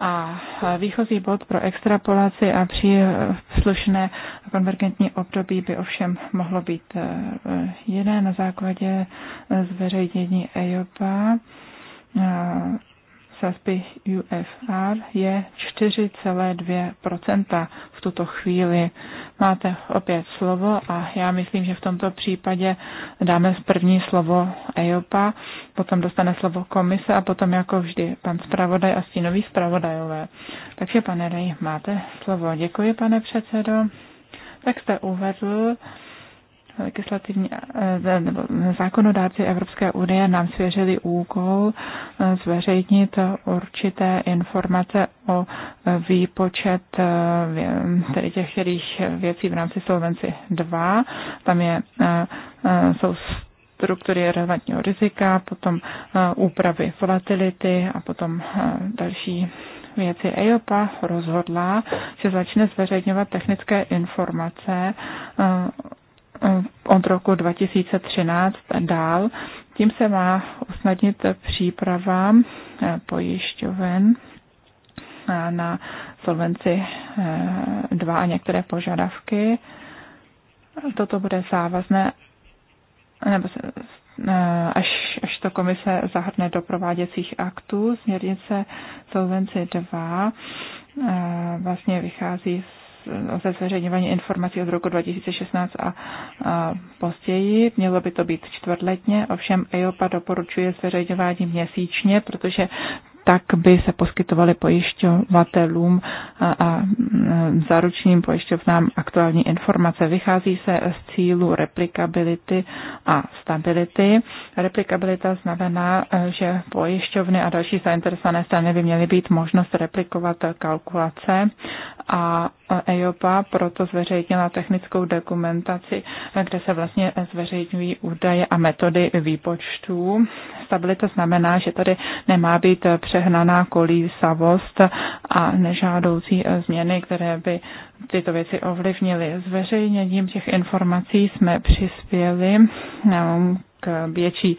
A výchozí bod pro extrapolaci a příslušné konvergentní období by ovšem mohlo být e, jiné na základě e, zveřejnění EIOPA sazby UFR je 4,2 v tuto chvíli. Máte opět slovo a já myslím, že v tomto případě dáme první slovo EOPA, potom dostane slovo komise a potom jako vždy pan zpravodaj a stínový zpravodajové. Takže pane Rej, máte slovo. Děkuji, pane předsedo. Tak jste uvedl, legislativní eh, eh, nebo zákonodárci Evropské unie nám svěřili úkol eh, zveřejnit určité informace o výpočet tedy těch kterých věcí v rámci Solvenci 2. Tam je, jsou struktury relevantního rizika, potom úpravy volatility a potom další věci EIOPA rozhodla, že začne zveřejňovat technické informace Eh, od roku 2013 dál. Tím se má usnadnit příprava eh, pojišťoven eh, na solvenci 2 a některé požadavky. Toto bude závazné, nebo až, až to komise zahrne do prováděcích aktů. Směrnice Solvenci 2 vlastně vychází ze zveřejňování informací od roku 2016 a, a později. Mělo by to být čtvrtletně, ovšem EIOPA doporučuje zveřejňování měsíčně, protože tak by se poskytovaly pojišťovatelům a, a mm, záručním pojišťovnám aktuální informace. Vychází se z cílu replikability a stability. Replikabilita znamená, že pojišťovny a další zainteresované strany by měly být možnost replikovat kalkulace a EIOPA proto zveřejnila technickou dokumentaci, kde se vlastně zveřejňují údaje a metody výpočtů. Stabilita znamená, že tady nemá být přehnaná kolísavost a nežádoucí změny, které by tyto věci ovlivnily. Zveřejněním těch informací jsme přispěli k větší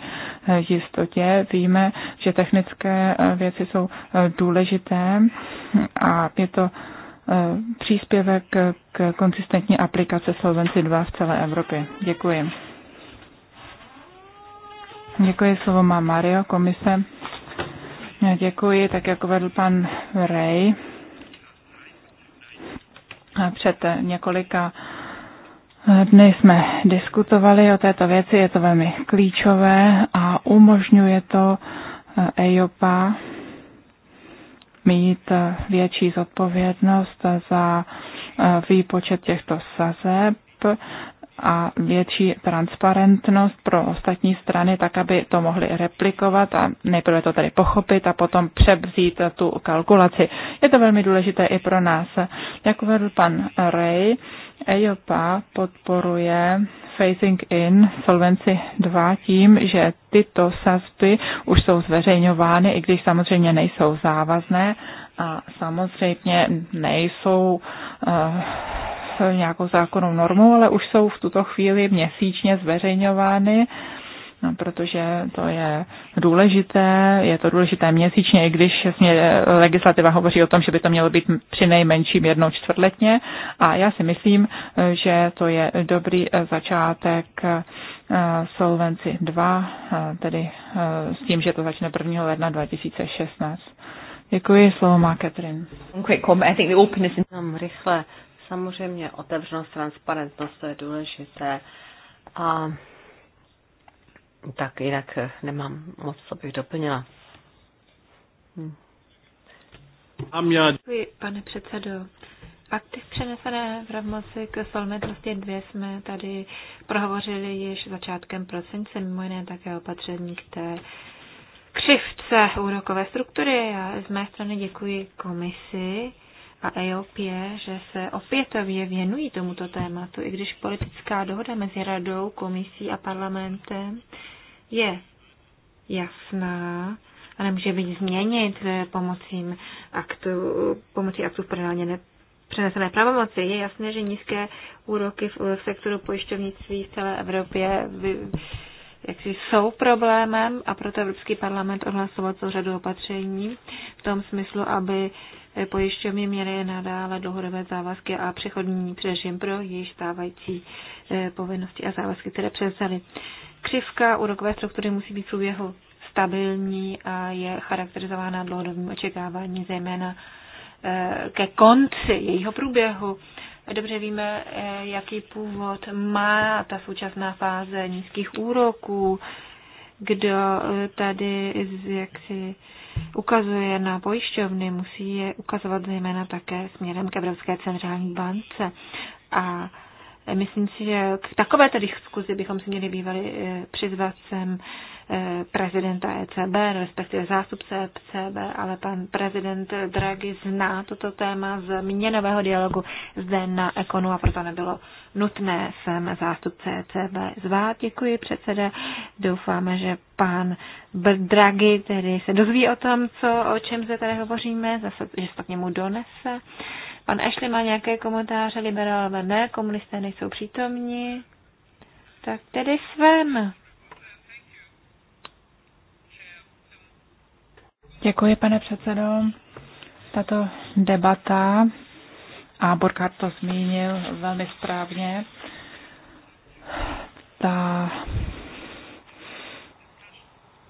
jistotě. Víme, že technické věci jsou důležité a je to Eh, příspěvek k konsistentní aplikace Solvency 2 v celé Evropě. Děkuji. Děkuji, slovo má Mario, komise. Eh, děkuji, tak jako vedl pan Rej eh, před několika dny jsme diskutovali o této věci, je to velmi klíčové a umožňuje to EIOPA mít eh, větší zodpovědnost za eh, výpočet těchto sazeb a větší transparentnost pro ostatní strany, tak aby to mohli replikovat a nejprve to tady pochopit a potom převzít tu kalkulaci. Je to velmi důležité i pro nás. Jak uvedl pan Ray, EIOPA podporuje Phasing In Solvency 2 tím, že tyto sazby už jsou zveřejňovány, i když samozřejmě nejsou závazné a samozřejmě nejsou uh, nějakou zákonnou normou, ale už jsou v tuto chvíli měsíčně zveřejňovány No, protože to je důležité, je to důležité měsíčně, i když jasně eh, legislativa hovoří o tom, že by to mělo být při nejmenším jednou čtvrtletně. A já si myslím, eh, že to je dobrý eh, začátek Solvenci 2, tedy s tím, že to začne 1. ledna 2016. Děkuji, slovo má Katrin. Jenom rychle. Samozřejmě otevřenost, transparentnost, to je důležité. A tak jinak eh, nemám moc, co bych doplnila. Hm. Děkuji, pane předsedo. Aktiv přenesené pravomoci k solventnosti 2 jsme tady prohovořili již začátkem prosince, mimo jiné také opatření k té křivce úrokové struktury. Já z mé strany děkuji komisi a EOP že se opětovně věnují tomuto tématu, i když politická dohoda mezi radou, komisí a parlamentem je jasná a nemůže být změnit pomocí aktu, pomocí aktu v prenálně přenesené pravomoci. Je jasné, že nízké úroky v, v sektoru pojišťovnictví v celé Evropě by, jaksi jsou problémem a proto Evropský parlament odhlasoval celou řadu opatření v tom smyslu, aby Eh, pojišťovny měly nadále dlouhodobé závazky a přechodní přežim pro jejich stávající eh, povinnosti a závazky, které převzaly. Křivka úrokové struktury musí být v průběhu stabilní a je charakterizována dlouhodobým očekáváním, zejména eh, ke konci jejího průběhu. Dobře víme, jaký původ má ta současná fáze nízkých úroků, kdo tady jaksi ukazuje na pojišťovny, musí je ukazovat zejména také směrem k Evropské centrální bance. A myslím si, že k takové tedy diskuzi bychom si měli bývali eh, přizvat sem prezidenta ECB, respektive zástupce ECB, ale pan prezident Draghi zná toto téma z měnového dialogu zde na Ekonu a proto nebylo nutné sem zástupce ECB zvát. Děkuji předseda. Doufáme, že pan Draghi tedy se dozví o tom, co, o čem se tady hovoříme, zase, že se to k němu donese. Pan Ashley má nějaké komentáře, liberálové ne, komunisté nejsou přítomní. Tak tedy svém. Děkuji, pane předsedo. Tato debata, a Burkhard to zmínil velmi správně, ta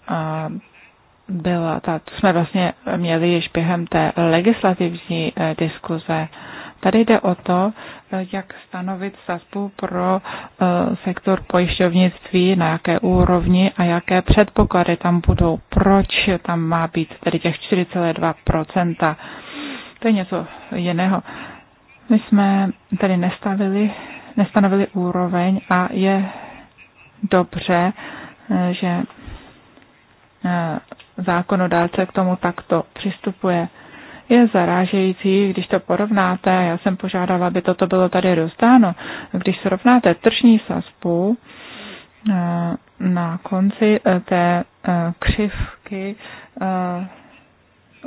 a byla, ta, jsme vlastně měli již během té legislativní eh, diskuze Tady jde o to, eh, jak stanovit sazbu pro eh, sektor pojišťovnictví, na jaké úrovni a jaké předpoklady tam budou, proč tam má být tedy těch 4,2%. To je něco jiného. My jsme tedy nestavili, nestanovili úroveň a je dobře, eh, že zákonodárce k tomu takto přistupuje je zarážející, když to porovnáte, já jsem požádala, aby toto bylo tady rozdáno, když srovnáte tržní sazbu eh, na konci eh, té eh, křivky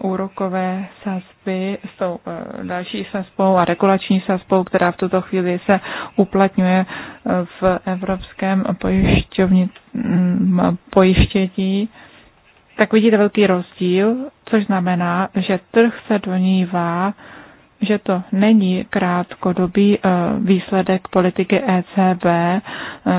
úrokové sazby s tou další sazbou a regulační sazbou, která v tuto chvíli se uplatňuje v evropském pojišťovni, mm, pojištění, tak vidíte velký rozdíl, což znamená, že trh se donívá, že to není krátkodobý eh, výsledek politiky ECB, eh,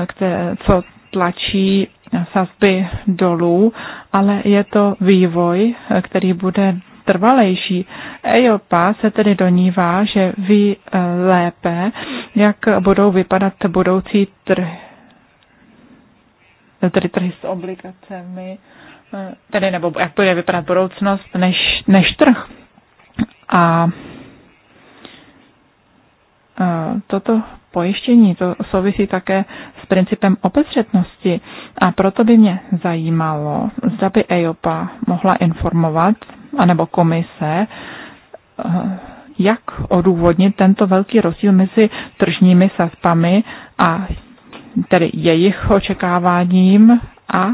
které, co tlačí sazby dolů, ale je to vývoj, eh, který bude trvalejší. EIOPA se tedy donívá, že ví lépe, jak budou vypadat budoucí trhy, tedy trhy s obligacemi, Eh, tedy nebo jak bude vypadat budoucnost než, než trh. A eh, toto pojištění, to souvisí také s principem obezřetnosti a proto by mě zajímalo, zda by EIOPA mohla informovat, anebo komise, eh, jak odůvodnit tento velký rozdíl mezi tržními sazbami a tedy jejich očekáváním a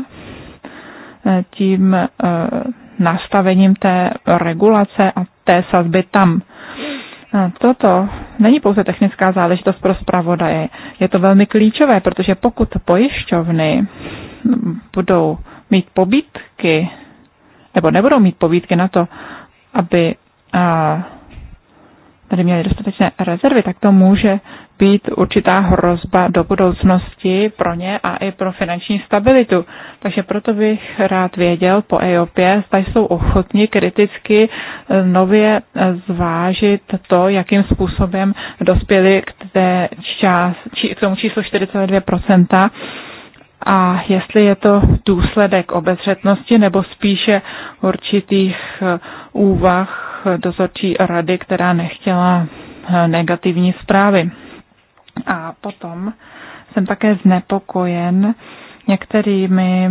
tím eh, nastavením té regulace a té sazby tam. Eh, toto není pouze technická záležitost pro zpravodaje. Je to velmi klíčové, protože pokud pojišťovny budou mít pobítky, nebo nebudou mít pobítky na to, aby eh, tady měli dostatečné rezervy, tak to může být určitá hrozba do budoucnosti pro ně a i pro finanční stabilitu. Takže proto bych rád věděl po EOPě, zda jsou ochotni kriticky eh, nově eh, zvážit to, jakým způsobem dospěli k, té čas, či, k tomu číslu 42% a jestli je to důsledek obezřetnosti nebo spíše určitých eh, úvah dozorčí rady, která nechtěla negativní zprávy. A potom jsem také znepokojen některými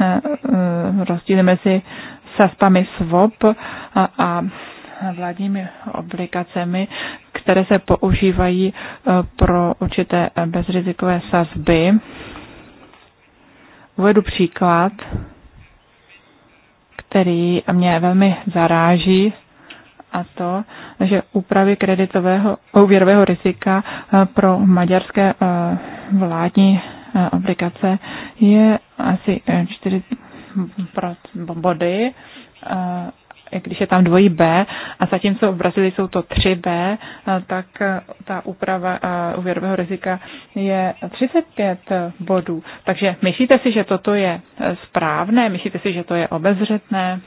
eh, eh, rozdíly mezi sazbami swap a vládními obligacemi, které se používají eh, pro určité bezrizikové sazby. Uvedu příklad, který mě velmi zaráží a to, že úpravy kreditového úvěrového rizika eh, pro maďarské eh, vládní eh, aplikace je asi 4 body, když je tam dvojí B, a zatímco v Brazílii jsou to 3B, tak ta úprava úvěrového rizika je 35 bodů. Takže myslíte si, že toto je správné? Myslíte si, že to je obezřetné?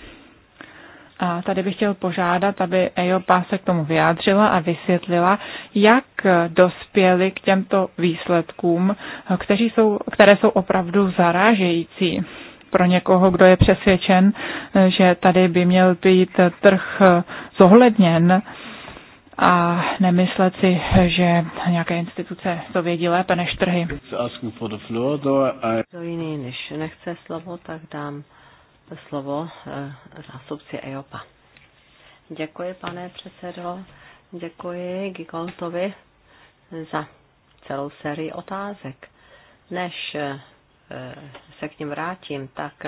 A tady bych chtěl požádat, aby EIOPA se k tomu vyjádřila a vysvětlila, jak dospěli k těmto výsledkům, kteří jsou, které jsou opravdu zarážející pro někoho, kdo je přesvědčen, že tady by měl být trh zohledněn a nemyslet si, že nějaké instituce to vědí lépe než trhy. Kdo jiný než nechce slovo, tak dám slovo eh, zástupci EOPA. Děkuji, pane předsedo. Děkuji Gigoltovi za celou sérii otázek. Než eh, se k ním vrátím, tak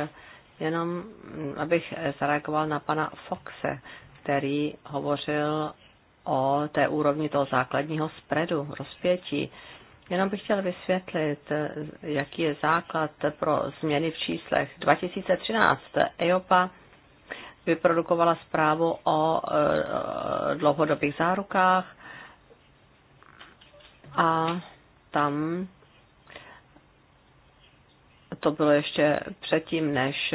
jenom mm, abych zareagoval na pana Foxe, který hovořil o té úrovni toho základního spreadu, rozpětí. Jenom bych chtěl vysvětlit, jaký je základ pro změny v číslech. 2013 EOPA vyprodukovala zprávu o e, dlouhodobých zárukách a tam to bylo ještě předtím, než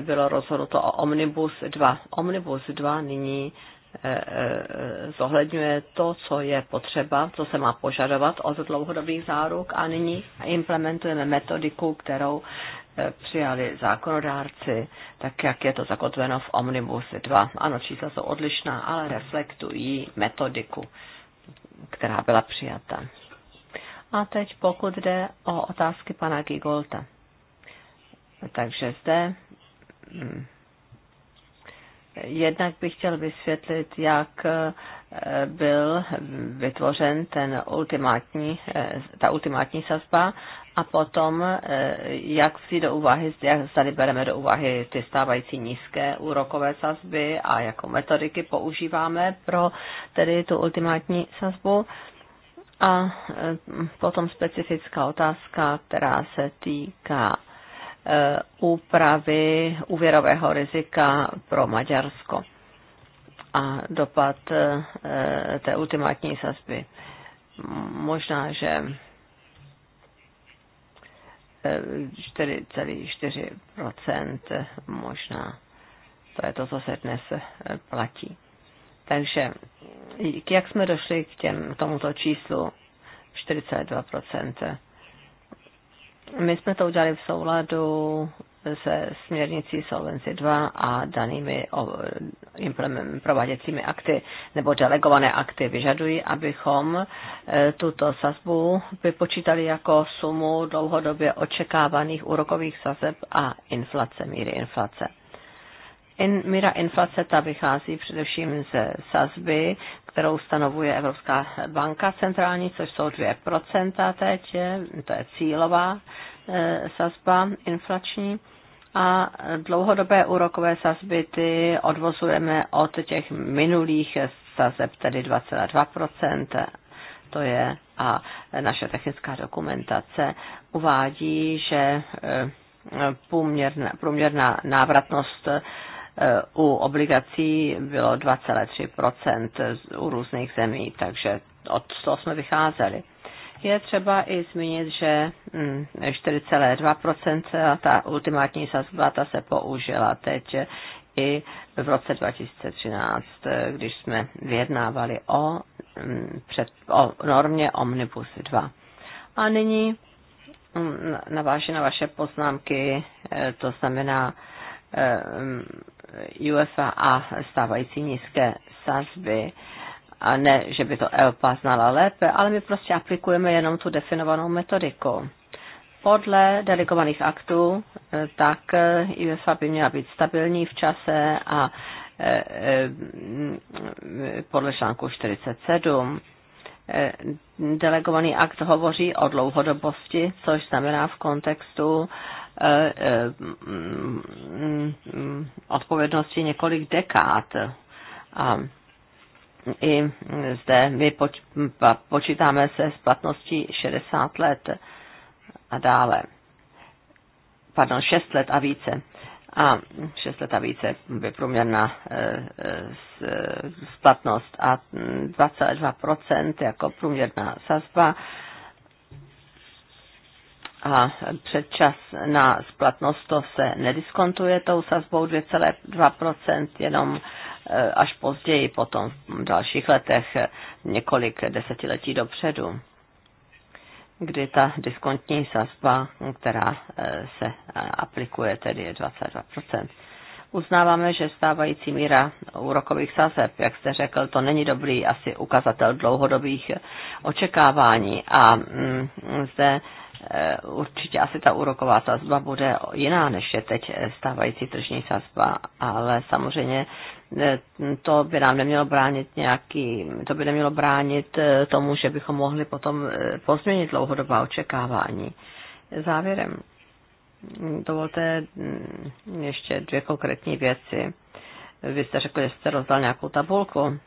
bylo rozhodnuto o Omnibus 2. Omnibus 2 nyní Eh, eh, zohledňuje to, co je potřeba, co se má požadovat od dlouhodobých záruk a nyní implementujeme metodiku, kterou eh, přijali zákonodárci, tak jak je to zakotveno v Omnibus 2. Ano, čísla jsou odlišná, ale reflektují metodiku, která byla přijata. A teď pokud jde o otázky pana Gigolta. Takže zde mm, Jednak bych chtěl vysvětlit, jak eh, byl vytvořen ten ultimátní, eh, ta ultimátní sazba a potom, eh, jak vzít do úvahy, jak tady bereme do úvahy ty stávající nízké úrokové sazby a jakou metodiky používáme pro tedy tu ultimátní sazbu. A potom specifická otázka, která se týká Eh, úpravy úvěrového rizika pro Maďarsko a dopad eh, té ultimátní sazby. Možná, že 4,4% eh, možná. To je to, co se dnes platí. Takže jak jsme došli k, těm, k tomuto číslu 4,2%? My jsme to udělali v souladu se směrnicí Solvency 2 a danými prováděcími akty nebo delegované akty vyžadují, abychom e, tuto sazbu vypočítali jako sumu dlouhodobě očekávaných úrokových sazeb a inflace, míry inflace. In, míra inflace ta vychází především ze sazby kterou stanovuje Evropská banka centrální, což jsou 2% teď, to je cílová e, sazba inflační. A dlouhodobé úrokové sazby ty odvozujeme od těch minulých sazeb, tedy 2,2%. To je a naše technická dokumentace uvádí, že e, průměrná, průměrná návratnost Eh, u obligací bylo 2,3 u různých zemí, takže od toho jsme vycházeli. Je třeba i zmínit, že 4,2 hm, ta ultimátní sazba ta se použila teď i v roce 2013, eh, když jsme vyjednávali o, hm, před, o normě Omnibus 2. A nyní hm, naváží na vaše poznámky, eh, to znamená USA a stávající nízké sazby. A ne, že by to ELPA znala lépe, ale my prostě aplikujeme jenom tu definovanou metodiku. Podle delegovaných aktů, eh, tak eh, USA by měla být stabilní v čase a eh, mm, podle článku 47 delegovaný akt hovoří o dlouhodobosti, což znamená v kontextu odpovědnosti několik dekád. A i zde my počítáme se splatností 60 let a dále. Pardon, 6 let a více. A 6 let a více by průměrná e, e, e, splatnost a 22% jako průměrná sazba a předčas na splatnost to se nediskontuje tou sazbou 2,2%, jenom e, až později, potom v dalších letech, e, několik desetiletí dopředu, kdy ta diskontní sazba, která e, se aplikuje, tedy je 22%. Uznáváme, že stávající míra úrokových sazeb, jak jste řekl, to není dobrý asi ukazatel dlouhodobých očekávání a mm, zde Eh, určitě asi ta úroková sazba bude jiná, než je teď eh, stávající tržní sazba, ale samozřejmě eh, to by nám nemělo bránit nějaký, to by nemělo bránit tomu, že bychom mohli potom pozměnit dlouhodobá očekávání. Závěrem, hm, dovolte hm, ještě dvě konkrétní věci. Vy jste řekl, že jste rozdal nějakou tabulku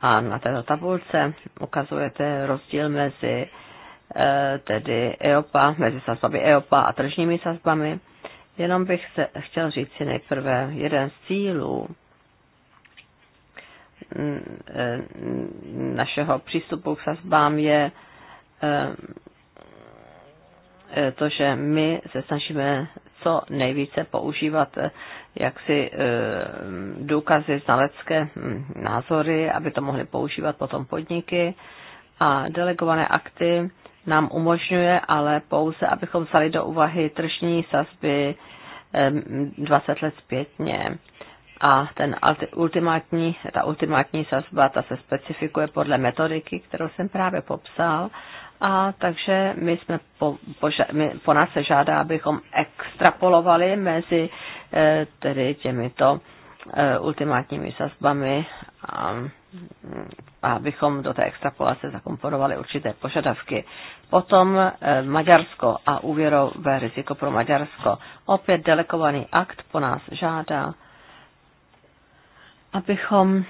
a na této tabulce ukazujete rozdíl mezi Eh, tedy EOPA, mezi sazbami EOPA a tržními sazbami. Jenom bych se chtěl říct si nejprve jeden z cílů mm, eh, našeho přístupu k sazbám je eh, to, že my se snažíme co nejvíce používat jaksi důkazy, znalecké hm, názory, aby to mohly používat potom podniky a delegované akty nám umožňuje, ale pouze, abychom vzali do úvahy tržní sazby 20 let zpětně. A ten ultimátní, ta ultimátní sazba, ta se specifikuje podle metodiky, kterou jsem právě popsal. A takže my jsme po, poža, my, po nás se žádá, abychom extrapolovali mezi e, tedy těmito E, ultimátními sazbami, a, abychom do té extrapolace zakomponovali určité požadavky. Potom e, Maďarsko a úvěrové riziko pro Maďarsko. Opět delegovaný akt po nás žádá, abychom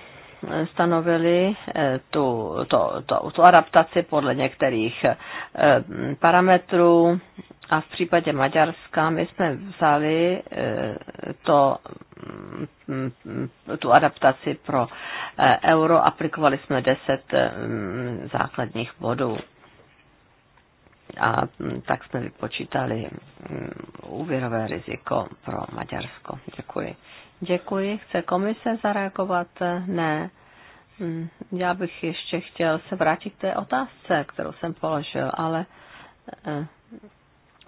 stanovili e, tu, to, to, tu adaptaci podle některých parametrů a v případě Maďarska my jsme vzali eh, to, mm, tu adaptaci pro eh, euro, aplikovali jsme 10 eh, mm, základních bodů. A mm, tak jsme vypočítali úvěrové riziko pro Maďarsko. Děkuji. Děkuji. Chce komise zareagovat? Ne. Já bych ještě chtěl se vrátit k té otázce, kterou jsem položil, ale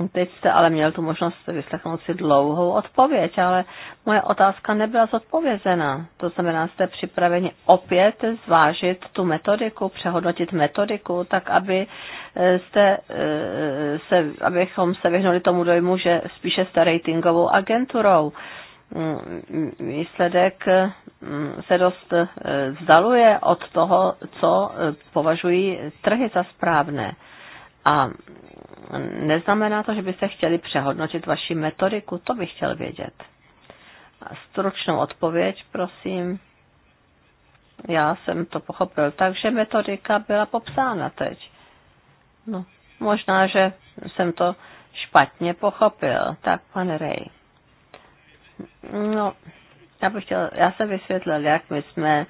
Teď jste ale měl tu možnost vyslechnout si dlouhou odpověď, ale moje otázka nebyla zodpovězena. To znamená, jste připraveni opět zvážit tu metodiku, přehodnotit metodiku, tak aby eh, jste, eh, se, abychom se vyhnuli tomu dojmu, že spíše jste ratingovou agenturou mm, výsledek mm, se dost eh, vzdaluje od toho, co považují trhy za správné. A neznamená to, že byste chtěli přehodnotit vaši metodiku? To bych chtěl vědět. Stručnou odpověď, prosím. Já jsem to pochopil, takže metodika byla popsána teď. No, možná, že jsem to špatně pochopil. Tak, pane Rej. No, já bych chtěl, já jsem vysvětlil, jak my jsme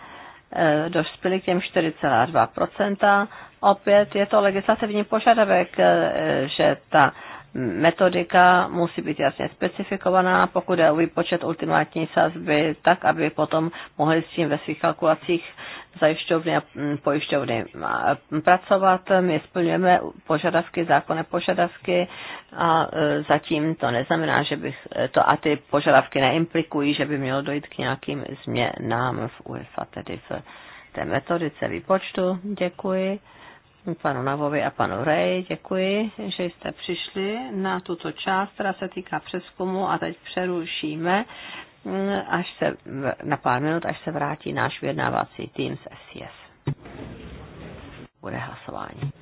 e, dospěli k těm 4,2%, opět je to legislativní požadavek, eh, že ta metodika musí být jasně specifikovaná, pokud je o výpočet ultimátní sazby, tak, aby potom mohli s tím ve svých kalkulacích zajišťovny a mm, pojišťovny pracovat. My splňujeme požadavky, zákonné požadavky a e, zatím to neznamená, že bych e, to a ty požadavky neimplikují, že by mělo dojít k nějakým změnám v UEFA, tedy v té metodice výpočtu. Děkuji panu Navovi a panu Rej. Děkuji, že jste přišli na tuto část, která se týká přeskumu a teď přerušíme mm, až se, na pár minut, až se vrátí náš vyjednávací tým z SES. Bude hlasování.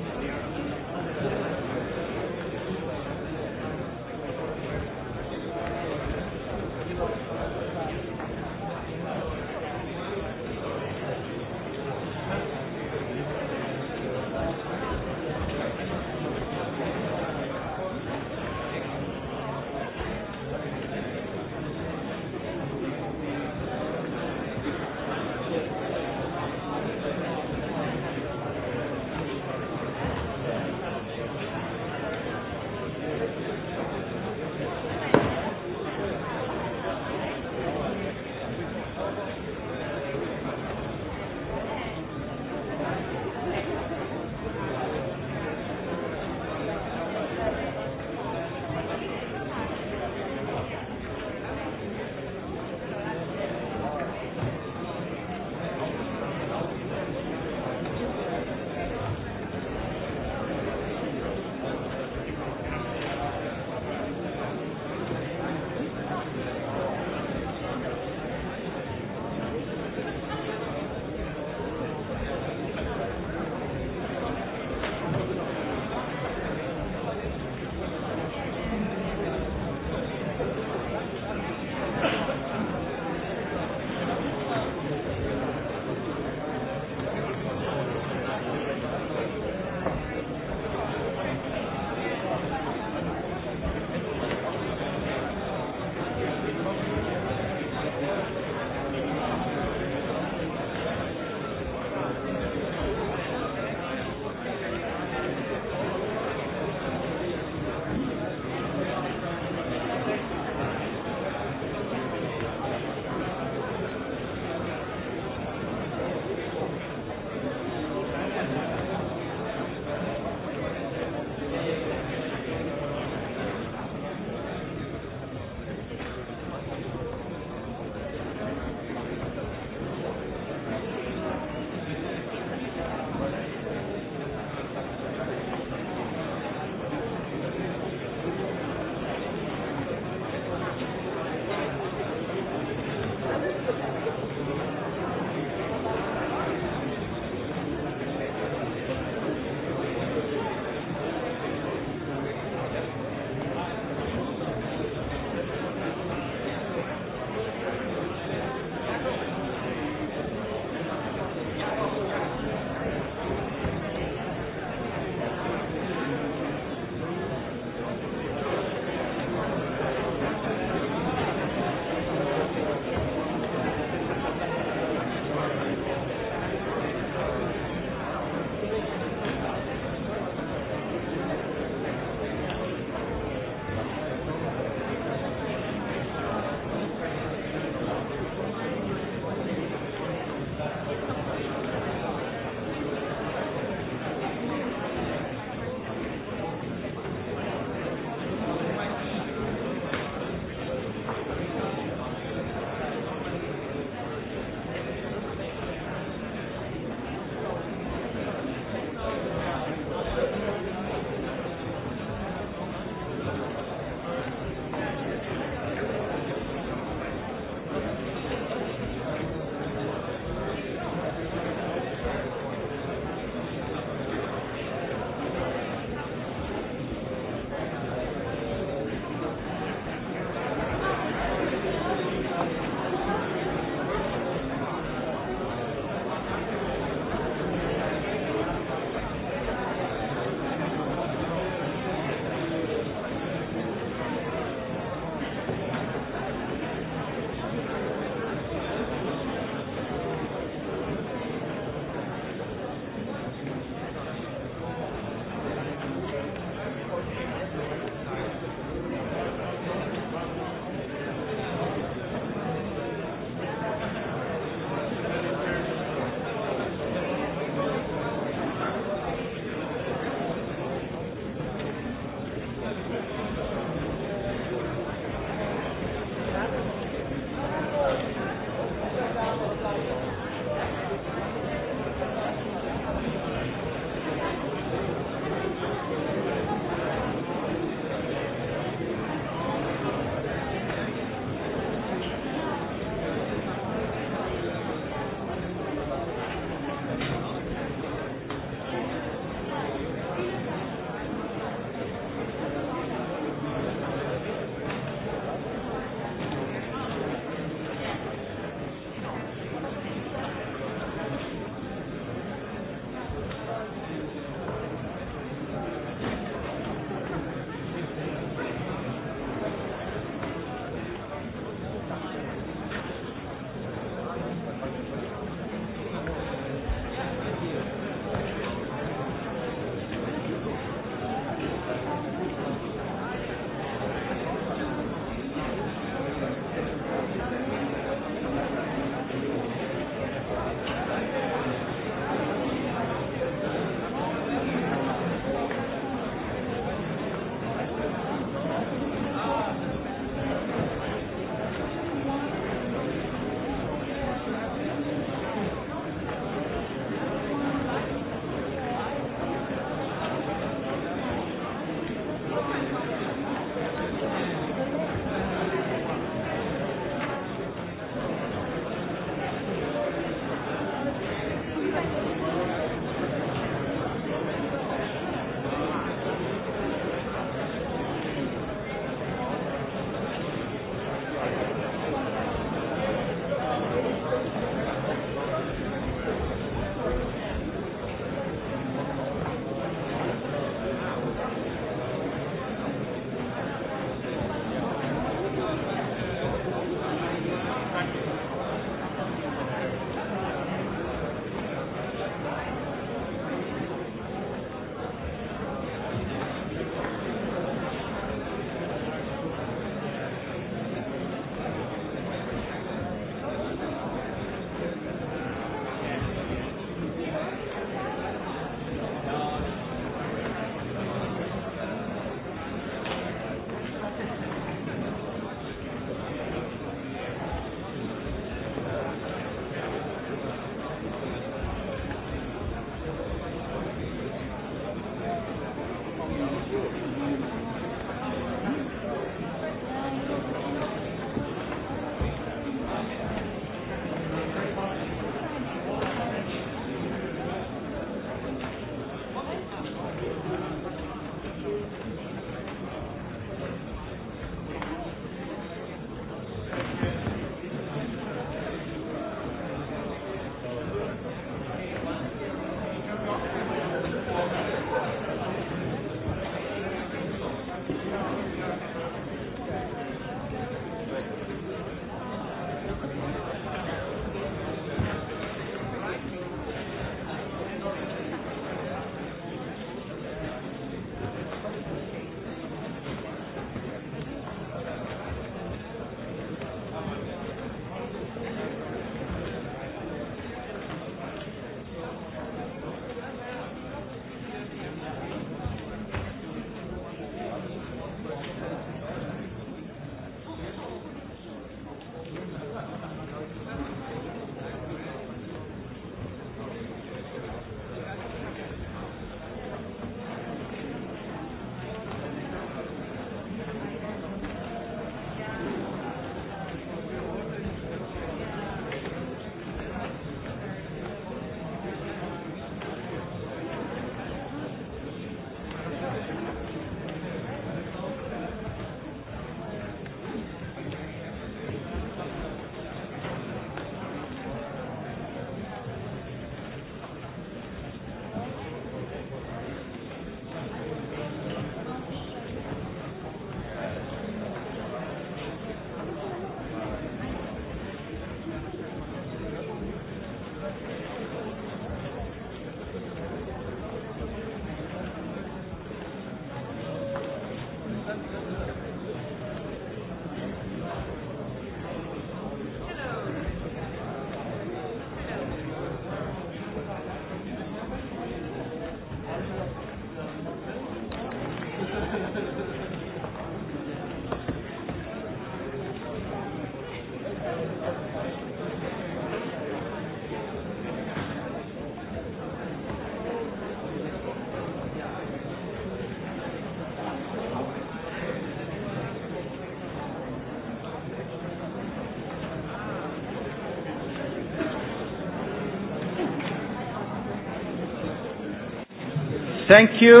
Thank you.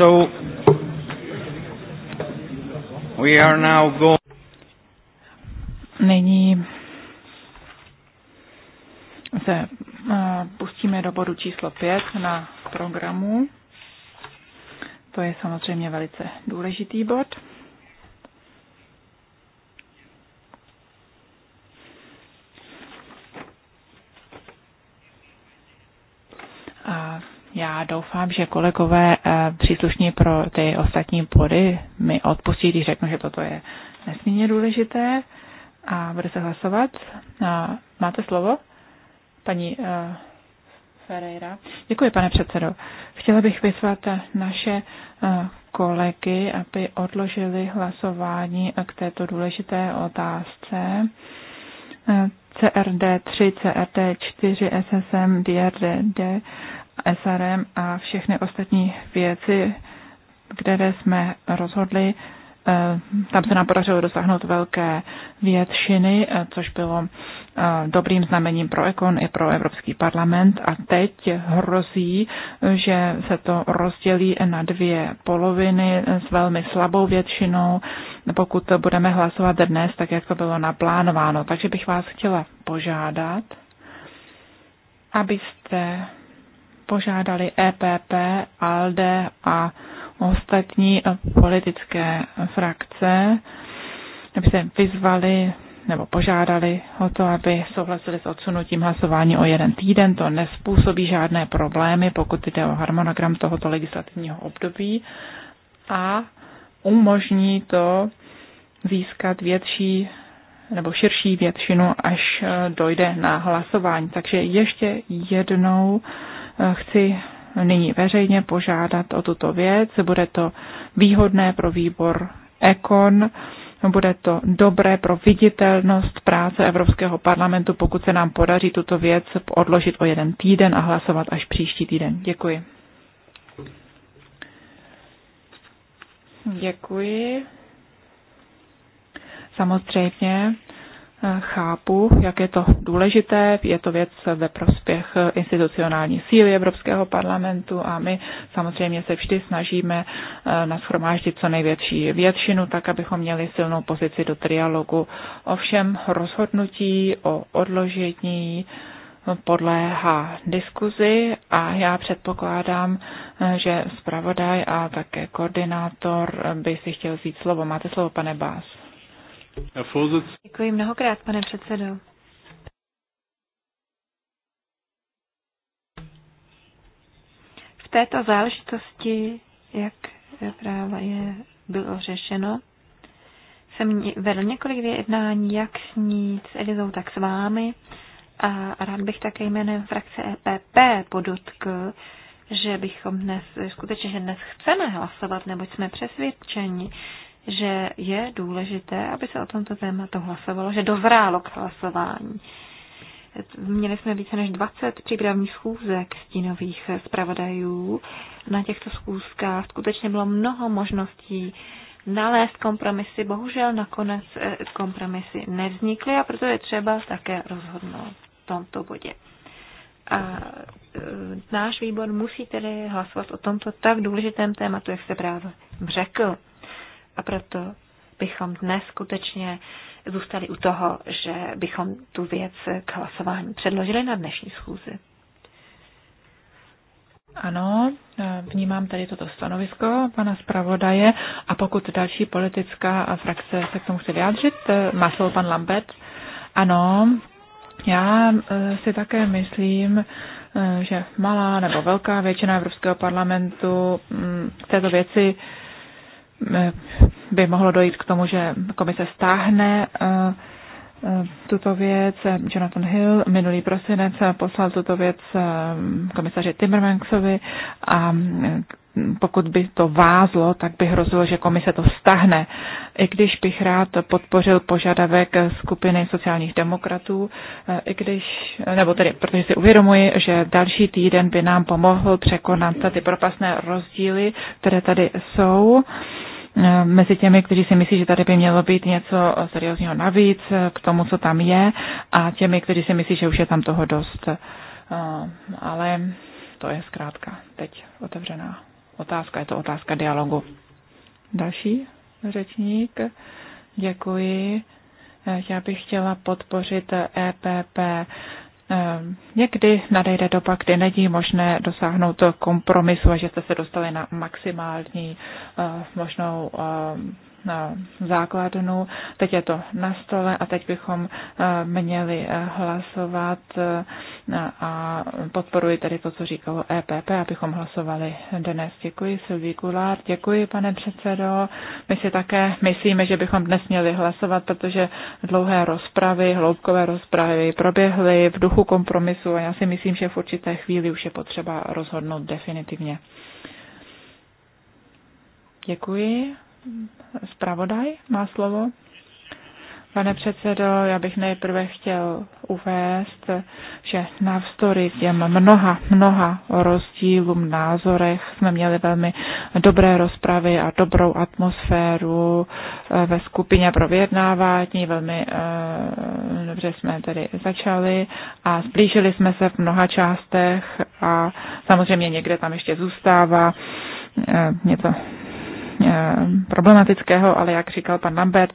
So we are now going. Nyní se uh, pustíme do bodu číslo 5 na programu. To je samozřejmě velice důležitý bod. A já doufám, že kolegové eh, příslušní pro ty ostatní body mi odpustí, když řeknu, že toto je nesmírně důležité a bude se hlasovat. Máte slovo? Paní eh, Ferreira. Děkuji, pane předsedo. Chtěla bych vyzvat naše eh, kolegy, aby odložili hlasování k této důležité otázce. CRD 3, CRD 4, SSM, DRD SRM a všechny ostatní věci, které jsme rozhodli, eh, tam se nám podařilo dosáhnout velké většiny, eh, což bylo eh, dobrým znamením pro Ekon i pro Evropský parlament. A teď hrozí, že se to rozdělí na dvě poloviny s velmi slabou většinou, pokud budeme hlasovat dnes, tak jak to bylo naplánováno. Takže bych vás chtěla požádat, abyste požádali EPP, ALDE a ostatní politické frakce, aby se vyzvali nebo požádali o to, aby souhlasili s odsunutím hlasování o jeden týden. To nespůsobí žádné problémy, pokud jde o harmonogram tohoto legislativního období a umožní to získat větší nebo širší většinu, až dojde na hlasování. Takže ještě jednou Eh, chci nyní veřejně požádat o tuto věc. Bude to výhodné pro výbor Ekon, bude to dobré pro viditelnost práce Evropského parlamentu, pokud se nám podaří tuto věc odložit o jeden týden a hlasovat až příští týden. Děkuji. Děkuji. Samozřejmě chápu, jak je to důležité. Je to věc ve prospěch institucionální síly Evropského parlamentu a my samozřejmě se vždy snažíme eh, nashromáždit co největší většinu, tak abychom měli silnou pozici do trialogu. Ovšem rozhodnutí o odložení eh, podléhá diskuzi a já předpokládám, eh, že zpravodaj a také koordinátor by si chtěl vzít slovo. Máte slovo, pane Bás. Děkuji mnohokrát, pane předsedo. V této záležitosti, jak právě bylo řešeno, jsem vedl několik vyjednání, jak s ní, s Elizou, tak s vámi a rád bych také jménem frakce EPP podotkl, že bychom dnes, skutečně, že dnes chceme hlasovat, neboť jsme přesvědčeni, že je důležité, aby se o tomto tématu hlasovalo, že dozrálo k hlasování. Měli jsme více než 20 přípravních schůzek stínových zpravodajů. Na těchto schůzkách skutečně bylo mnoho možností nalézt kompromisy. Bohužel nakonec eh, kompromisy nevznikly a proto je třeba také rozhodnout v tomto bodě. A eh, náš výbor musí tedy hlasovat o tomto tak důležitém tématu, jak se právě řekl. A proto bychom dnes skutečně zůstali u toho, že bychom tu věc k hlasování předložili na dnešní schůzi. Ano, vnímám tady toto stanovisko pana zpravodaje a pokud další politická frakce se k tomu chce vyjádřit, má slovo pan Lambert. Ano, já eh, si také myslím, eh, že malá nebo velká většina Evropského parlamentu k mm, této věci by mohlo dojít k tomu, že komise stáhne eh, Eh, tuto věc. Eh, Jonathan Hill minulý prosinec eh, poslal tuto věc komisaři Timmermansovi a mm, pokud by to vázlo, tak by hrozilo, že komise to stahne. I když bych rád podpořil požadavek skupiny sociálních demokratů, i když, nebo tedy, protože si uvědomuji, že další týden by nám pomohl překonat ty propasné rozdíly, které tady jsou. Um, Eh, mezi těmi, kteří si myslí, že tady by mělo být něco eh, seriózního navíc eh, k tomu, co tam je, a těmi, kteří si myslí, že už je tam toho dost. Ale to je zkrátka teď otevřená otázka, je to otázka dialogu. Další řečník, děkuji. Já bych chtěla podpořit EPP e Ehm, někdy nadejde doba, kdy není možné dosáhnout kompromisu a že jste se dostali na maximální eh, možnou ehm, základnu, teď je to na stole a teď bychom eh, měli eh, hlasovat eh, a podporuji tedy to, co říkalo EPP, abychom hlasovali dnes. Děkuji Silví Kulár, děkuji pane předsedo. My si také myslíme, že bychom dnes měli hlasovat, protože dlouhé rozpravy, hloubkové rozpravy proběhly v duchu kompromisu a já si myslím, že v určité chvíli už je potřeba rozhodnout definitivně. Děkuji. Zpravodaj má slovo. Pane předsedo, já bych nejprve chtěl uvést, že navzdory těm mnoha, mnoha rozdílům názorech jsme měli velmi dobré rozpravy a dobrou atmosféru eh, ve skupině pro vyjednávání. Velmi eh, dobře jsme tedy začali a zblížili jsme se v mnoha částech a samozřejmě někde tam ještě zůstává eh, něco Eh, problematického, ale jak říkal pan Lambert,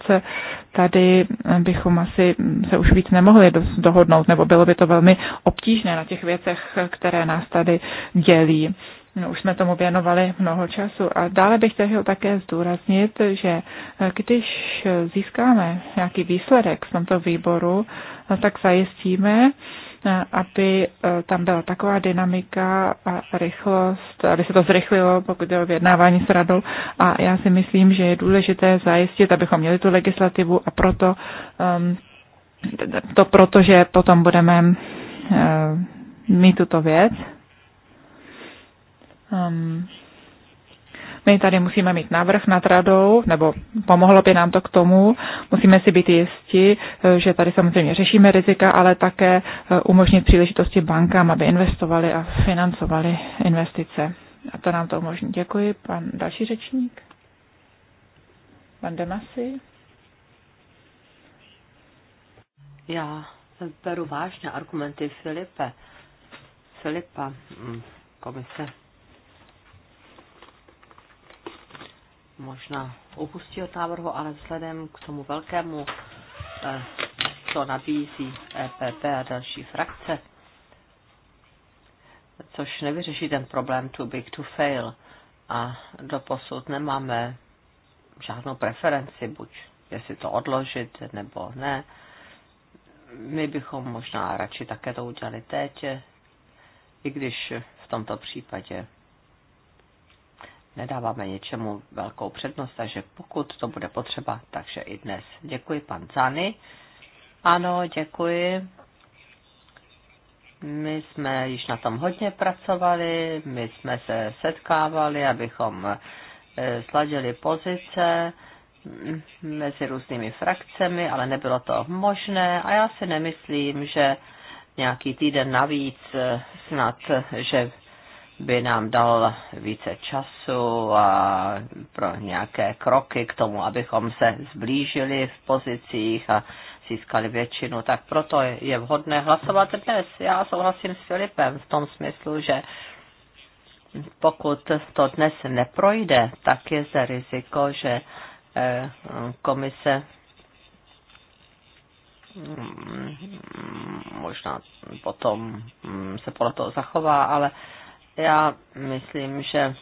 tady bychom asi se už víc nemohli dohodnout, nebo bylo by to velmi obtížné na těch věcech, které nás tady dělí. No, už jsme tomu věnovali mnoho času. A dále bych chtěl také zdůraznit, že eh, když získáme nějaký výsledek v tomto výboru, eh, tak zajistíme, E, aby e, tam byla taková dynamika a rychlost, aby se to zrychlilo, pokud je o vyjednávání s radou. A já si myslím, že je důležité zajistit, abychom měli tu legislativu a proto um, to proto, že potom budeme uh, mít tuto věc. Um, my tady musíme mít návrh nad radou, nebo pomohlo by nám to k tomu. Musíme si být jisti, eh, že tady samozřejmě řešíme rizika, ale také eh, umožnit příležitosti bankám, aby investovali a financovali investice. A to nám to umožní. Děkuji. Pan další řečník. Pan Demasi. Já beru vážně argumenty Filipe. Filipa, mm, komise možná opustil od návrhu, ale vzhledem k tomu velkému, eh, co nabízí EPP a další frakce, což nevyřeší ten problém too big to fail. A doposud nemáme žádnou preferenci, buď jestli to odložit nebo ne. My bychom možná radši také to udělali teď, i když v tomto případě nedáváme něčemu velkou přednost, takže pokud to bude potřeba, takže i dnes. Děkuji, pan Cany. Ano, děkuji. My jsme již na tom hodně pracovali, my jsme se setkávali, abychom eh, sladili pozice mm, mezi různými frakcemi, ale nebylo to možné a já si nemyslím, že nějaký týden navíc eh, snad, že by nám dal více času a pro nějaké kroky k tomu, abychom se zblížili v pozicích a získali většinu, tak proto je vhodné hlasovat dnes. Já souhlasím s Filipem v tom smyslu, že pokud to dnes neprojde, tak je zde riziko, že eh, komise mm, mm, možná potom mm, se podle toho zachová, ale já myslím, že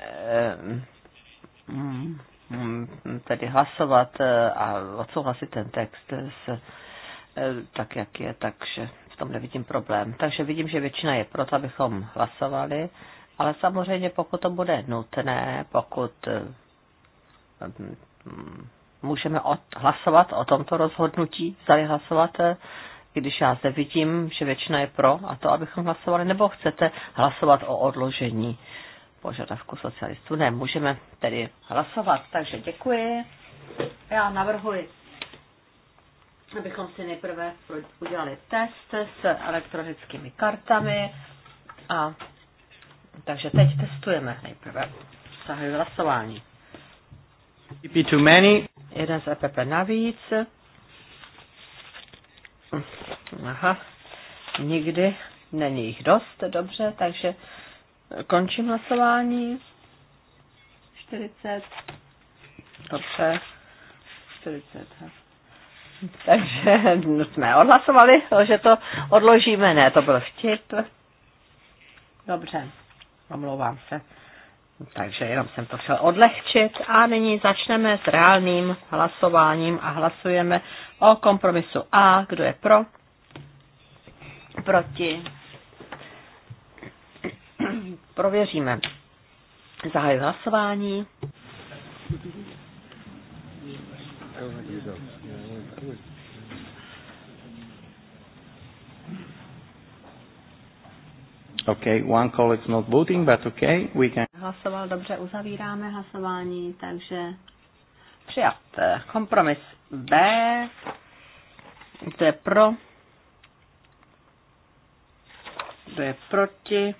eh, mm, tedy hlasovat eh, a odsouhlasit ten text s, eh, tak, jak je, takže v tom nevidím problém. Takže vidím, že většina je proto, abychom hlasovali, ale samozřejmě pokud to bude nutné, pokud mm, můžeme od, hlasovat o tomto rozhodnutí, zali hlasovat když já zde vidím, že většina je pro a to, abychom hlasovali, nebo chcete hlasovat o odložení požadavku socialistů? Ne, můžeme tedy hlasovat, takže děkuji. Já navrhuji, abychom si nejprve udělali test s elektronickými kartami a takže teď testujeme nejprve. Zahajuji hlasování. Jeden z EPP navíc. Aha, nikdy není jich dost, dobře, takže končím hlasování. 40. Dobře. 40. Takže jsme odhlasovali, že to odložíme. Ne, to byl vtip. Dobře, omlouvám se. Takže jenom jsem to chtěl odlehčit a nyní začneme s reálným hlasováním a hlasujeme o kompromisu A. Kdo je pro? Proti? Prověříme. Zahajuji hlasování. Okay, one is not voting, but okay, we can... Hlasoval dobře, uzavíráme hlasování, takže přijat kompromis B, kdo je pro, kdo je proti,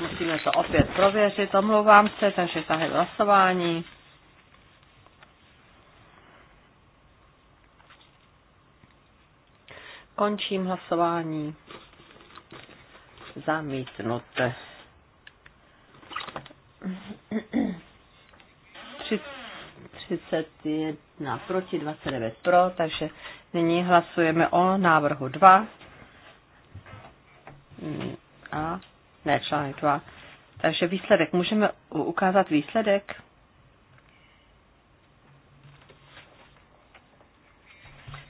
Musíme to opět prověřit, omlouvám se, takže tahle hlasování. Končím hlasování. Zamítnuté. 31 proti 29 pro, takže nyní hlasujeme o návrhu 2 a ne článek 2. Takže výsledek. Můžeme ukázat výsledek?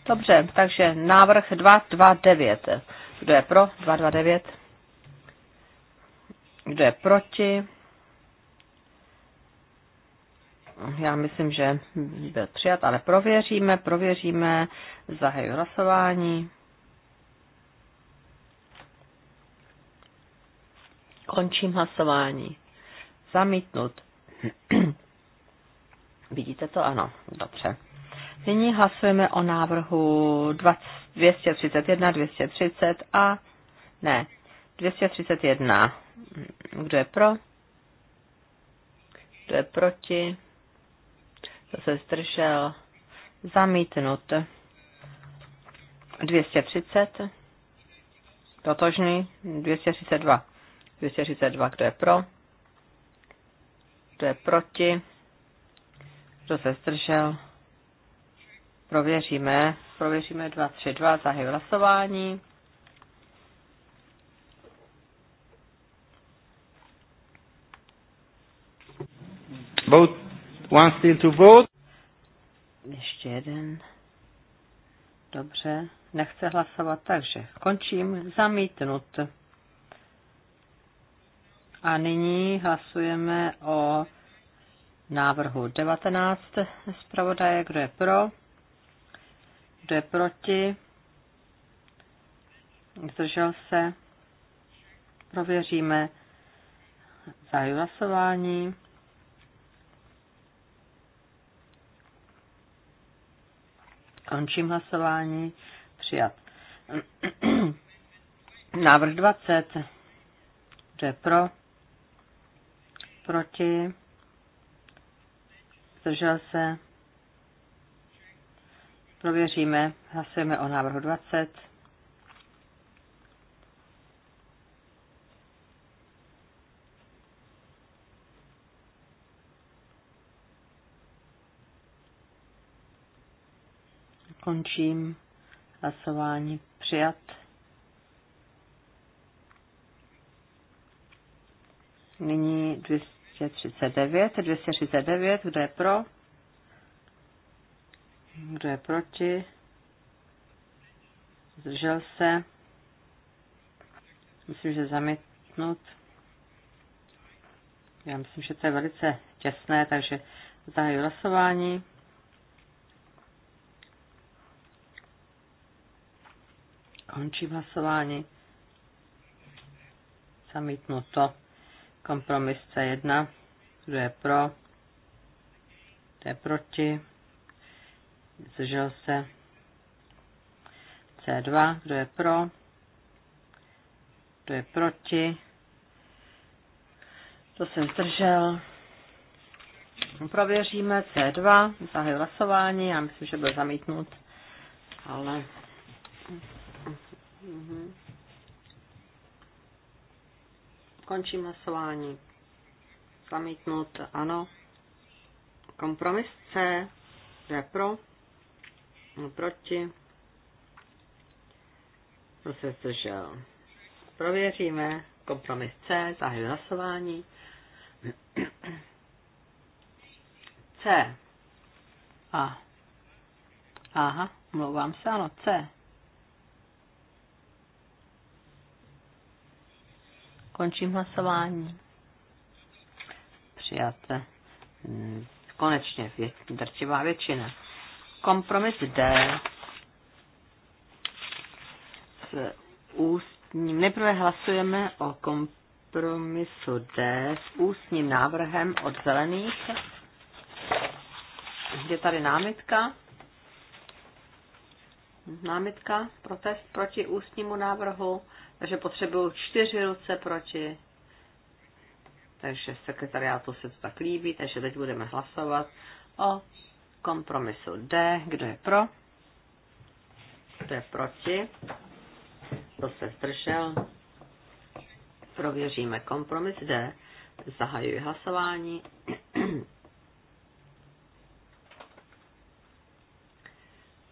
Dobře, takže návrh 229. Kdo je pro? 229. Kdo je proti? Já myslím, že byl přijat, ale prověříme, prověříme, zahaju hlasování. Končím hlasování. Zamítnut. [clears throat] Vidíte to? Ano, dobře. Nyní hlasujeme o návrhu 231, 230 a ne, 231. Kdo je pro? Kdo je proti? Kdo se zdržel? Zamítnut. 230. Totožný. 232. 232. Kdo je pro? Kdo je proti? Kdo se zdržel? prověříme, prověříme 2, 3, 2, zahy hlasování. Vote, one still to vote. Ještě jeden. Dobře, nechce hlasovat, takže končím, zamítnut. A nyní hlasujeme o návrhu 19 zpravodaje, kdo je pro. Kdo je proti? Zdržel se? Prověříme zahájí hlasování. Končím hlasování. Přijat. [clears throat] Návrh 20. Kdo je pro? Proti? Zdržel se? Prověříme. Hlasujeme o návrhu 20. Končím hlasování přijat. Nyní 239, 239, kdo je pro? Kdo je proti? Zdržel se? Myslím, že zamítnut. Já myslím, že to je velice těsné, takže zahajuji hlasování. Končím hlasování. Zamítnuto. Kompromis C1. Kdo je pro? Kdo je proti? zdržel se C2, kdo je pro, kdo je proti, to jsem zdržel. Prověříme C2, zahajuji hlasování, já myslím, že byl zamítnut, ale... Mhm. Končím hlasování. Zamítnut, ano. Kompromis C, kdo je pro, proti, kdo se zdržel. Prověříme kompromis C, zahajuji hlasování. [clears throat] C. A. Aha, mluvám se, ano, C. Končím hlasování. Přijate. Konečně, drtivá většina. Kompromis D s ústním. Nejprve hlasujeme o kompromisu D s ústním návrhem od zelených. Je tady námitka. Námitka, protest proti ústnímu návrhu, takže potřebuju čtyři ruce proti. Takže sekretariátu se to tak líbí, takže teď budeme hlasovat o kompromisu D. Kdo je pro? Kdo je proti? Kdo se zdržel? Prověříme kompromis D. Zahajuji hlasování. [clears throat]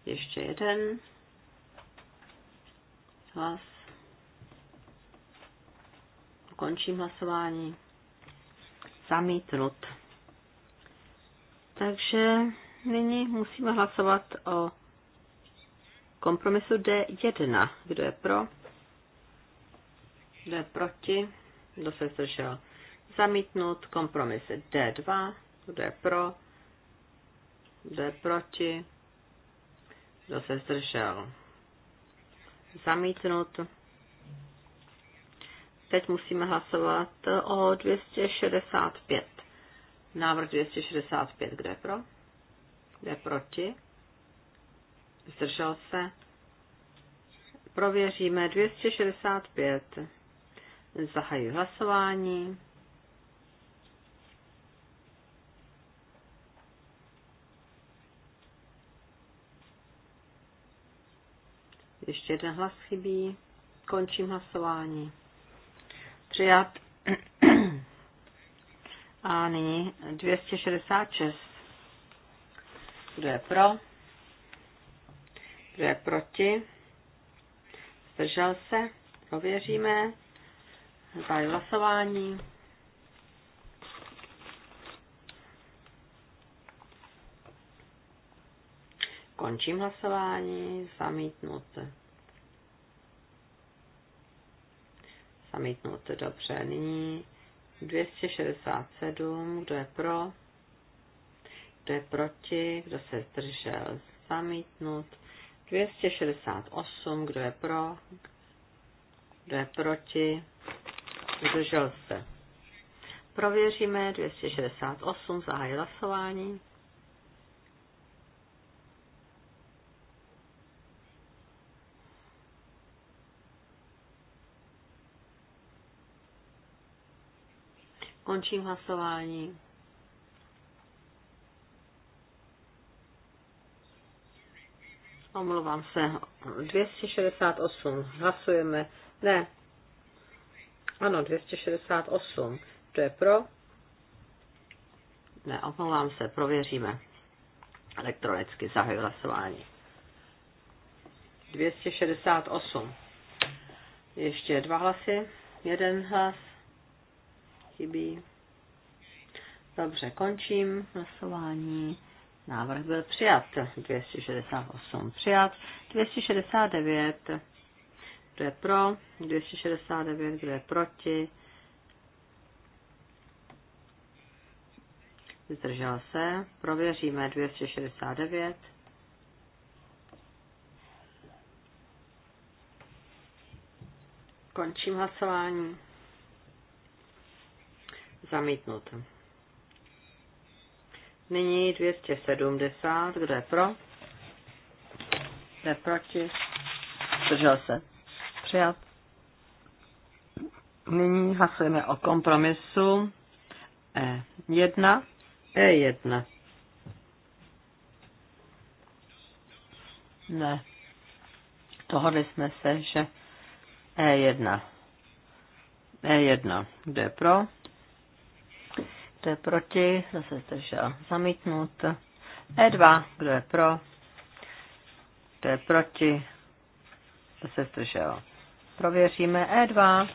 Ještě jeden hlas. Končím hlasování. Zamítnut. Takže Nyní musíme hlasovat o kompromisu D1. Kdo je pro? Kdo je proti? Kdo se zdržel? Zamítnut kompromis D2. Kdo je pro? Kdo je proti? Kdo se zdržel? Zamítnut. Teď musíme hlasovat o 265. Návrh 265. Kdo je pro? jde proti, zdržel se, prověříme 265, zahajuji hlasování, Ještě jeden hlas chybí. Končím hlasování. Přijat. [clears throat] A nyní 266. Kdo je pro? Kdo je proti? Zdržel se? Ověříme. Zahájí hlasování. Končím hlasování. Zamítnut. Zamítnut, dobře. Nyní 267. Kdo je pro? kdo je proti, kdo se zdržel, zamítnut. 268, kdo je pro, kdo je proti, zdržel se. Prověříme 268, zahájí hlasování. Končím hlasování. Omlouvám se. 268. Hlasujeme. Ne. Ano, 268. To je pro? Ne, omlouvám se. Prověříme. Elektronicky zahajuji hlasování. 268. Ještě dva hlasy. Jeden hlas chybí. Dobře, končím hlasování. Návrh byl přijat. 268 přijat. 269. Kdo je pro? 269. Kdo je proti? Zdržel se. Prověříme 269. Končím hlasování. Zamítnut. Nyní 270, kdo je pro? Kdo je proti? Zdržel se. Přijat. Nyní hlasujeme o kompromisu E1. E1. Ne. Dohodli jsme se, že E1. E1. Kde je pro? kdo je proti, zase se zdržel, zamítnut. E2, kdo je pro, kdo je proti, zase se zdržel. Prověříme E2,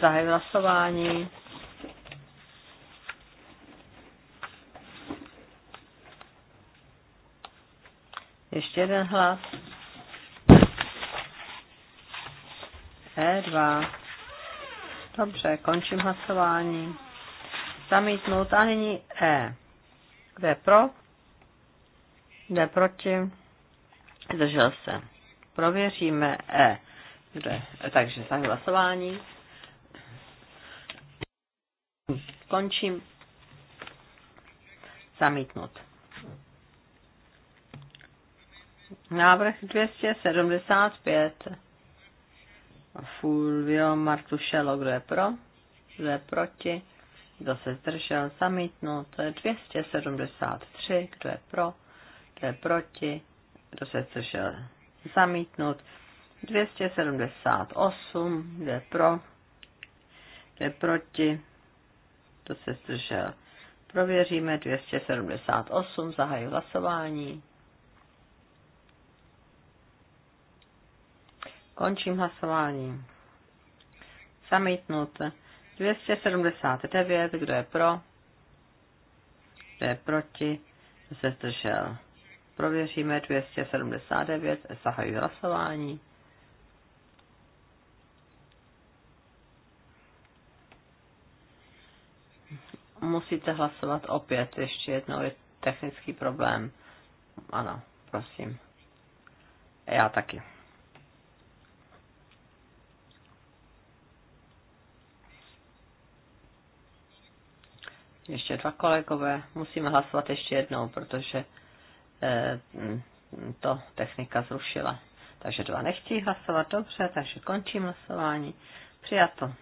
zahajuji hlasování. Ještě jeden hlas. E2. Dobře, končím hlasování zamítnout. a nyní E. Kdo je pro? Kdo je proti? Zdržel se. Prověříme E. Kde? Takže za hlasování. Končím. Zamítnut. Návrh 275. Fulvio Martušelo, kdo je pro? Kdo je proti? kdo se zdržel, je 273, kdo je pro, kdo je proti, kdo se zdržel, zamítnut, 278, kdo je pro, kdo je proti, kdo se zdržel. Prověříme 278, zahají hlasování. Končím hlasování. Zamítnut 279, kdo je pro? Kdo je proti? Kdo se zdržel? Prověříme 279, zahajuji hlasování. Musíte hlasovat opět, ještě jednou je technický problém. Ano, prosím. Já taky. Ještě dva kolegové. musím hlasovat ještě jednou, protože eh, mm, to technika zrušila. Takže dva nechtí hlasovat dobře, takže končím hlasování. Přijato.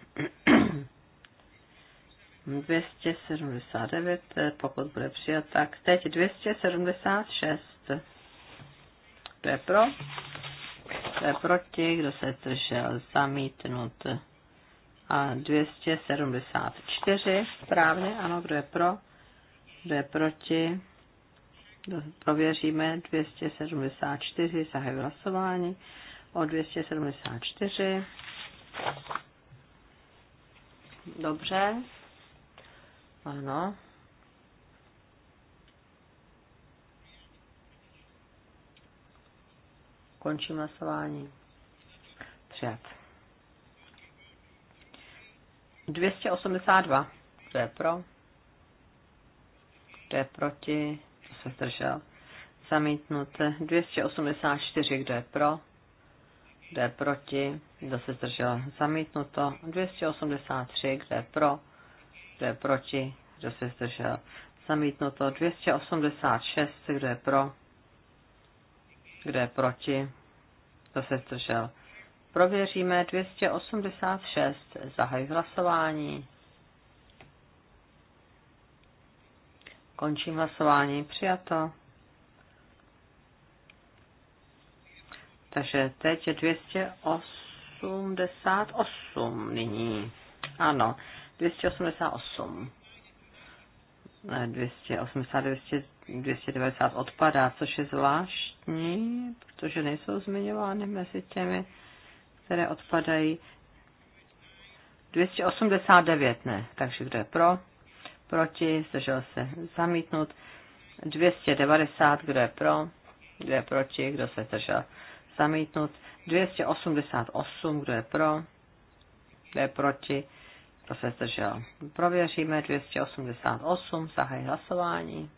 279, [clears throat] eh, pokud bude přijat, tak teď 276. Kdo je pro? Kdo je proti? Kdo se držel? Zamítnut a 274 správně, ano, kdo je pro, kdo je proti, prověříme 274, zahajuji hlasování o 274. Dobře, ano. Končím hlasování. Přijat. 282. Kdo je pro? Kdo je proti? co se zdržel? Zamítnut. 284. Kdo je pro? Kdo je proti? Kdo se zdržel? Zamítnuto. 283. Kdo je pro? Kdo je proti? Kdo se zdržel? Zamítnuto. 286. Kdo je pro? Kdo je proti? Kdo se zdržel? Prověříme 286. Zahajuji hlasování. Končím hlasování. Přijato. Takže teď je 288 nyní. Ano, 288. 280, 290 odpadá, což je zvláštní, protože nejsou zmiňovány mezi těmi které odpadají. 289 ne, takže kdo je pro, proti, zdržel se zamítnut. 290, kdo je pro, kdo je proti, kdo se zdržel zamítnut. 288, kdo je pro, kdo je proti, kdo se zdržel. Prověříme 288, zahaj hlasování.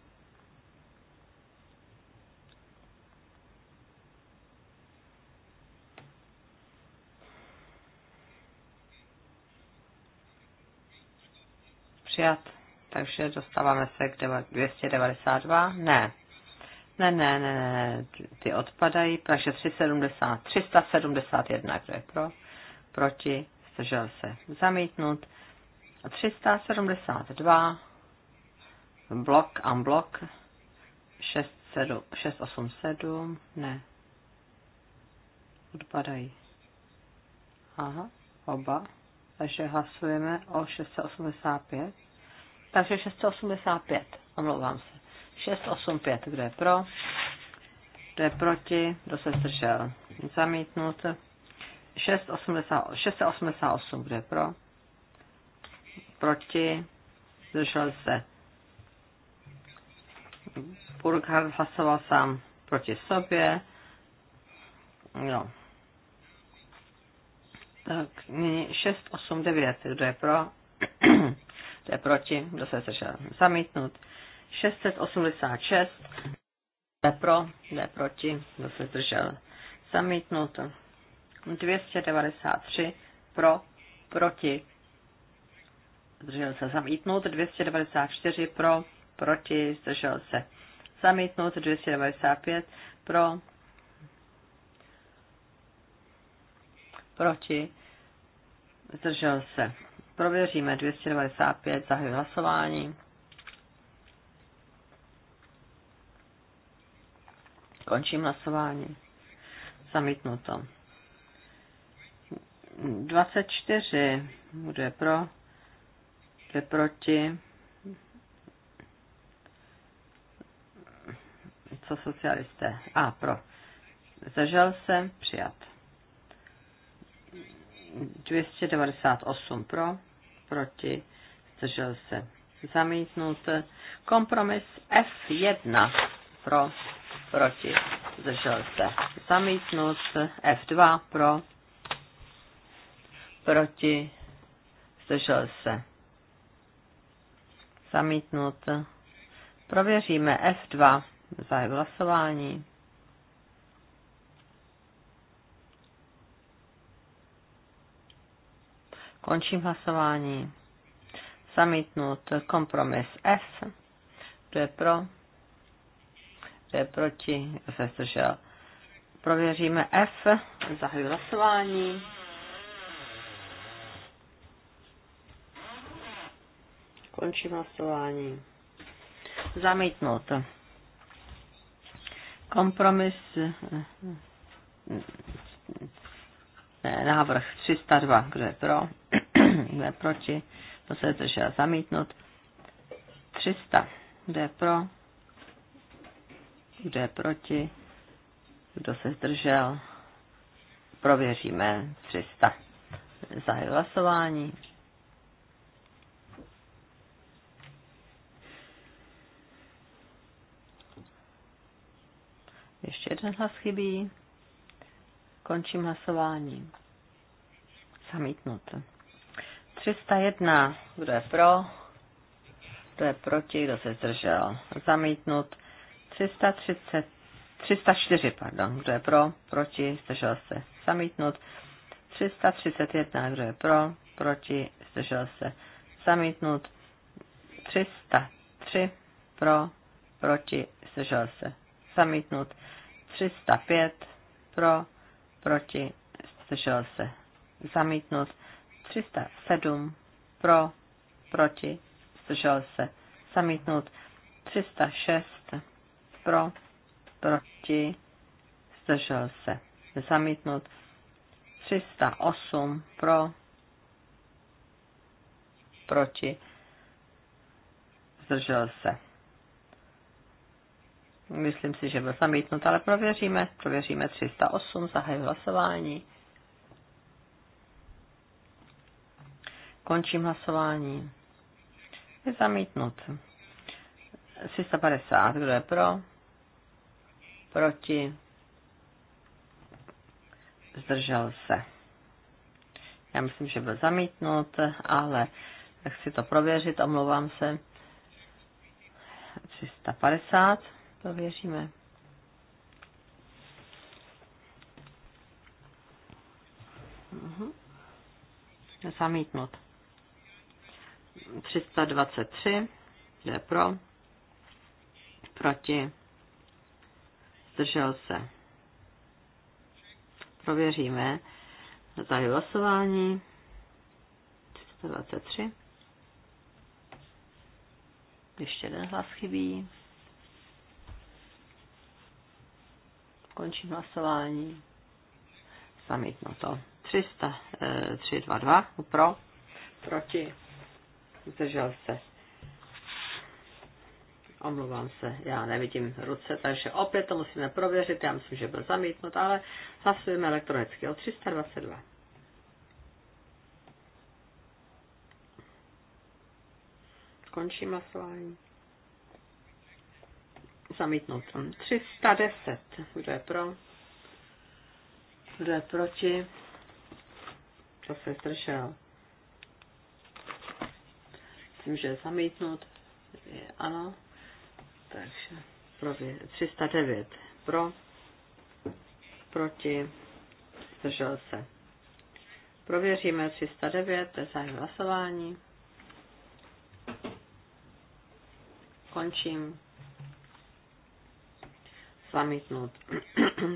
přijat. Takže dostáváme se k 292. Ne. Ne, ne, ne, ne, ty odpadají, takže 370, 371, kdo je pro, proti, zdržel se zamítnut. 372, blok a blok, 687, 687, ne, odpadají. Aha, oba. Takže hlasujeme o 685. Takže 685, omlouvám se. 685, kdo je pro? Kdo je proti? Kdo se zdržel? Zamítnut. 688, kdo je pro? Proti? Zdržel se. Burkhardt hlasoval sám proti sobě. No. Tak nyní 689, kdo je pro? kdo je proti, kdo se zdržel, zamítnut. 686, kdo je pro, kdo je proti, kdo se zdržel, zamítnut. 293, pro, proti, zdržel se, zamítnut. 294, pro, proti, zdržel se, zamítnut. 295, pro, proti, zdržel se. Prověříme 295, zahajuji hlasování. Končím hlasování. Zamítnuto. 24. bude je pro? Kdo je proti? Co socialisté? A, pro. Zdržel se? Přijat. 298 pro proti, zdržel se zamítnut. Kompromis F1 pro, proti, zdržel se zamítnut. F2 pro, proti, zdržel se zamítnut. Prověříme F2 za hlasování. Končím hlasování. Zamítnut kompromis S. Kdo je pro? Kdo je proti? Kdo se zdržel? Prověříme F. Zahajuji hlasování. Končím hlasování. Zamítnut. Kompromis E, návrh 302, kdo je pro, [clears throat] kdo je proti, to se zdržel zamítnut. 300, kdo je pro, kdo je proti, kdo se zdržel, prověříme 300. Zahajuji hlasování. Ještě jeden hlas chybí. Končím hlasování. Zamítnut. 301. Kdo je pro? Kdo je proti? Kdo se zdržel? Zamítnut. 330. 304, pardon. Kdo je pro? Proti? Zdržel se. Zamítnut. 331. Kdo je pro? Proti? Zdržel se. Zamítnut. 303. Pro? Proti? Zdržel se. Zamítnut. 305. Pro? proti, zdržel se, zamítnut. 307 pro, proti, zdržel se, zamítnut. 306 pro, proti, zdržel se, zamítnut. 308 pro, proti, zdržel se. Myslím si, že byl zamítnut, ale prověříme. Prověříme 308, zahajuji hlasování. Končím hlasování. Je zamítnut. 350, kdo je pro? Proti? Zdržel se. Já myslím, že byl zamítnut, ale chci to prověřit, omlouvám se. 350. Prověříme. Uh-huh. Zamítnut. 323. je pro. Proti. Zdržel se. Prověříme. Zahajuji hlasování. 323. Ještě jeden hlas chybí. Končím hlasování. Zamítnuto. 300, 2, 2, pro, proti, zdržel se. Omlouvám se, já nevidím ruce, takže opět to musíme prověřit. Já myslím, že byl zamítnut, ale hlasujeme elektronicky o 322. Končím hlasování zamítnout. 310. Kdo je pro? Kdo je proti? Kdo se zdržel? Myslím, že zamítnout. Je ano. Takže prově. 309. Pro. Proti. Zdržel se. Prověříme 309. zájem hlasování. Končím zamítnut.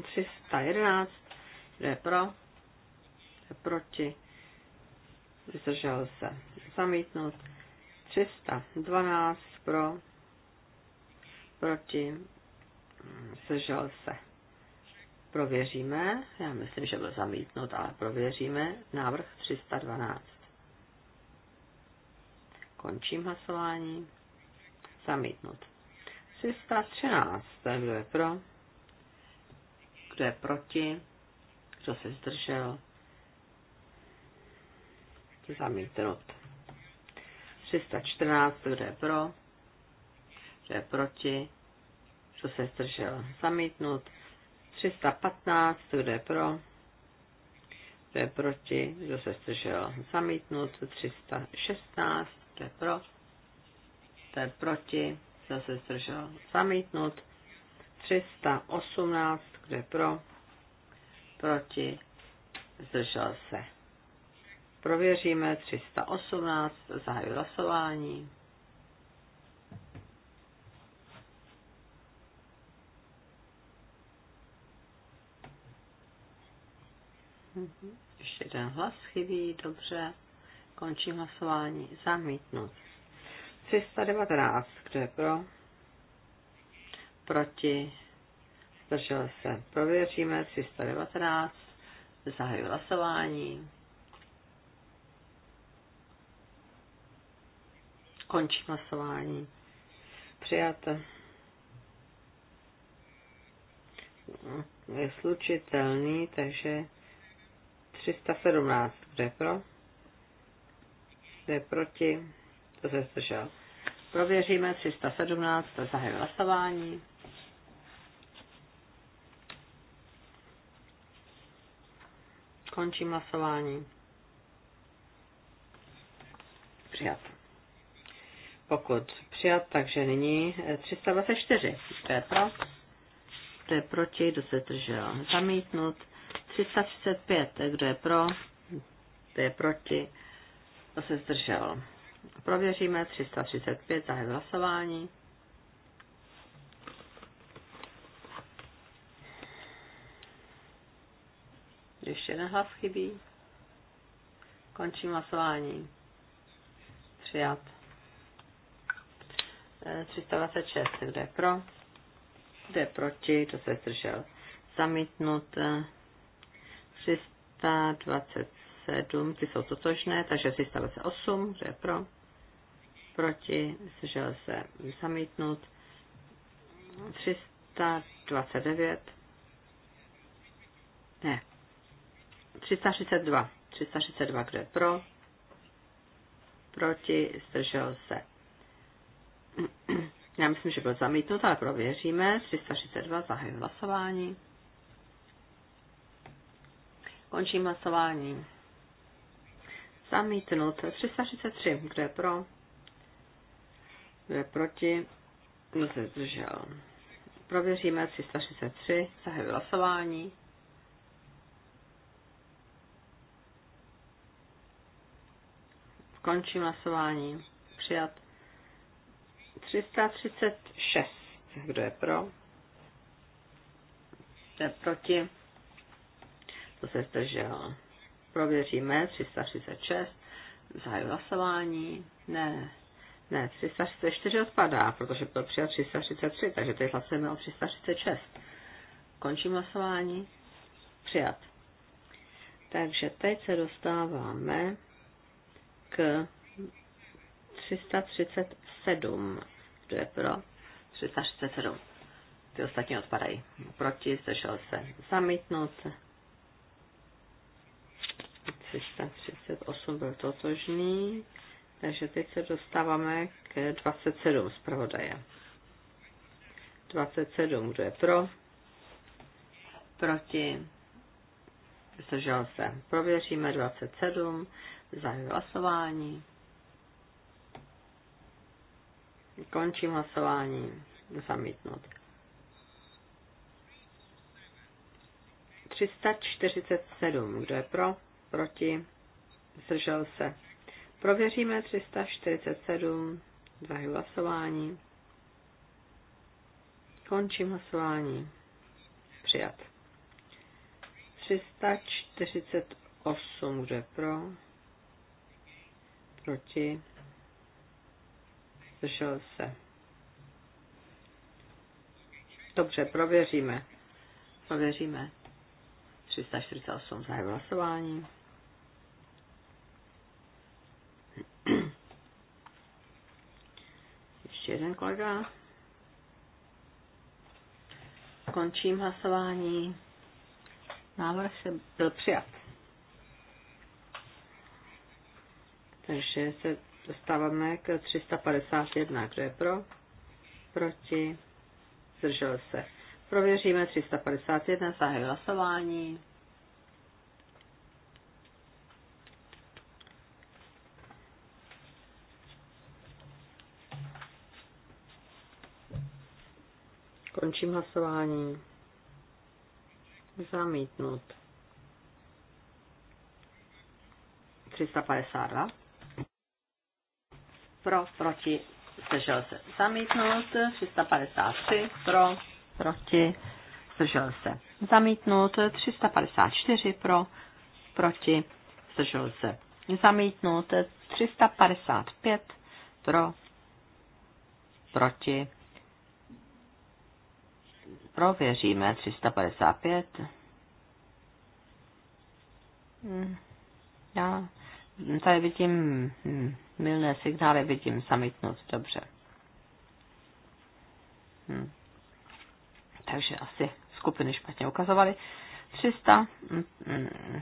311, [clears throat] kdo je pro, je proti, zdržel se, zamítnut. 312 pro, proti, zdržel se. Prověříme, já myslím, že byl zamítnut, ale prověříme návrh 312. Končím hlasování. Zamítnut. 313. Kdo je pro? kdo je proti, kdo se zdržel, zamítnout. 314, kdo je pro, kdo je proti, kdo se zdržel, zamítnout. 315, kdo je pro, kdo je proti, kdo se zdržel, zamítnout. 316, kdo je pro, kdo je proti, kdo se zdržel, zamítnout. 318, kdo je pro? Proti? Zdržel se. Prověříme 318, zahajuji hlasování. Ještě jeden hlas chybí, dobře. Končím hlasování. Zamítnut. 319. Kdo je pro? Proti? zdržel se. Prověříme 319, zahajuji hlasování. Končím hlasování. Přijato. je slučitelný, takže 317 bude pro, je proti, to se zdržel. Prověříme 317, zahajuji hlasování. Končím hlasování. Přijat. Pokud přijat, takže nyní 324. Eh, to je pro. To je proti, kdo se držel. Zamítnut. 335. Kdo je pro? To je proti. Kdo se zdržel? Prověříme 335, zahajuji hlasování. Ještě jeden hlas chybí. Končím hlasování. Přijat. 326. E, kdo je pro? Kdo je proti? Kdo se zdržel? Zamítnut. 327. E, ty jsou totožné, takže 328. Kdo je pro? Proti? Zdržel se. Zamítnut. 329. Ne, 362, 362 kdo je pro? Proti, zdržel se. Já myslím, že byl zamítnut, ale prověříme. 362, zahajuji hlasování. Končím hlasování. Zamítnut. 333, kdo je pro? Kdo je proti? Kdo se zdržel? Prověříme 333, zahajuji hlasování. Končím hlasování. Přijat. 336. Kdo je pro? Kdo je proti? To se zdržel. Prověříme 336. Zahaju hlasování. Ne. Ne, 334 odpadá, protože byl přijat 333, takže teď hlasujeme o 336. Končím hlasování. Přijat. Takže teď se dostáváme k 337. Kdo je pro? 337. Ty ostatní odpadají. Proti, zdržel se. Zamítnout. 338 byl totožný. Takže teď se dostáváme k 27 zpravodaje. 27, kdo je pro? Proti? Zdržel se. Prověříme 27. Zahajuji hlasování. Končím hlasování. Zamítnout. 347. Kdo je pro? Proti? Zdržel se. Prověříme 347. Zahajuji hlasování. Končím hlasování. Přijat. 348. Kdo je pro? proti, zdržel se. Dobře, prověříme. Prověříme. 348 za hlasování. [clears throat] Ještě jeden kolega. Končím hlasování. Návrh se byl přijat. Takže se dostáváme k 351. Kdo je pro? Proti? Zdržel se. Prověříme 351. Zahajuji hlasování. Končím hlasování. Zamítnut. 352 pro, proti, zdržel se zamítnout, 353 pro, proti, zdržel se zamítnout, 354 pro, proti, zdržel se zamítnout, 355 pro, proti, prověříme 355. Hmm, já tady vidím hmm, Milné signály vidím zamítnout dobře. Hm. Takže asi skupiny špatně ukazovaly. 356 hm, hm,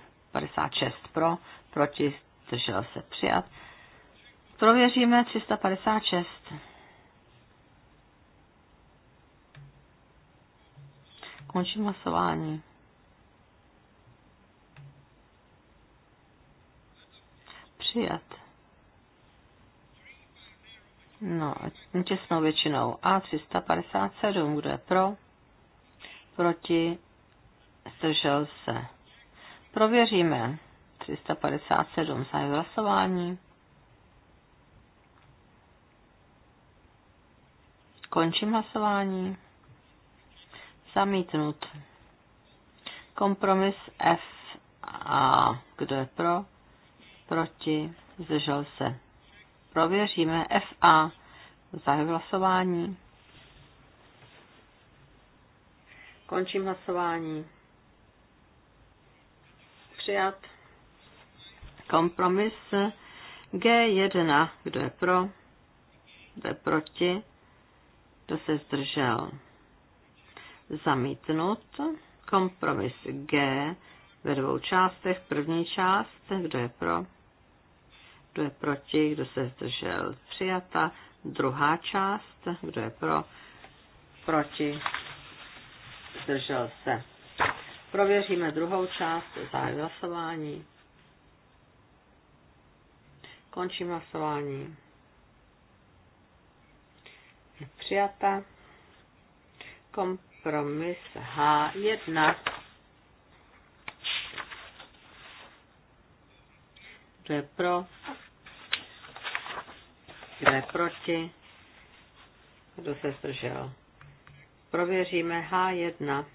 pro, proti, držel se přijat. Prověříme 356. Končím hlasování. Přijat. No, těsnou většinou A357, kdo je pro, proti, zdržel se. Prověříme 357 zájem hlasování. Končím hlasování. Zamítnut. Kompromis F a kdo je pro, proti, zdržel se prověříme. FA. Zahajuji hlasování. Končím hlasování. Přijat. Kompromis G1. Kdo je pro? Kdo je proti? Kdo se zdržel? Zamítnut. Kompromis G ve dvou částech. První část. Kdo je pro? kdo je proti, kdo se zdržel, přijata. Druhá část, kdo je pro, proti, zdržel se. Prověříme druhou část zájem hlasování. Končím hlasování. Je Přijata. Kompromis H1. Kdo je pro? Kdo je proti? Kdo se zdržel? Prověříme H1.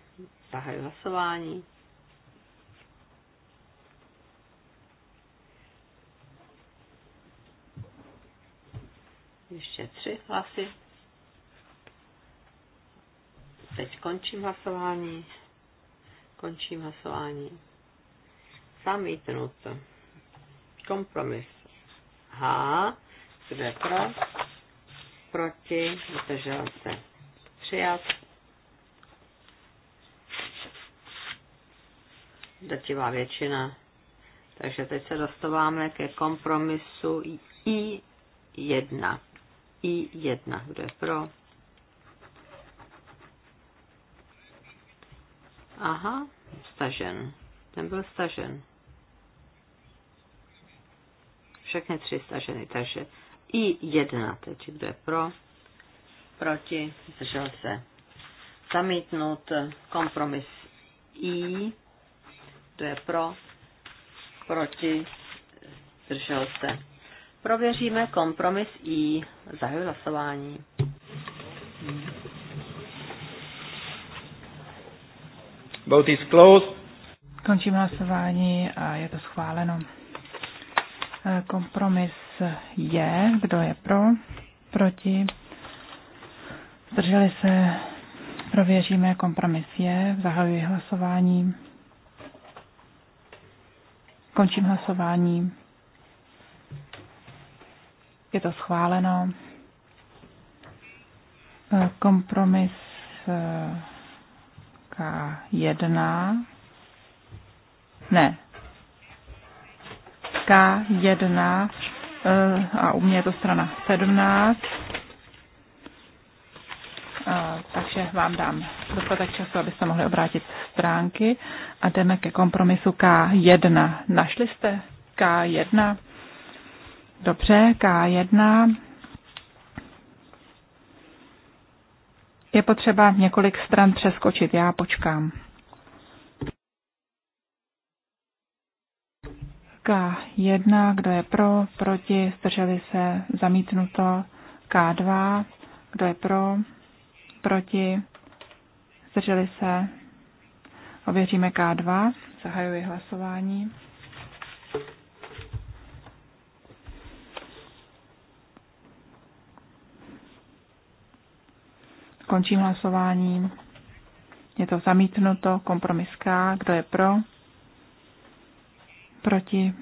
Zahaj hlasování. Ještě tři hlasy. Teď končím hlasování. Končím hlasování. Zamítnut. Kompromis. H kdo je pro? Proti? Zdržel se. Přijat. Dotivá většina. Takže teď se dostáváme ke kompromisu I1. I1. Kdo je pro? Aha, stažen. Ten byl stažen. Všechny tři staženy, takže i1 Či kdo je pro, proti, zdržel se. Zamítnut kompromis I, kdo je pro, proti, zdržel se. Prověříme kompromis I, zahajuji hlasování. Vote is closed. Končím hlasování a je to schváleno. Eh, kompromis je, kdo je pro, proti, zdrželi se, prověříme kompromis je, zahajuji hlasování, končím hlasování, je to schváleno, kompromis eh, K1, ne, K1 Eh, a u mě je to strana 17. Eh, takže vám dám dostatek času, abyste mohli obrátit stránky a jdeme ke kompromisu K1. Našli jste K1? Dobře, K1. Je potřeba několik stran přeskočit, já počkám. K1, kdo je pro, proti, zdrželi se, zamítnuto. K2, kdo je pro, proti, zdrželi se. Ověříme K2, zahajuji hlasování. Končím hlasování. Je to zamítnuto. Kompromis K, kdo je pro, proti,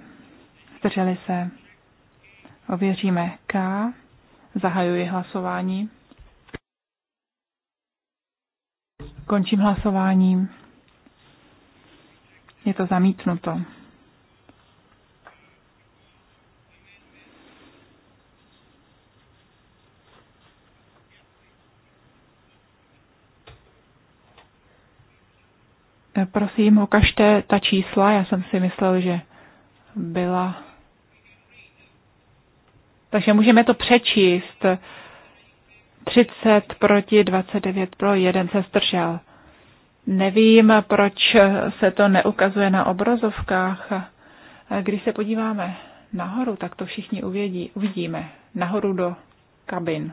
zdrželi se. Ověříme K, zahajuji hlasování. Končím hlasováním. Je to zamítnuto. Prosím, ukažte ta čísla. Já jsem si myslel, že byla. Takže můžeme to přečíst. 30 proti 29 pro, jeden se stržel. Nevím, proč se to neukazuje na obrazovkách. Když se podíváme nahoru, tak to všichni uvědí, uvidíme. Nahoru do kabin.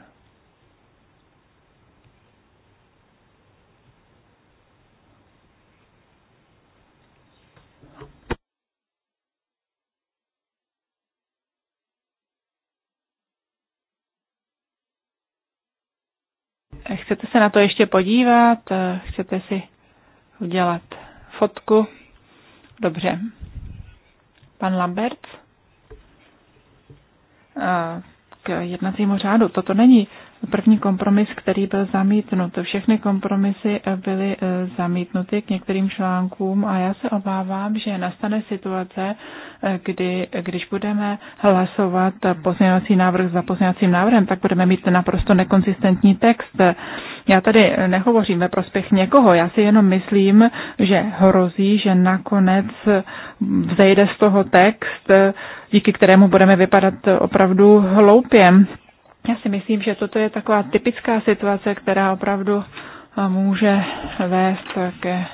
Chcete se na to ještě podívat? Eh, chcete si udělat fotku? Dobře. Pan Lambert? Eh, k jednacímu řádu. Toto není první kompromis, který byl zamítnut. Všechny kompromisy byly eh, zamítnuty k některým článkům a já se obávám, že nastane situace, eh, kdy, když budeme hlasovat pozměňovací návrh za pozměňovacím návrhem, tak budeme mít naprosto nekonsistentní text. Já tady nehovořím ve prospěch někoho, já si jenom myslím, že hrozí, že nakonec vzejde z toho text, díky kterému budeme vypadat opravdu hloupě. Já si myslím, že toto je taková typická situace, která opravdu eh, může vést ke eh,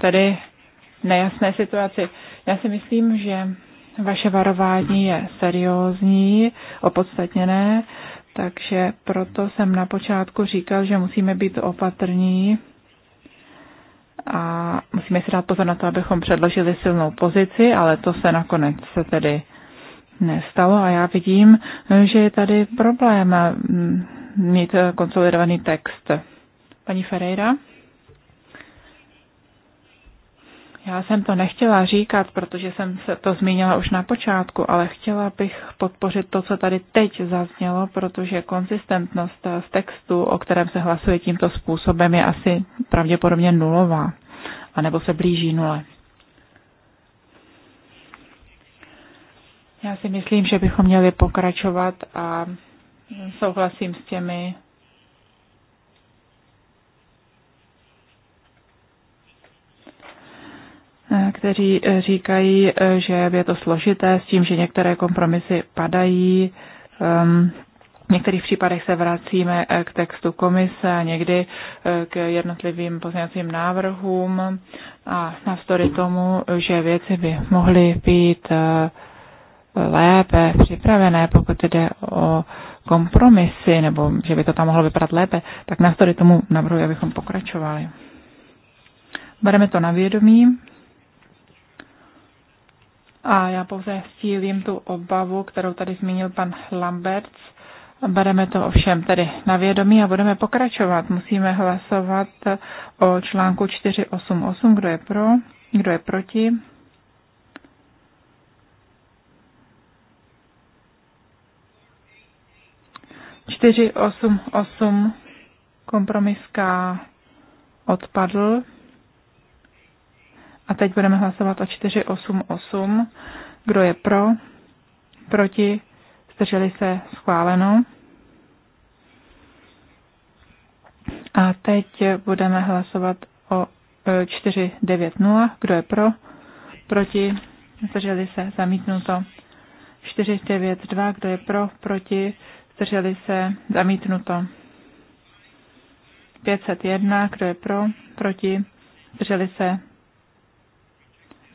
tedy nejasné situaci. Já si myslím, že vaše varování je seriózní, opodstatněné, takže proto jsem na počátku říkal, že musíme být opatrní a musíme si dát pozor na to, abychom předložili silnou pozici, ale to se nakonec se tedy nestalo a já vidím, že je tady problém eh, mít eh, konsolidovaný text. Paní Ferreira? Já jsem to nechtěla říkat, protože jsem se to zmínila už na počátku, ale chtěla bych podpořit to, co tady teď zaznělo, protože konzistentnost eh, z textu, o kterém se hlasuje tímto způsobem, je asi pravděpodobně nulová, anebo se blíží nule. Já si myslím, že bychom měli pokračovat a souhlasím s těmi kteří říkají, že je to složité s tím, že některé kompromisy padají. Um, v některých případech se vracíme k textu komise a někdy uh, k jednotlivým pozměňovacím návrhům a navzdory tomu, že věci by mohly být uh, lépe připravené, pokud jde o kompromisy, nebo že by to tam mohlo vypadat lépe, tak nás tady tomu navrhuji, abychom pokračovali. Bereme to na vědomí. A já pouze stílím tu obavu, kterou tady zmínil pan Lambert. Bereme to ovšem tedy na vědomí a budeme pokračovat. Musíme hlasovat o článku 488. Kdo je pro? Kdo je proti? 488 kompromiska odpadl. A teď budeme hlasovat o 488. Kdo je pro? Proti? Zdrželi se? Schváleno. A teď budeme hlasovat o 490. E, Kdo je pro? Proti? Zdrželi se? Zamítnuto. 492. Kdo je pro? Proti? zdrželi se, zamítnuto. 501, kdo je pro, proti, zdrželi se,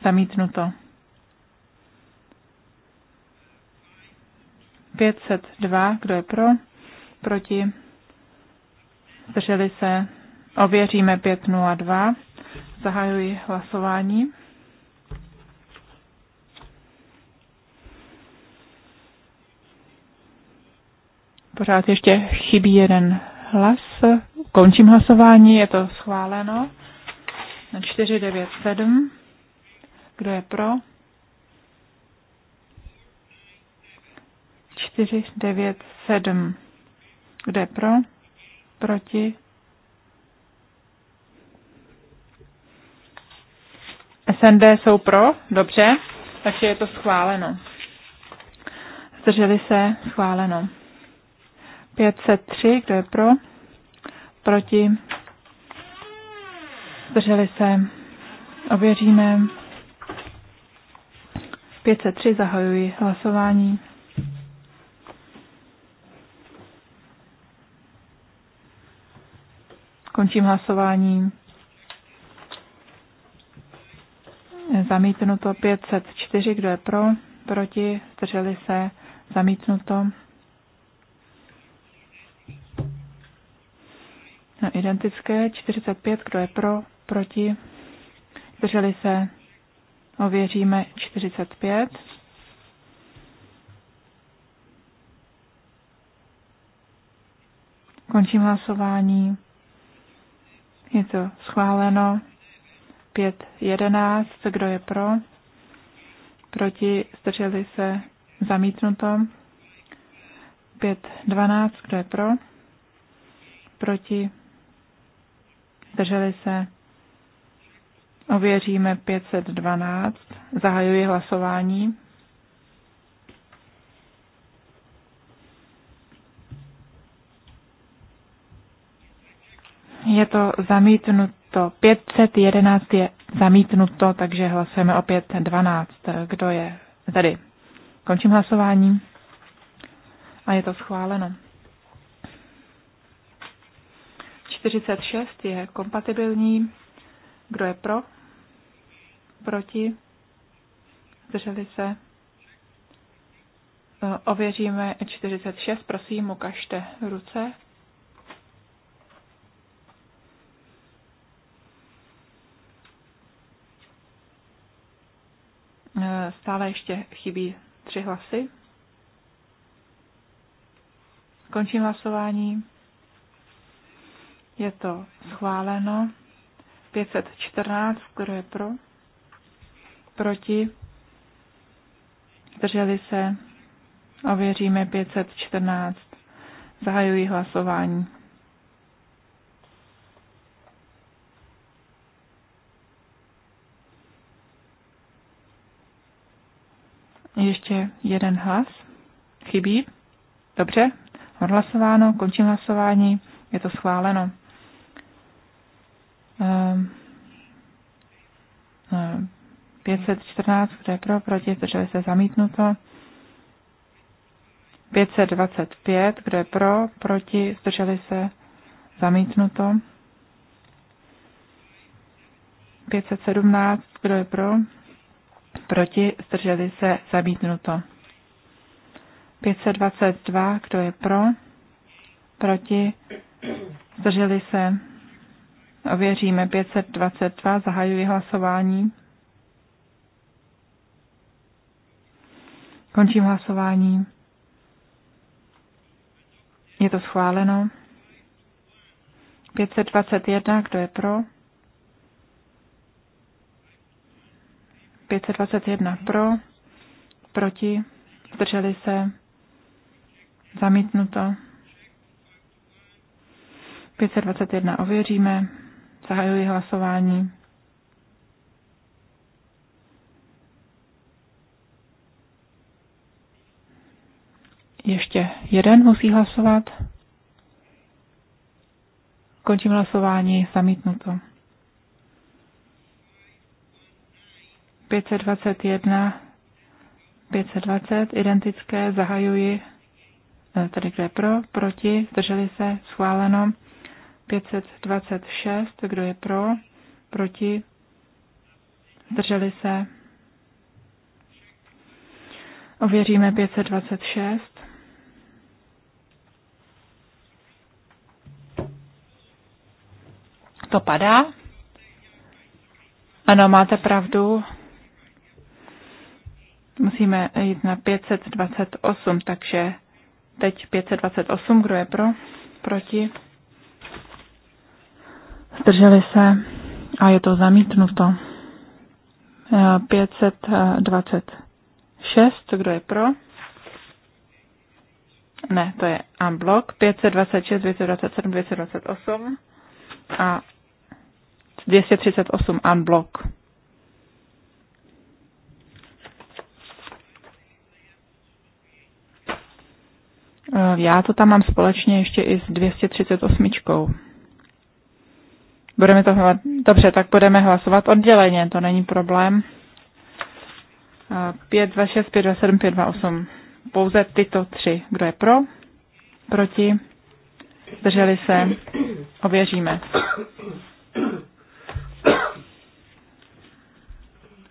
zamítnuto. 502, kdo je pro, proti, zdrželi se, ověříme 502, zahajuji hlasování. Pořád ještě chybí jeden hlas. Končím hlasování, je to schváleno. Na 497. Kdo je pro? 497. Kdo je pro? Proti? SND jsou pro? Dobře. Takže je to schváleno. Zdrželi se? Schváleno. 503, kdo je pro? Proti? Zdrželi se? Ověříme. 503 zahajuji hlasování. Končím hlasování. Zamítnuto 504, kdo je pro, proti, zdrželi se, zamítnuto. identické. 45, kdo je pro, proti, drželi se, ověříme 45. Končím hlasování. Je to schváleno. 11 Kdo je pro? Proti zdrželi se zamítnuto. 12 Kdo je pro? Proti Zdrželi se? Ověříme 512. Zahajuji hlasování. Je to zamítnuto. 511 je zamítnuto, takže hlasujeme o 512. Kdo je tady? Končím hlasování. A je to schváleno. 46 je kompatibilní. Kdo je pro? Proti? Zdrželi se? Eh, ověříme 46, prosím, ukažte ruce. Eh, stále ještě chybí tři hlasy. Končím hlasování. Je to schváleno. 514, kdo je pro? Proti? Drželi se? Ověříme 514. Zahajuji hlasování. Ještě jeden hlas. Chybí? Dobře. Odhlasováno, končím hlasování. Je to schváleno. 514, eh, eh, kdo je pro, proti, zdrželi se zamítnuto. 525, kdo je pro, proti, zdrželi se zamítnuto. 517, kdo je pro, proti, zdrželi se zamítnuto. 522, kdo je pro, proti, zdrželi se Ověříme 522, zahajuji hlasování. Končím hlasování. Je to schváleno. 521, kdo je pro? 521 pro, proti, zdrželi se, zamítnuto. 521 ověříme. Zahajuji hlasování. Ještě jeden musí hlasovat. Končím hlasování. Zamítnuto. 521, 520, identické, zahajuji, eh, tedy kde pro, proti, zdrželi se, schváleno, 526, kdo je pro, proti, zdrželi se. Ověříme 526. To padá? Ano, máte pravdu. Musíme jít na 528, takže teď 528, kdo je pro? Proti? zdrželi se a je to zamítnuto. 526, eh, kdo je pro? Ne, to je unblock. 526, 227, 228 a 238 unblock. Eh, já to tam mám společně ještě i s 238. Budeme to hlasovat. Dobře, tak budeme hlasovat odděleně, to není problém. 5, 2, 8. Pouze tyto tři. Kdo je pro? Proti? Zdrželi se? Ověříme.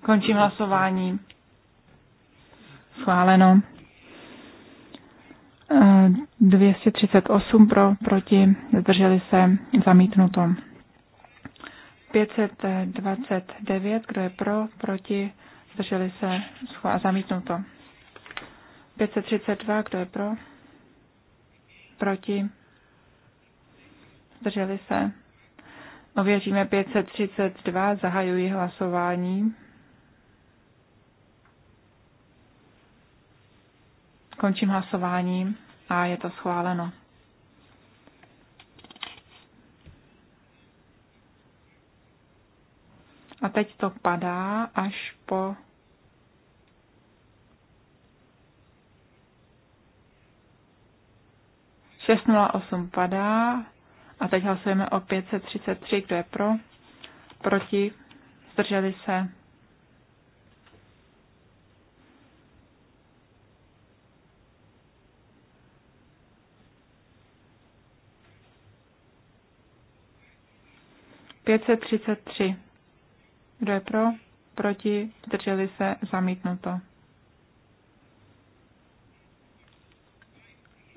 Končím hlasování. Schváleno. 238 pro, proti, zdrželi se, zamítnuto. 529, kdo je pro, proti, zdrželi se, a zamítnuto. 532, kdo je pro, proti, zdrželi se. Ověříme 532, zahajuji hlasování. Končím hlasování a je to schváleno. A teď to padá až po šest osm padá a teď hlasujeme o 533, kdo je pro, proti, zdrželi se. pět set třicet tři. Kdo je pro? Proti? Zdrželi se? Zamítnuto.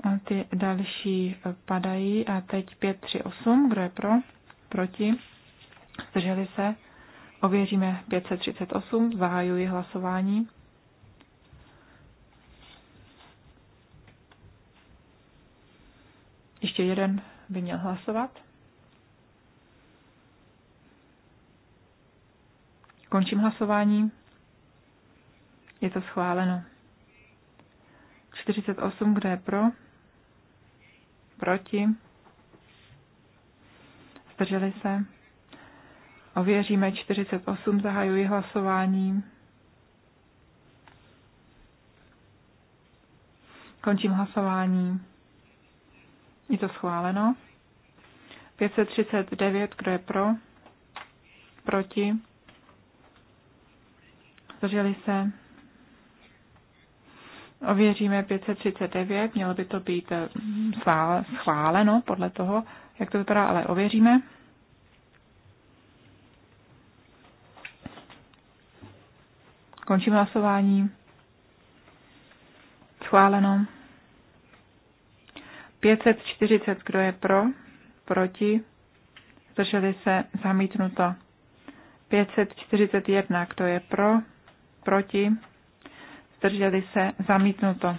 A ty další eh, padají. A teď 5, 3, 8. Kdo je pro? Proti? Zdrželi se? Ověříme 538. Zahajuji hlasování. Ještě jeden by měl hlasovat. Končím hlasování. Je to schváleno. 48, kdo je pro? Proti? Zdrželi se? Ověříme 48, zahajuji hlasování. Končím hlasování. Je to schváleno. 539, kdo je pro? Proti? zdrželi se. Ověříme 539, mělo by to být eh, schváleno podle toho, jak to vypadá, ale ověříme. Končím hlasování. Schváleno. 540, kdo je pro, proti, zdrželi se, zamítnuto. 541, kdo je pro, proti, zdrželi se, zamítnuto.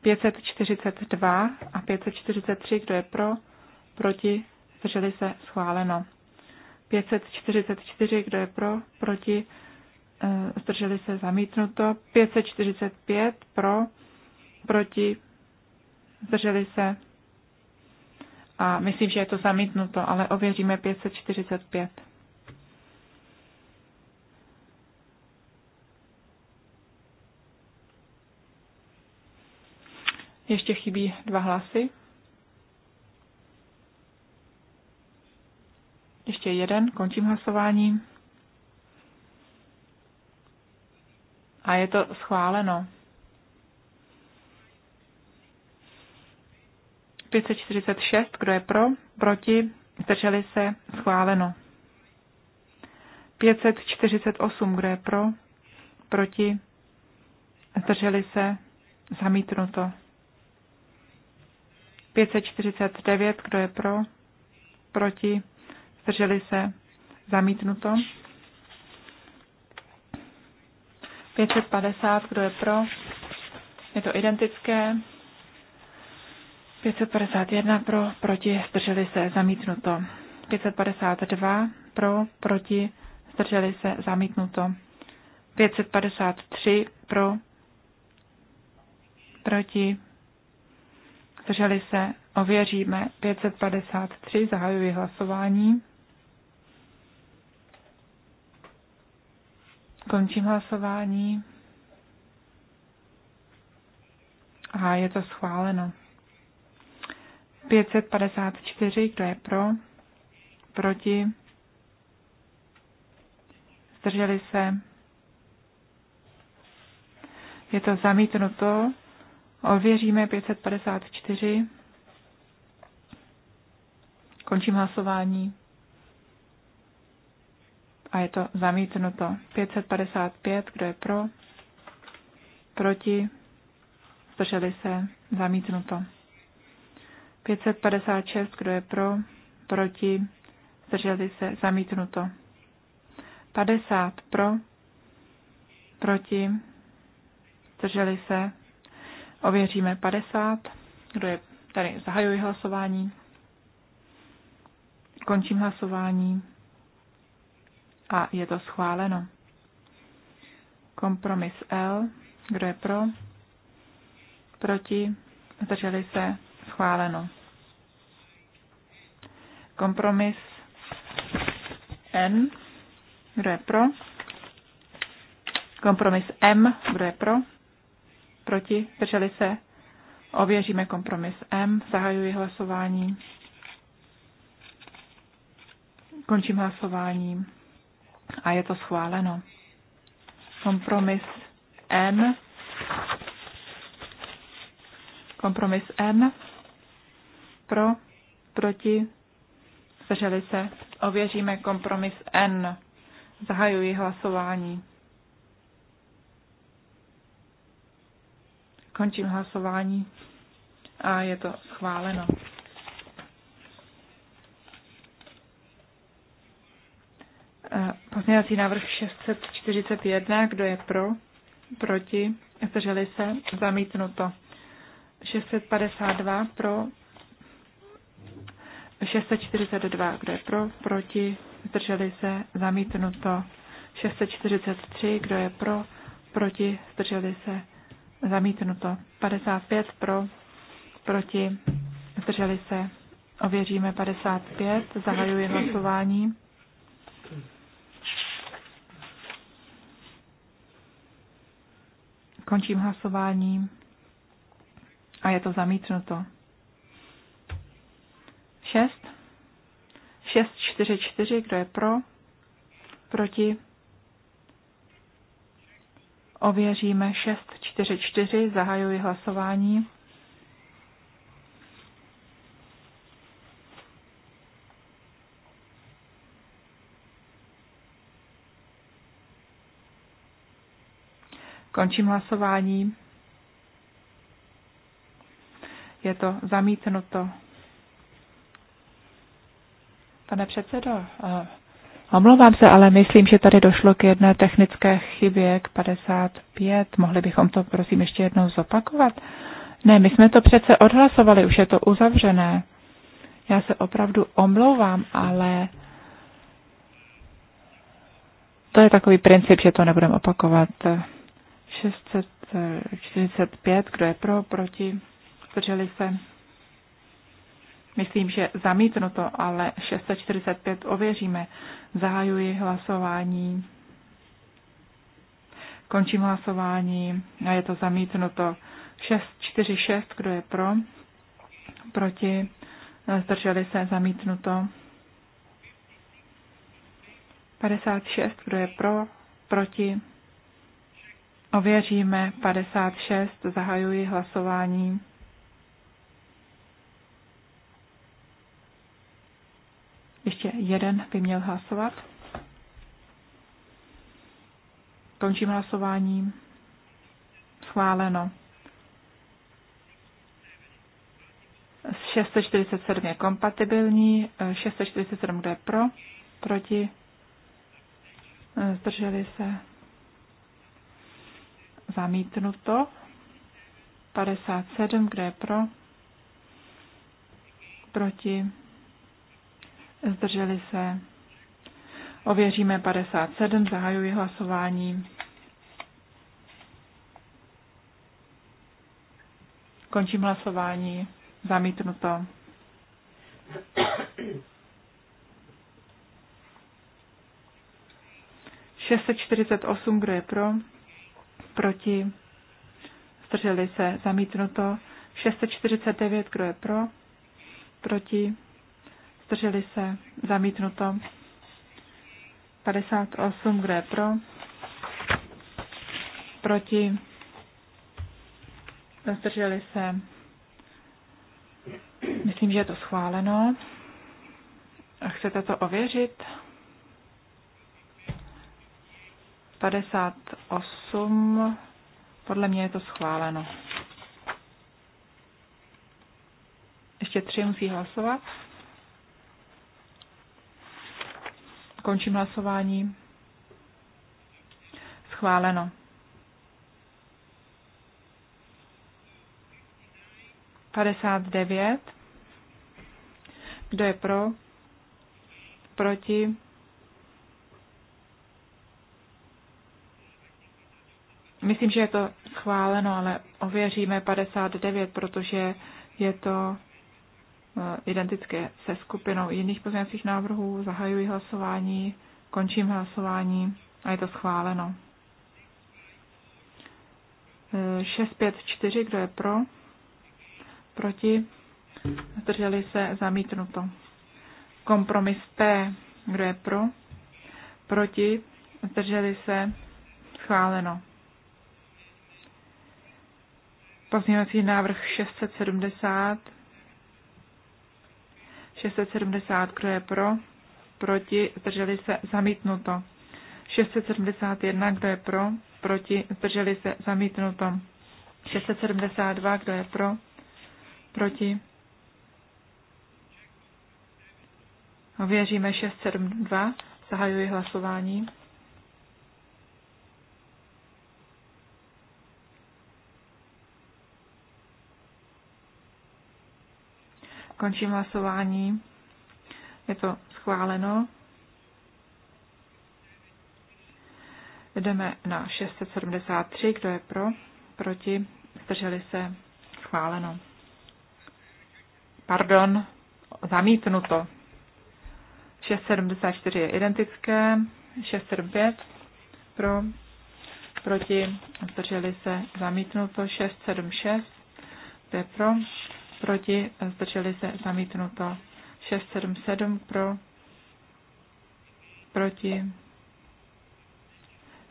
542 a 543, kdo je pro, proti, zdrželi se, schváleno. 544, kdo je pro, proti, eh, zdrželi se, zamítnuto. 545, pro, proti, zdrželi se. A myslím, že je to zamítnuto, ale ověříme 545. Ještě chybí dva hlasy. Ještě jeden, končím hlasování. A je to schváleno. 546, kdo je pro, proti, zdrželi se, schváleno. 548, kdo je pro, proti, zdrželi se, zamítnuto. 549, kdo je pro, proti, zdrželi se, zamítnuto. 550, kdo je pro, je to identické. 551 pro, proti, zdrželi se, zamítnuto. 552 pro, proti, zdrželi se, zamítnuto. 553 pro, proti, Zdrželi se? Ověříme. 553. Zahajuji hlasování. Končím hlasování. A je to schváleno. 554, kdo je pro? Proti? Zdrželi se? Je to zamítnuto. Ověříme 554. Končím hlasování. A je to zamítnuto. 555, kdo je pro? Proti? Zdrželi se? Zamítnuto. 556, kdo je pro? Proti? Zdrželi se? Zamítnuto. 50 pro? Proti? Zdrželi se? Ověříme 50. Kdo je tady? Zahajuji hlasování. Končím hlasování. A je to schváleno. Kompromis L. Kdo je pro? Proti? Zdrželi se? Schváleno. Kompromis N. Kdo je pro? Kompromis M. Kdo je pro? proti, drželi se, ověříme kompromis M, zahajuji hlasování, končím hlasování a je to schváleno. Kompromis M. kompromis M. pro, proti, zdrželi se, ověříme kompromis N, zahajuji hlasování. Končím hlasování a je to schváleno. Eh, pozměňovací návrh 641, kdo je pro, proti, zdrželi se, zamítnuto. 652 pro, 642, kdo je pro, proti, zdrželi se, zamítnuto. 643, kdo je pro, proti, zdrželi se, Zamítnuto. 55 pro, proti, zdrželi se. Ověříme 55, zahajuji hlasování. Končím hlasování a je to zamítnuto. 6. 6, 4, 4, kdo je pro, proti, Ověříme 644, zahajuji hlasování. Končím hlasování. Je to zamítnuto. Pane předsedo, eh, Omlouvám se, ale myslím, že tady došlo k jedné technické chybě k 55. Mohli bychom to, prosím, ještě jednou zopakovat? Ne, my jsme to přece odhlasovali, už je to uzavřené. Já se opravdu omlouvám, ale to je takový princip, že to nebudeme opakovat. 645, eh, kdo je pro, proti, zdrželi se, Myslím, že zamítnuto, ale 645 ověříme. Zahajuji hlasování. Končím hlasování a je to zamítnuto. 646, kdo je pro? Proti? Zdrželi se zamítnuto. 56, kdo je pro? Proti? Ověříme 56, zahajuji hlasování. Ještě jeden by měl hlasovat. Končím hlasování. Schváleno. 647 je kompatibilní, 647 kde je pro, proti, zdrželi se, zamítnuto, 57 kde je pro, proti, zdrželi se. Ověříme 57, zahajuji hlasování. Končím hlasování. Zamítnuto. Šestset osm, kdo je pro? Proti? Zdrželi se. Zamítnuto. 649, kdo je pro? Proti? zdrželi se, zamítnuto. 58, kdo je pro, proti, zdrželi se, myslím, že je to schváleno. A chcete to ověřit? 58, podle mě je to schváleno. Ještě tři musí hlasovat. Končím hlasování. Schváleno. Padesát devět. Kdo je pro? Proti? Myslím, že je to schváleno, ale ověříme 59, protože je to Eh, identické se skupinou jiných pozměňovacích návrhů. Zahajuji hlasování, končím hlasování a je to schváleno. 654, eh, kdo je pro? Proti? Zdrželi se zamítnuto. Kompromis P, kdo je pro? Proti? Zdrželi se schváleno. Pozměňovací návrh 670, 670, kdo je pro, proti, zdrželi se, zamítnuto. 671, kdo je pro, proti, zdrželi se, zamítnuto. 672, kdo je pro, proti. Věříme 672, zahajuji hlasování. Končím hlasování. Je to schváleno. Jdeme na 673. Kdo je pro? Proti? Zdrželi se? Schváleno. Pardon, zamítnuto. 674 je identické. 675 pro, proti, zdrželi se zamítnuto 676, kdo je pro, proti, zdrželi se zamítnuto. 677 pro, proti,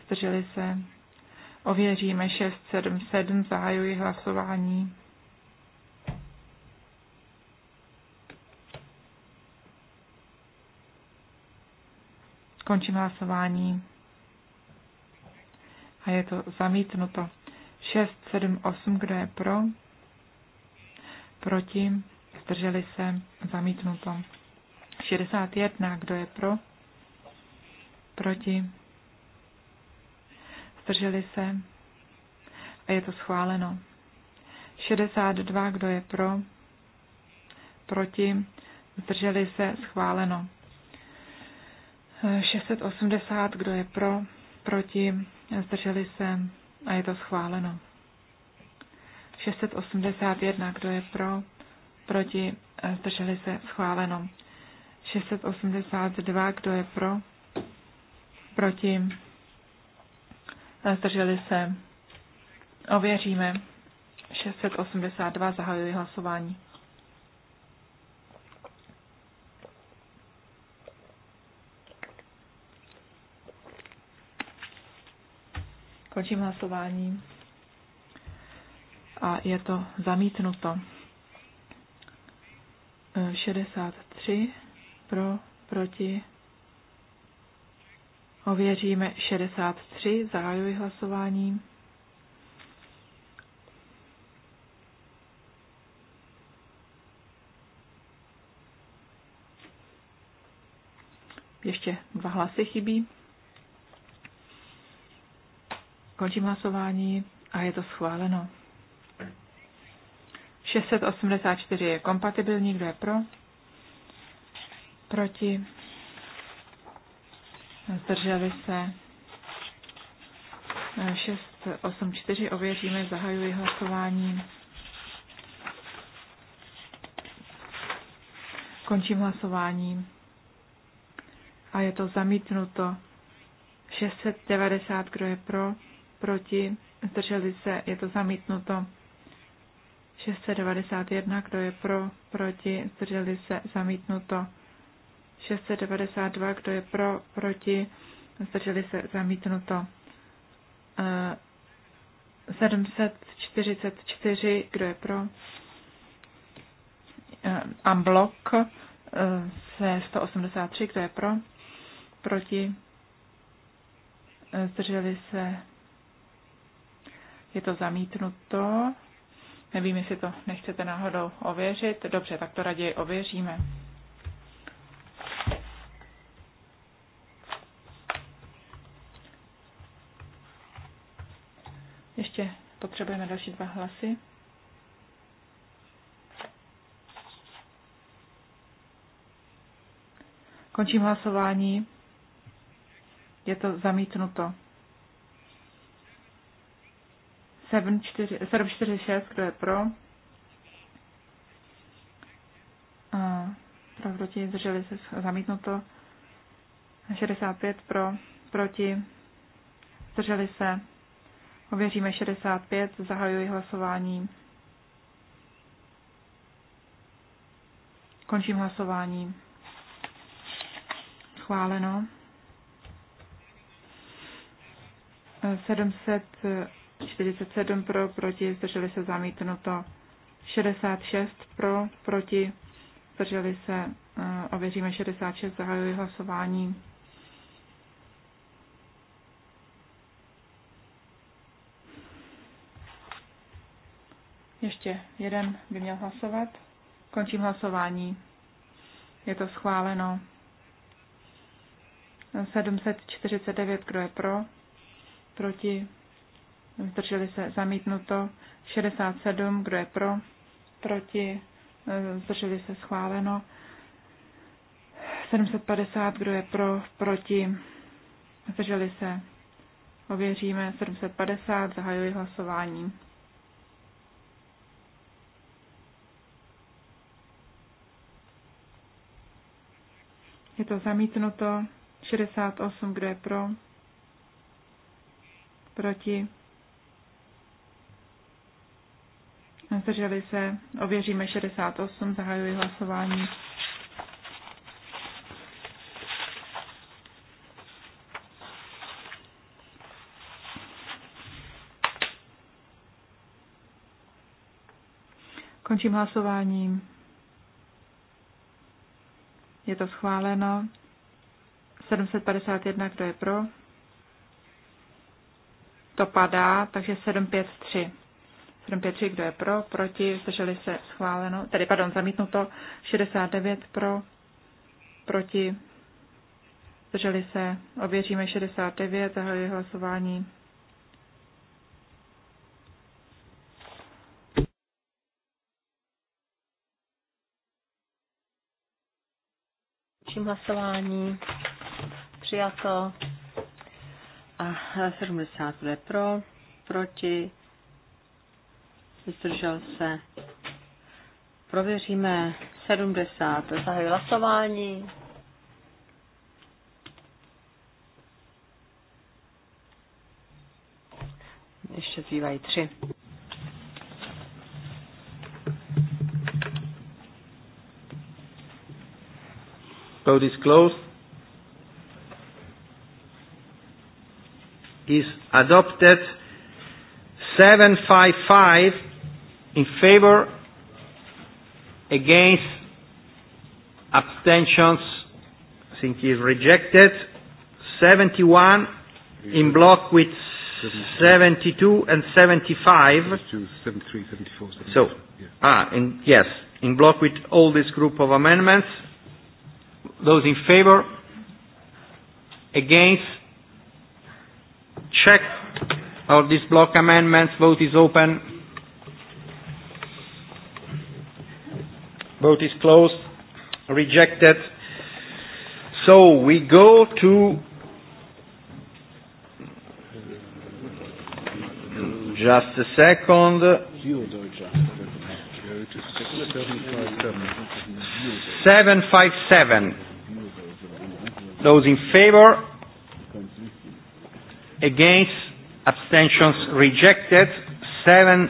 zdrželi se. Ověříme 677, zahajuji hlasování. Končím hlasování. A je to zamítnuto. 6, 7, 8, kdo je pro? proti, zdrželi se, zamítnuto. 61, kdo je pro, proti, zdrželi se a je to schváleno. 62, kdo je pro, proti, zdrželi se, schváleno. 680, kdo je pro, proti, zdrželi se a je to schváleno. 681, kdo je pro, proti, eh, zdrželi se, schváleno. 682, kdo je pro, proti, eh, zdrželi se, ověříme. 682, zahajuji hlasování. Končím hlasování a je to zamítnuto. 63 e, pro, proti. Ověříme 63, zahajuji hlasování. Ještě dva hlasy chybí. Končím hlasování a je to schváleno. 684 je kompatibilní, kdo je pro? Proti? Zdrželi se? 684 ověříme, zahajuji hlasování. Končím hlasování. A je to zamítnuto. 690, kdo je pro, proti, zdrželi se, je to zamítnuto. 691, kdo je pro, proti, zdrželi se, zamítnuto. 692, kdo je pro, proti, zdrželi se, zamítnuto. 744, eh, kdo je pro, amblok eh, eh, se 183, kdo je pro, proti, zdrželi se, je to zamítnuto. Nevím, jestli to nechcete náhodou ověřit. Dobře, tak to raději ověříme. Ještě potřebujeme další dva hlasy. Končím hlasování. Je to zamítnuto. 746, kdo je pro? A pro, proti, zdrželi se, zamítnuto. 65 pro, proti, zdrželi se. Ověříme 65, zahajuji hlasování. Končím hlasování. Schváleno. 700 47 pro, proti, zdrželi se zamítnuto. 66 pro, proti, zdrželi se, eh, ověříme 66, zahajuji hlasování. Ještě jeden by měl hlasovat. Končím hlasování. Je to schváleno. 749, kdo je pro, proti, zdrželi se zamítnuto 67, kdo je pro, proti, zdrželi se schváleno 750, kdo je pro, proti, zdrželi se, ověříme 750, zahajuji hlasování. Je to zamítnuto 68, kdo je pro, proti, Zdrželi se, ověříme 68, zahajuji hlasování. Končím hlasování. Je to schváleno. 751, kdo je pro? To padá, takže 753. 73, kdo je pro, proti, zdrželi se schváleno, tedy pardon, zamítnuto, 69 pro, proti, zdrželi se, ověříme 69, zahajuji hlasování. Čím hlasování. Přijato. A 70 bude pro, proti zdržel se. Prověříme 70. Zahajuji hlasování. Ještě zbývají tři. Vote is closed. Is adopted 755 in favor, against, abstentions, I think is rejected. 71 in block with 72 and 75. 73, 74, So, ah, in, yes, in block with all this group of amendments. Those in favor, against, check of this block amendments, vote is open. Vote is closed. Rejected. So we go to just a second. Seven five seven. Those in favor, against, abstentions rejected. Seven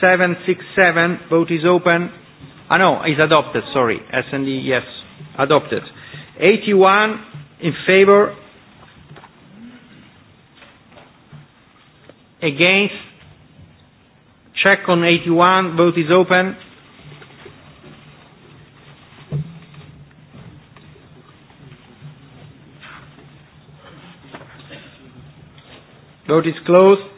767, vote is open. Ah no, is adopted, sorry. S&D, yes, adopted. 81 in favor, against, check on 81, vote is open. Vote is closed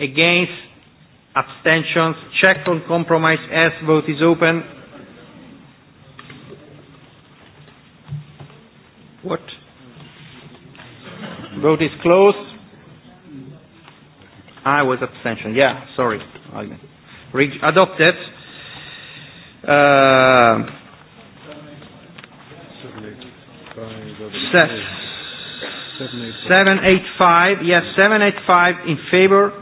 against, abstentions, check on compromise S, vote is open. What? Vote is closed. I was abstention. Yeah, sorry. Re- adopted. Uh, eight 785. Yes, 785 in favor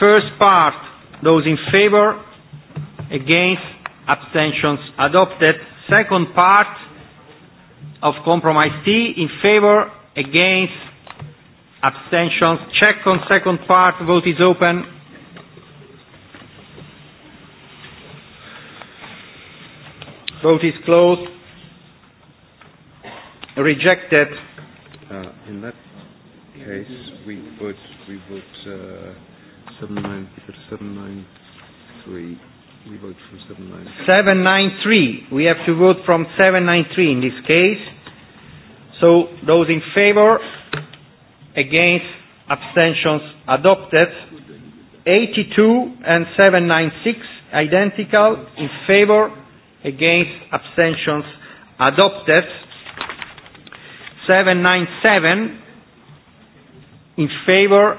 First part, those in favor, against, abstentions adopted. Second part of compromise T, in favor, against, abstentions. Check on second part, vote is open. Vote is closed. Rejected. Uh, in that case, we would, we would uh, 793. We vote from 793. 793. We have to vote from 793 in this case. So those in favor, against, abstentions adopted. 82 and 796 identical, in favor, against, abstentions adopted. 797 in favor,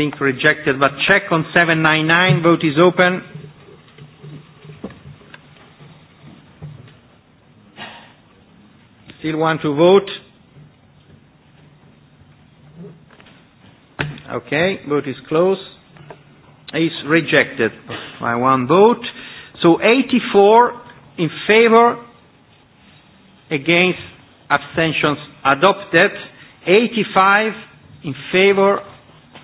think rejected, but check on 799. Vote is open. Still want to vote? Okay, vote is closed. Is rejected by one vote. So 84 in favor, against, abstentions adopted. 85 in favor,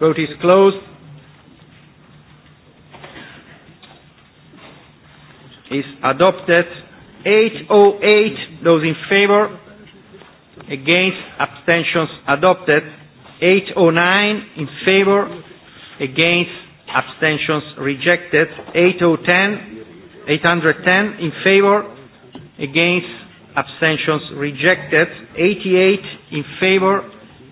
Vote is closed. Is adopted. 808, those in favor. Against, abstentions adopted. 809, in favor. Against, abstentions rejected. 8010, 810, in favor. Against, abstentions rejected. 88, in favor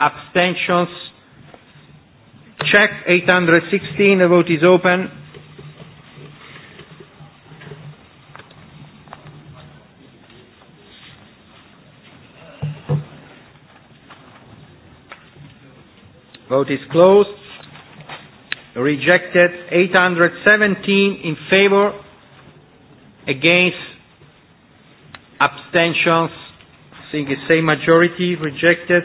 abstentions. Check 816. The vote is open. Vote is closed. Rejected. 817 in favor. Against. Abstentions. I think the same majority. Rejected.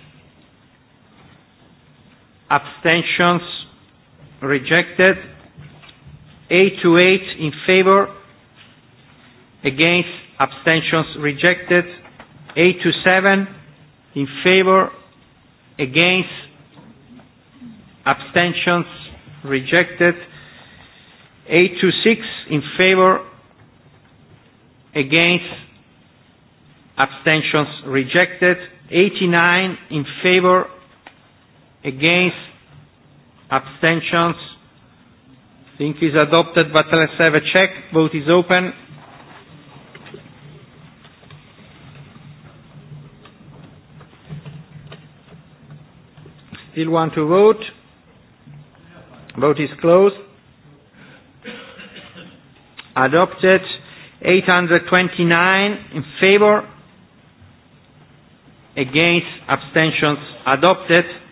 abstentions rejected. 8 to 8 in favor, against abstentions rejected. 8 to 7 in favor, against abstentions rejected. 8 to 6 in favor, against abstentions rejected. 89 in favor, against, abstentions. I think is adopted, but let's have a check. Vote is open. Still want to vote? Vote is closed. Adopted. 829 in favor. Against abstentions adopted.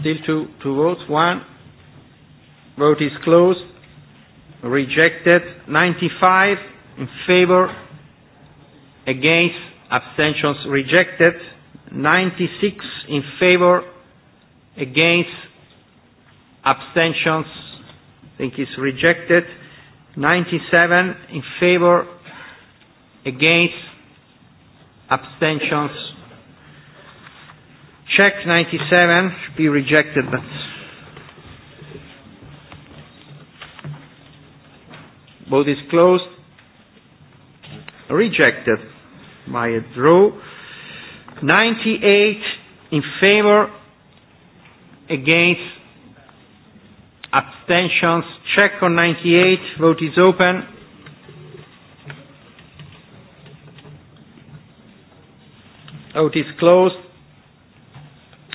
Still two, two votes. One vote is closed. Rejected. 95 in favor. Against. Abstentions rejected. 96 in favor. Against. Abstentions. I think it's rejected. 97 in favor. Against. Abstentions Check 97 should be rejected, but vote is closed. Rejected by a draw. 98 in favor, against, abstentions. Check on 98. Vote is open. Vote is closed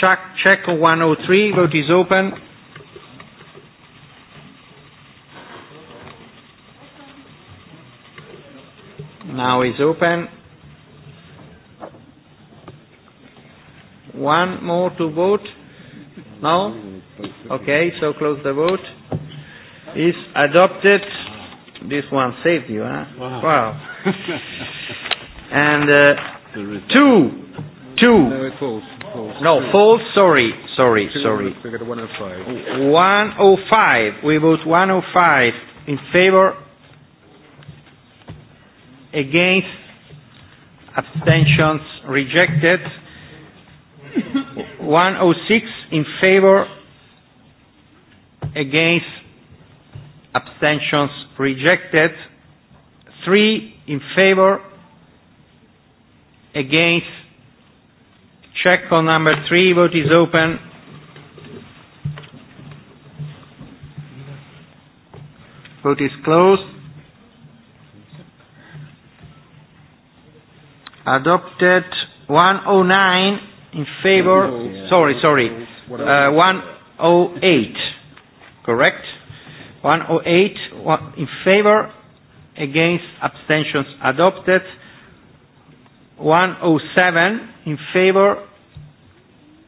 Check, check 103. Vote is open. Now is open. One more to vote? No? Okay, so close the vote. Is adopted. This one saved you, huh? Wow. wow. [laughs] and uh, two, two. No, it falls. No, false, sorry, sorry, sorry. 105. 105. We vote 105 in favor, against, abstentions rejected. 106 in favor, against, abstentions rejected. 3 in favor, against, Check on number three. Vote is open. Vote is closed. Adopted 109 in favor. yeah. Sorry, sorry. Uh, 108. Correct? 108 in favor. Against abstentions adopted. 107 in favor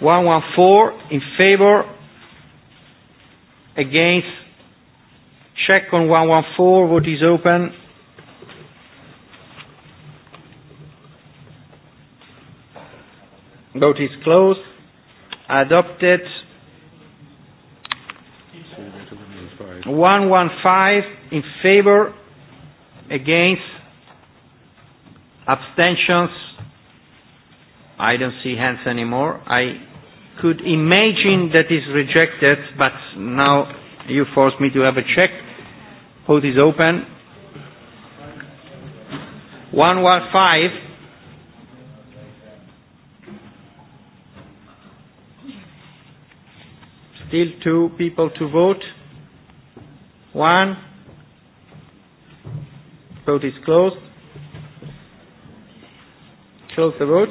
114 in favor, against, check on 114, vote is open. Vote is closed. Adopted. 115 in favor, against, abstentions, i don't see hands anymore. I could imagine that is rejected, but now you force me to have a check. Vote is open. One one, five. Still two people to vote. One. Vote is closed. Close the vote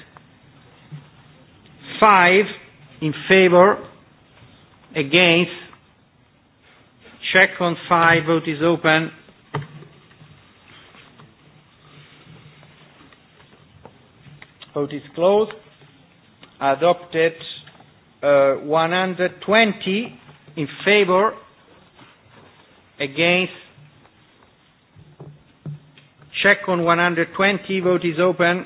five in favor, against, check on five, vote is open. Vote is closed. Adopted uh, 120 in favor, against, check on 120, vote is open.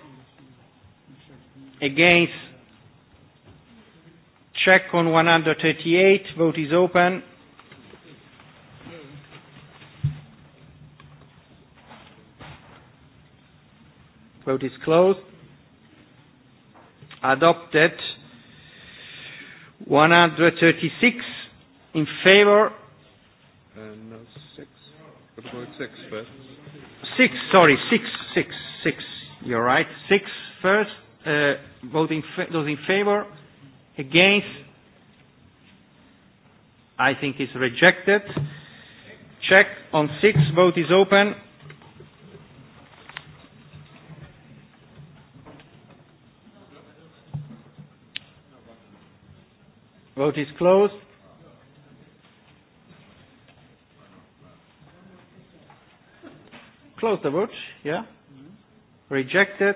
against check on 138 vote is open vote is closed adopted 136 in favor uh, no, six. Six, first. six sorry six six six you're right six first Uh, vote in fa- those in favor, against, I think is rejected. Check on six, vote is open. Vote is closed. Close the vote, yeah? Rejected.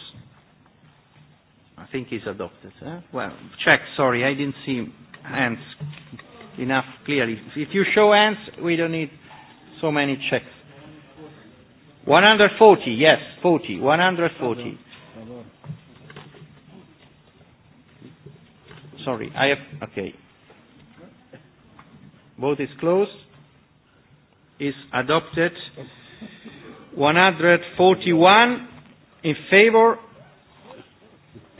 i think it's adopted. Eh? Well, check, sorry, I didn't see hands enough clearly. If you show hands, we don't need so many checks. 140, yes, 40, 140. Sorry, I have, okay. Vote is closed. Is adopted. 141 in favor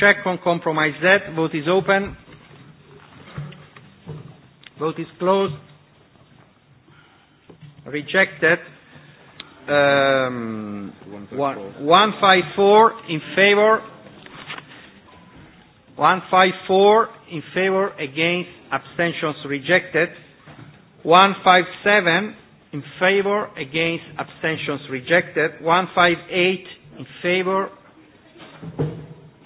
Check on compromise Z. Vote is open. Vote is closed. Rejected. Um, 154 in favor. 154 in favor against abstentions rejected. 157 in favor against abstentions rejected. 158 in favor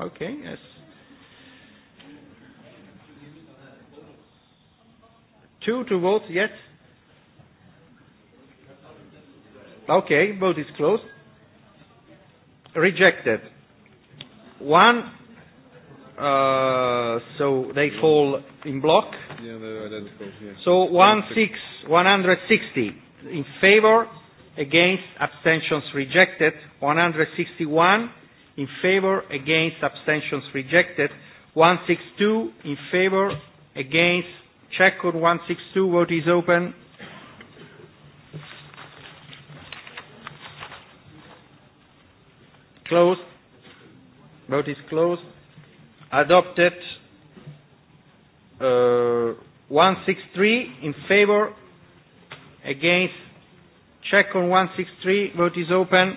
Okay, yes. Two to vote yet? Okay, vote is closed. Rejected. One, uh, so they fall in block. Yeah, they're identical. Yeah. So one six, 160 in favor, against, abstentions rejected. 161 in favor, against, abstentions rejected. 162 in favor, against, check code 162, vote is open. Closed. Vote is closed. Adopted. Uh, 163 in favor, against, check on 163, vote is open.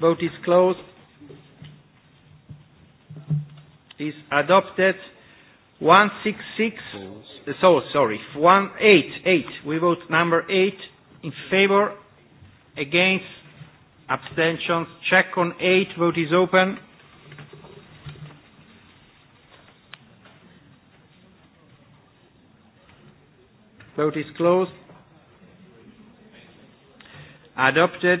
Vote is closed. Is adopted. 166. Uh, so sorry. 188. We vote number 8 in favor. Against. Abstentions. Check on 8. Vote is open. Vote is closed. Adopted.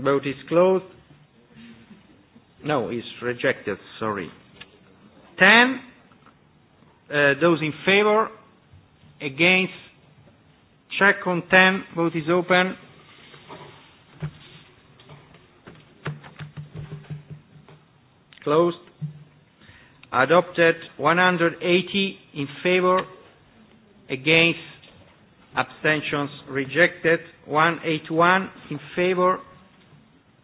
Vote is closed. No, it's rejected, sorry. Ten. Uh, those in favor, against, check on ten. Vote is open. Closed. Adopted 180 in favor, against, abstentions rejected. 181 in favor,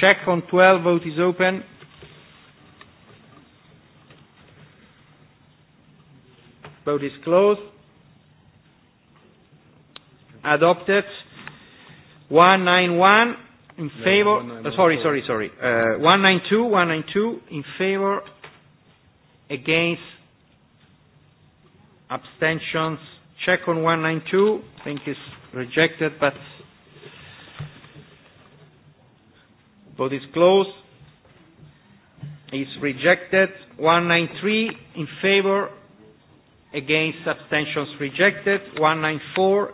Check on 12. Vote is open. Vote is closed. Adopted. 191 in favor. No, uh, sorry, sorry, sorry. Uh, 192, 192 in favor. Against. Abstentions. Check on 192. I think it's rejected, but Vote is closed. Is rejected. 193 in favor. Against abstentions rejected. 194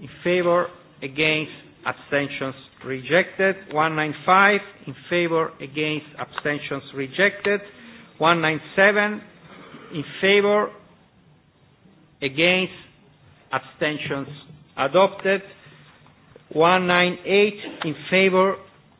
in favor. Against abstentions rejected. 195 in favor. Against abstentions rejected. 197 in favor. Against abstentions adopted. 198 in favor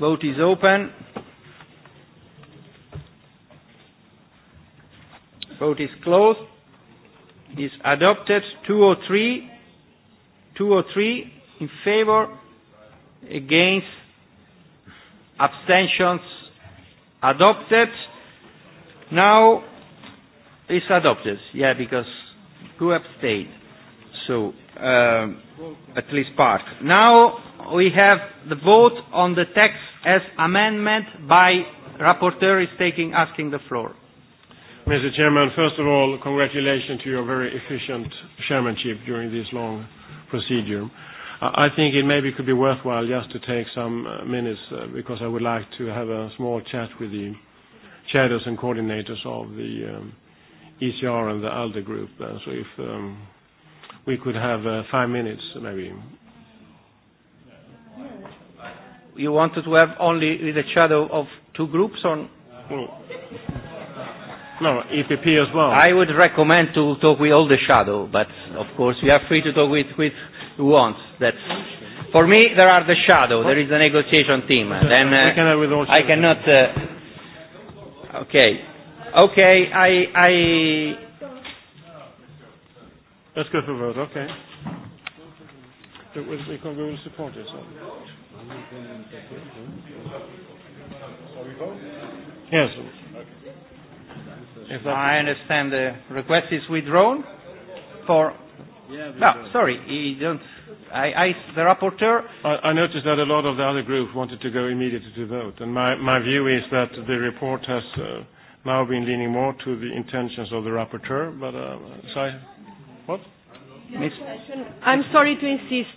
Vote is open. Vote is closed. Is adopted. 203. 203 in favor. Against. Abstentions. Adopted. Now is adopted. Yeah, because who abstained? So um, at least part. Now we have the vote on the text as amendment by rapporteur is taking asking the floor. Mr. Chairman, first of all, congratulations to your very efficient chairmanship during this long procedure. I think it maybe could be worthwhile just to take some uh, minutes uh, because I would like to have a small chat with the chairs and coordinators of the um, ECR and the ALDE group. Uh, so if um, we could have uh, five minutes maybe you wanted to have only with a shadow of two groups on? no, EPP as well. I would recommend to talk with all the shadow, but of course you are free to talk with, with who wants. That's, for me, there are the shadow. There is the negotiation team. and then uh, can I, with all I cannot. Uh, okay, okay. I I. Let's go for a vote. Okay. We can go and support yourself. Yes. If I understand the request is withdrawn for. No, sorry, you don't. I, I, the rapporteur. I, I noticed that a lot of the other group wanted to go immediately to vote, and my, my view is that the report has uh, now been leaning more to the intentions of the rapporteur, but uh, so I, what? I'm sorry to insist.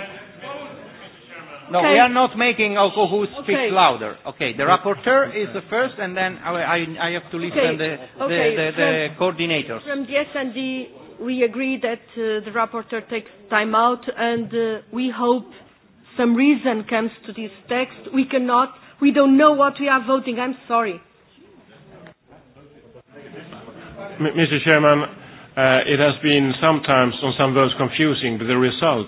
No, okay. we are not making also who speaks okay. louder. Okay, the rapporteur is the first, and then I, I, I have to listen okay. the, the, okay. the, the, the coordinators. From the S&D, we agree that uh, the rapporteur takes time out, and uh, we hope some reason comes to this text. We cannot, we don't know what we are voting. I'm sorry. M Mr. Chairman, uh, it has been sometimes on some votes confusing, but the result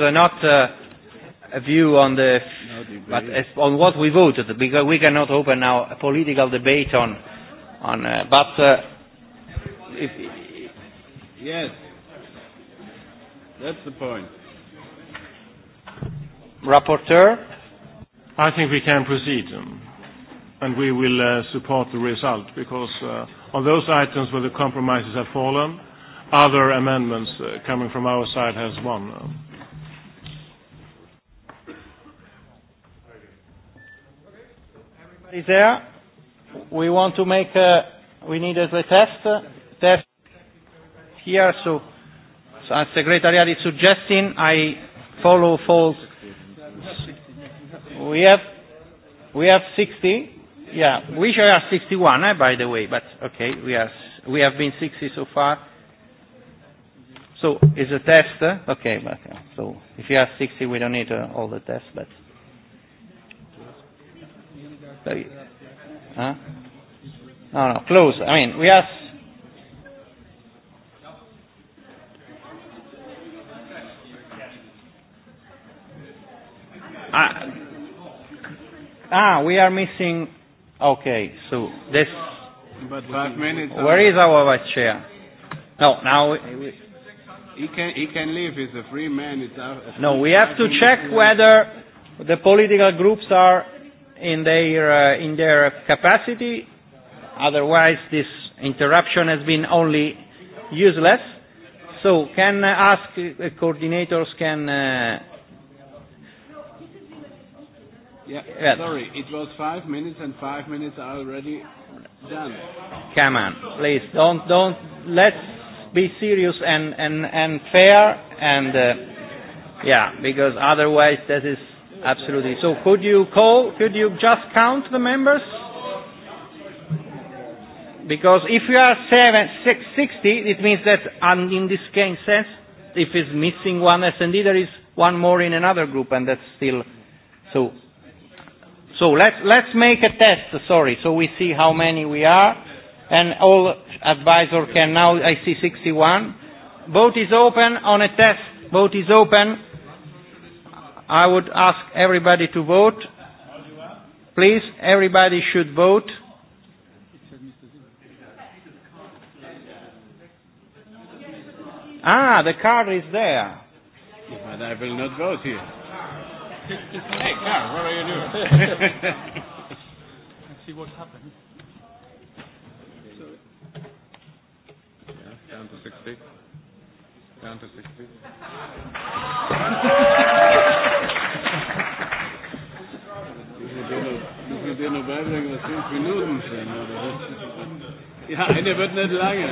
uh, not uh, a view on the, f- no but as, on what we voted, because we cannot open now a political debate on, on. Uh, but uh, if, yes, that's the point. Rapporteur. I think we can proceed, um, and we will uh, support the result because uh, on those items where the compromises have fallen, other amendments uh, coming from our side has won. Uh, is there. We want to make a, we need a test, test here. So, so as Secretariat is suggesting, I follow false. We have, we have 60. Yeah, we should have 61, eh, by the way, but okay, we are, we have been 60 so far. So, is a test, eh? okay, but, yeah, so if you have 60, we don't need uh, all the tests, but huh? No, no, close. I mean, we ask. Ah. ah, we are missing. Okay, so this. But five minutes. Where is our vice chair? No, now. We, he can he can leave. He's a free man. It's a free no, we have to check whether the political groups are in their, uh, in their capacity. Otherwise, this interruption has been only useless. So can I ask uh, coordinators can... Uh, yeah, yeah, sorry, it was five minutes and five minutes are already done. Come on, please, don't, don't, let's be serious and, and, and fair and, uh, yeah, because otherwise this is Absolutely. So could you call, could you just count the members? Because if you are seven, six, 60, it means that um, in this case sense, if it's missing one S&D, there is one more in another group, and that's still so. So let's let's make a test. Sorry, so we see how many we are, and all advisor can now. I see 61. Vote is open on a test. Vote is open. I would ask everybody to vote. Please, everybody should vote. Ah, the card is there. But I will not vote here. hey, Carl, what are you doing? Let's see what happens. down to 60. Down to 60. [laughs] könnt ihr noch beibringen, was fünf Minuten sind. Oder? Ja, eine wird nicht lange.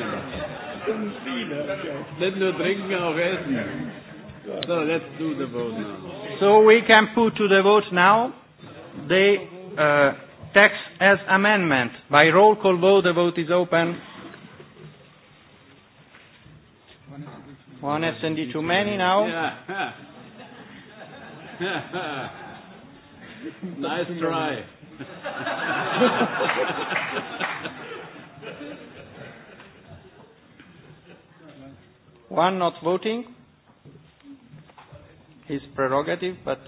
Nicht nur trinken, auch essen. So, let's do the vote now. So we can put to the vote now the uh, text as amendment. By roll call vote, the vote is open. One SND too many now. Yeah. [laughs] nice try. [laughs] One not voting his prerogative, but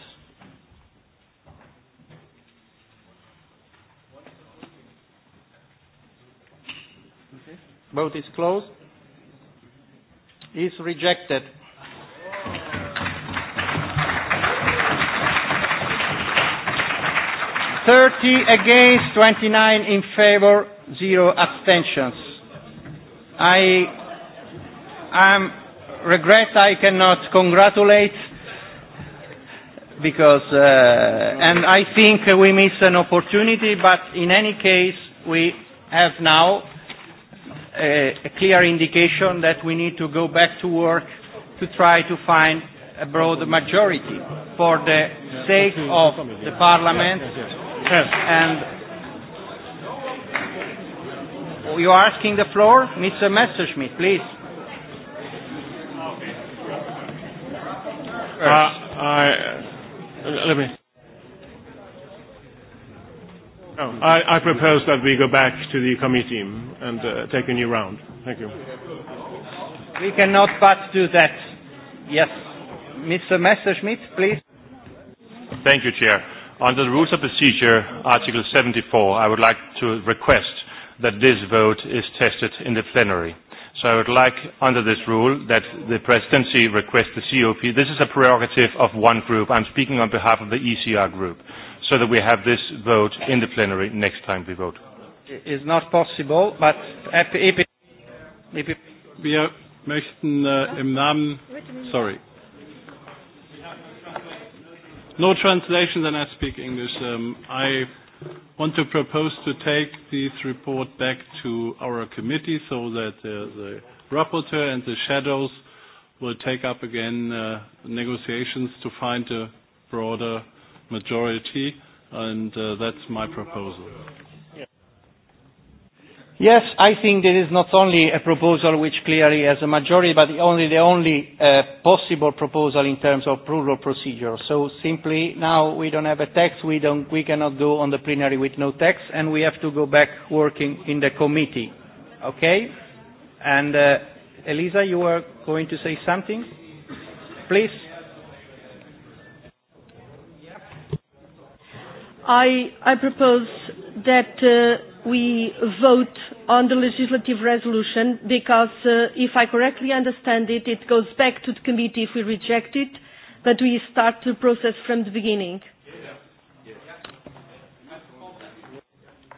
vote is closed. Is rejected. 30 against, 29 in favor, zero abstentions. I I'm regret I cannot congratulate because, uh, and I think we miss an opportunity, but in any case, we have now a, uh, a clear indication that we need to go back to work to try to find a broad majority for the sake of the Parliament And you are asking the floor? Mr. Messerschmidt, please. Uh, I, uh, let me. Oh, I, I propose that we go back to the committee and uh, take a new round. Thank you. We cannot but do that. Yes. Mr. Messerschmidt, please. Thank you, Chair. Under the rules of procedure, Article 74, I would like to request that this vote is tested in the plenary. So I would like, under this rule, that the presidency request the COP. This is a prerogative of one group. I'm speaking on behalf of the ECR group, so that we have this vote in the plenary next time we vote. It's not possible, but EP. EP. Wir möchten äh, im Namen. Sorry no translation, then I speak English. Um, I want to propose to take this report back to our committee so that uh, the rapporteur and the shadows will take up again uh, negotiations to find a broader majority, and uh, that's my proposal. Yes, I think there is not only a proposal which clearly has a majority, but only the only uh, possible proposal in terms of plural procedure. So simply now we don't have a text, we, don't, we cannot go on the plenary with no text, and we have to go back working in the committee. Okay? And uh, Elisa, you were going to say something? Please. I, I propose that uh, we vote on the legislative resolution because, uh, if I correctly understand it, it goes back to the committee if we reject it, but we start the process from the beginning.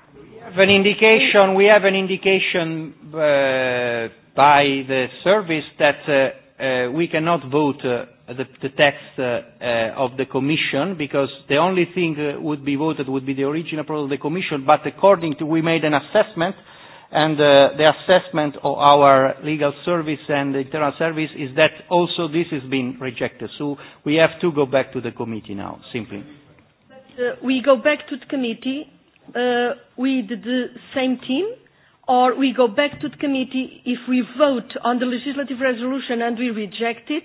We have an indication, we have an indication uh, by the service that uh, uh, we cannot vote uh, the, the text uh, uh, of the Commission because the only thing uh, would be voted would be the original proposal of the Commission, but according to, we made an assessment and uh, the assessment of our legal service and the internal service is that also this has been rejected. So we have to go back to the committee now, simply. But, uh, we go back to the committee uh, with the same team or we go back to the committee if we vote on the legislative resolution and we reject it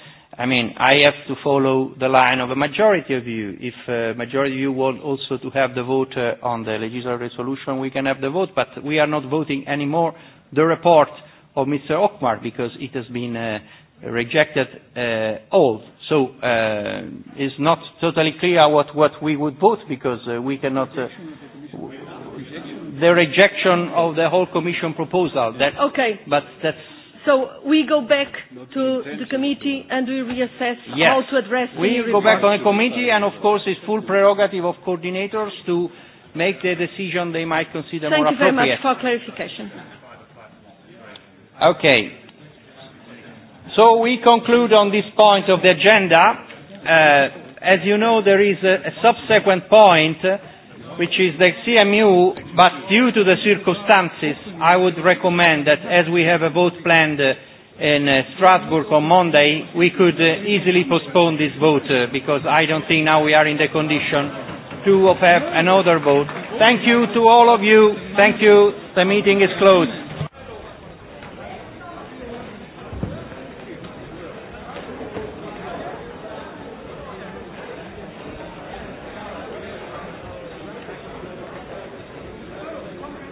i mean, I have to follow the line of a majority of you. If a uh, majority of you want also to have the vote uh, on the legislative resolution, we can have the vote, but we are not voting anymore the report of Mr. Okmar because it has been uh, rejected uh, all. So uh, it's not totally clear what, what we would vote because uh, we cannot... Uh, the rejection of the whole Commission proposal. That, okay. But that's So we go back to the committee and we reassess yes. how to address. We the We go back to the committee, and of course, it's full prerogative of coordinators to make the decision they might consider Thank more appropriate. Thank you very much for clarification. Okay. So we conclude on this point of the agenda. Uh, as you know, there is a, a subsequent point. Uh, which is the CMU, but due to the circumstances, I would recommend that as we have a vote planned uh, in uh, Strasbourg on Monday, we could uh, easily postpone this vote uh, because I don't think now we are in the condition to have another vote. Thank you to all of you. Thank you. The meeting is closed.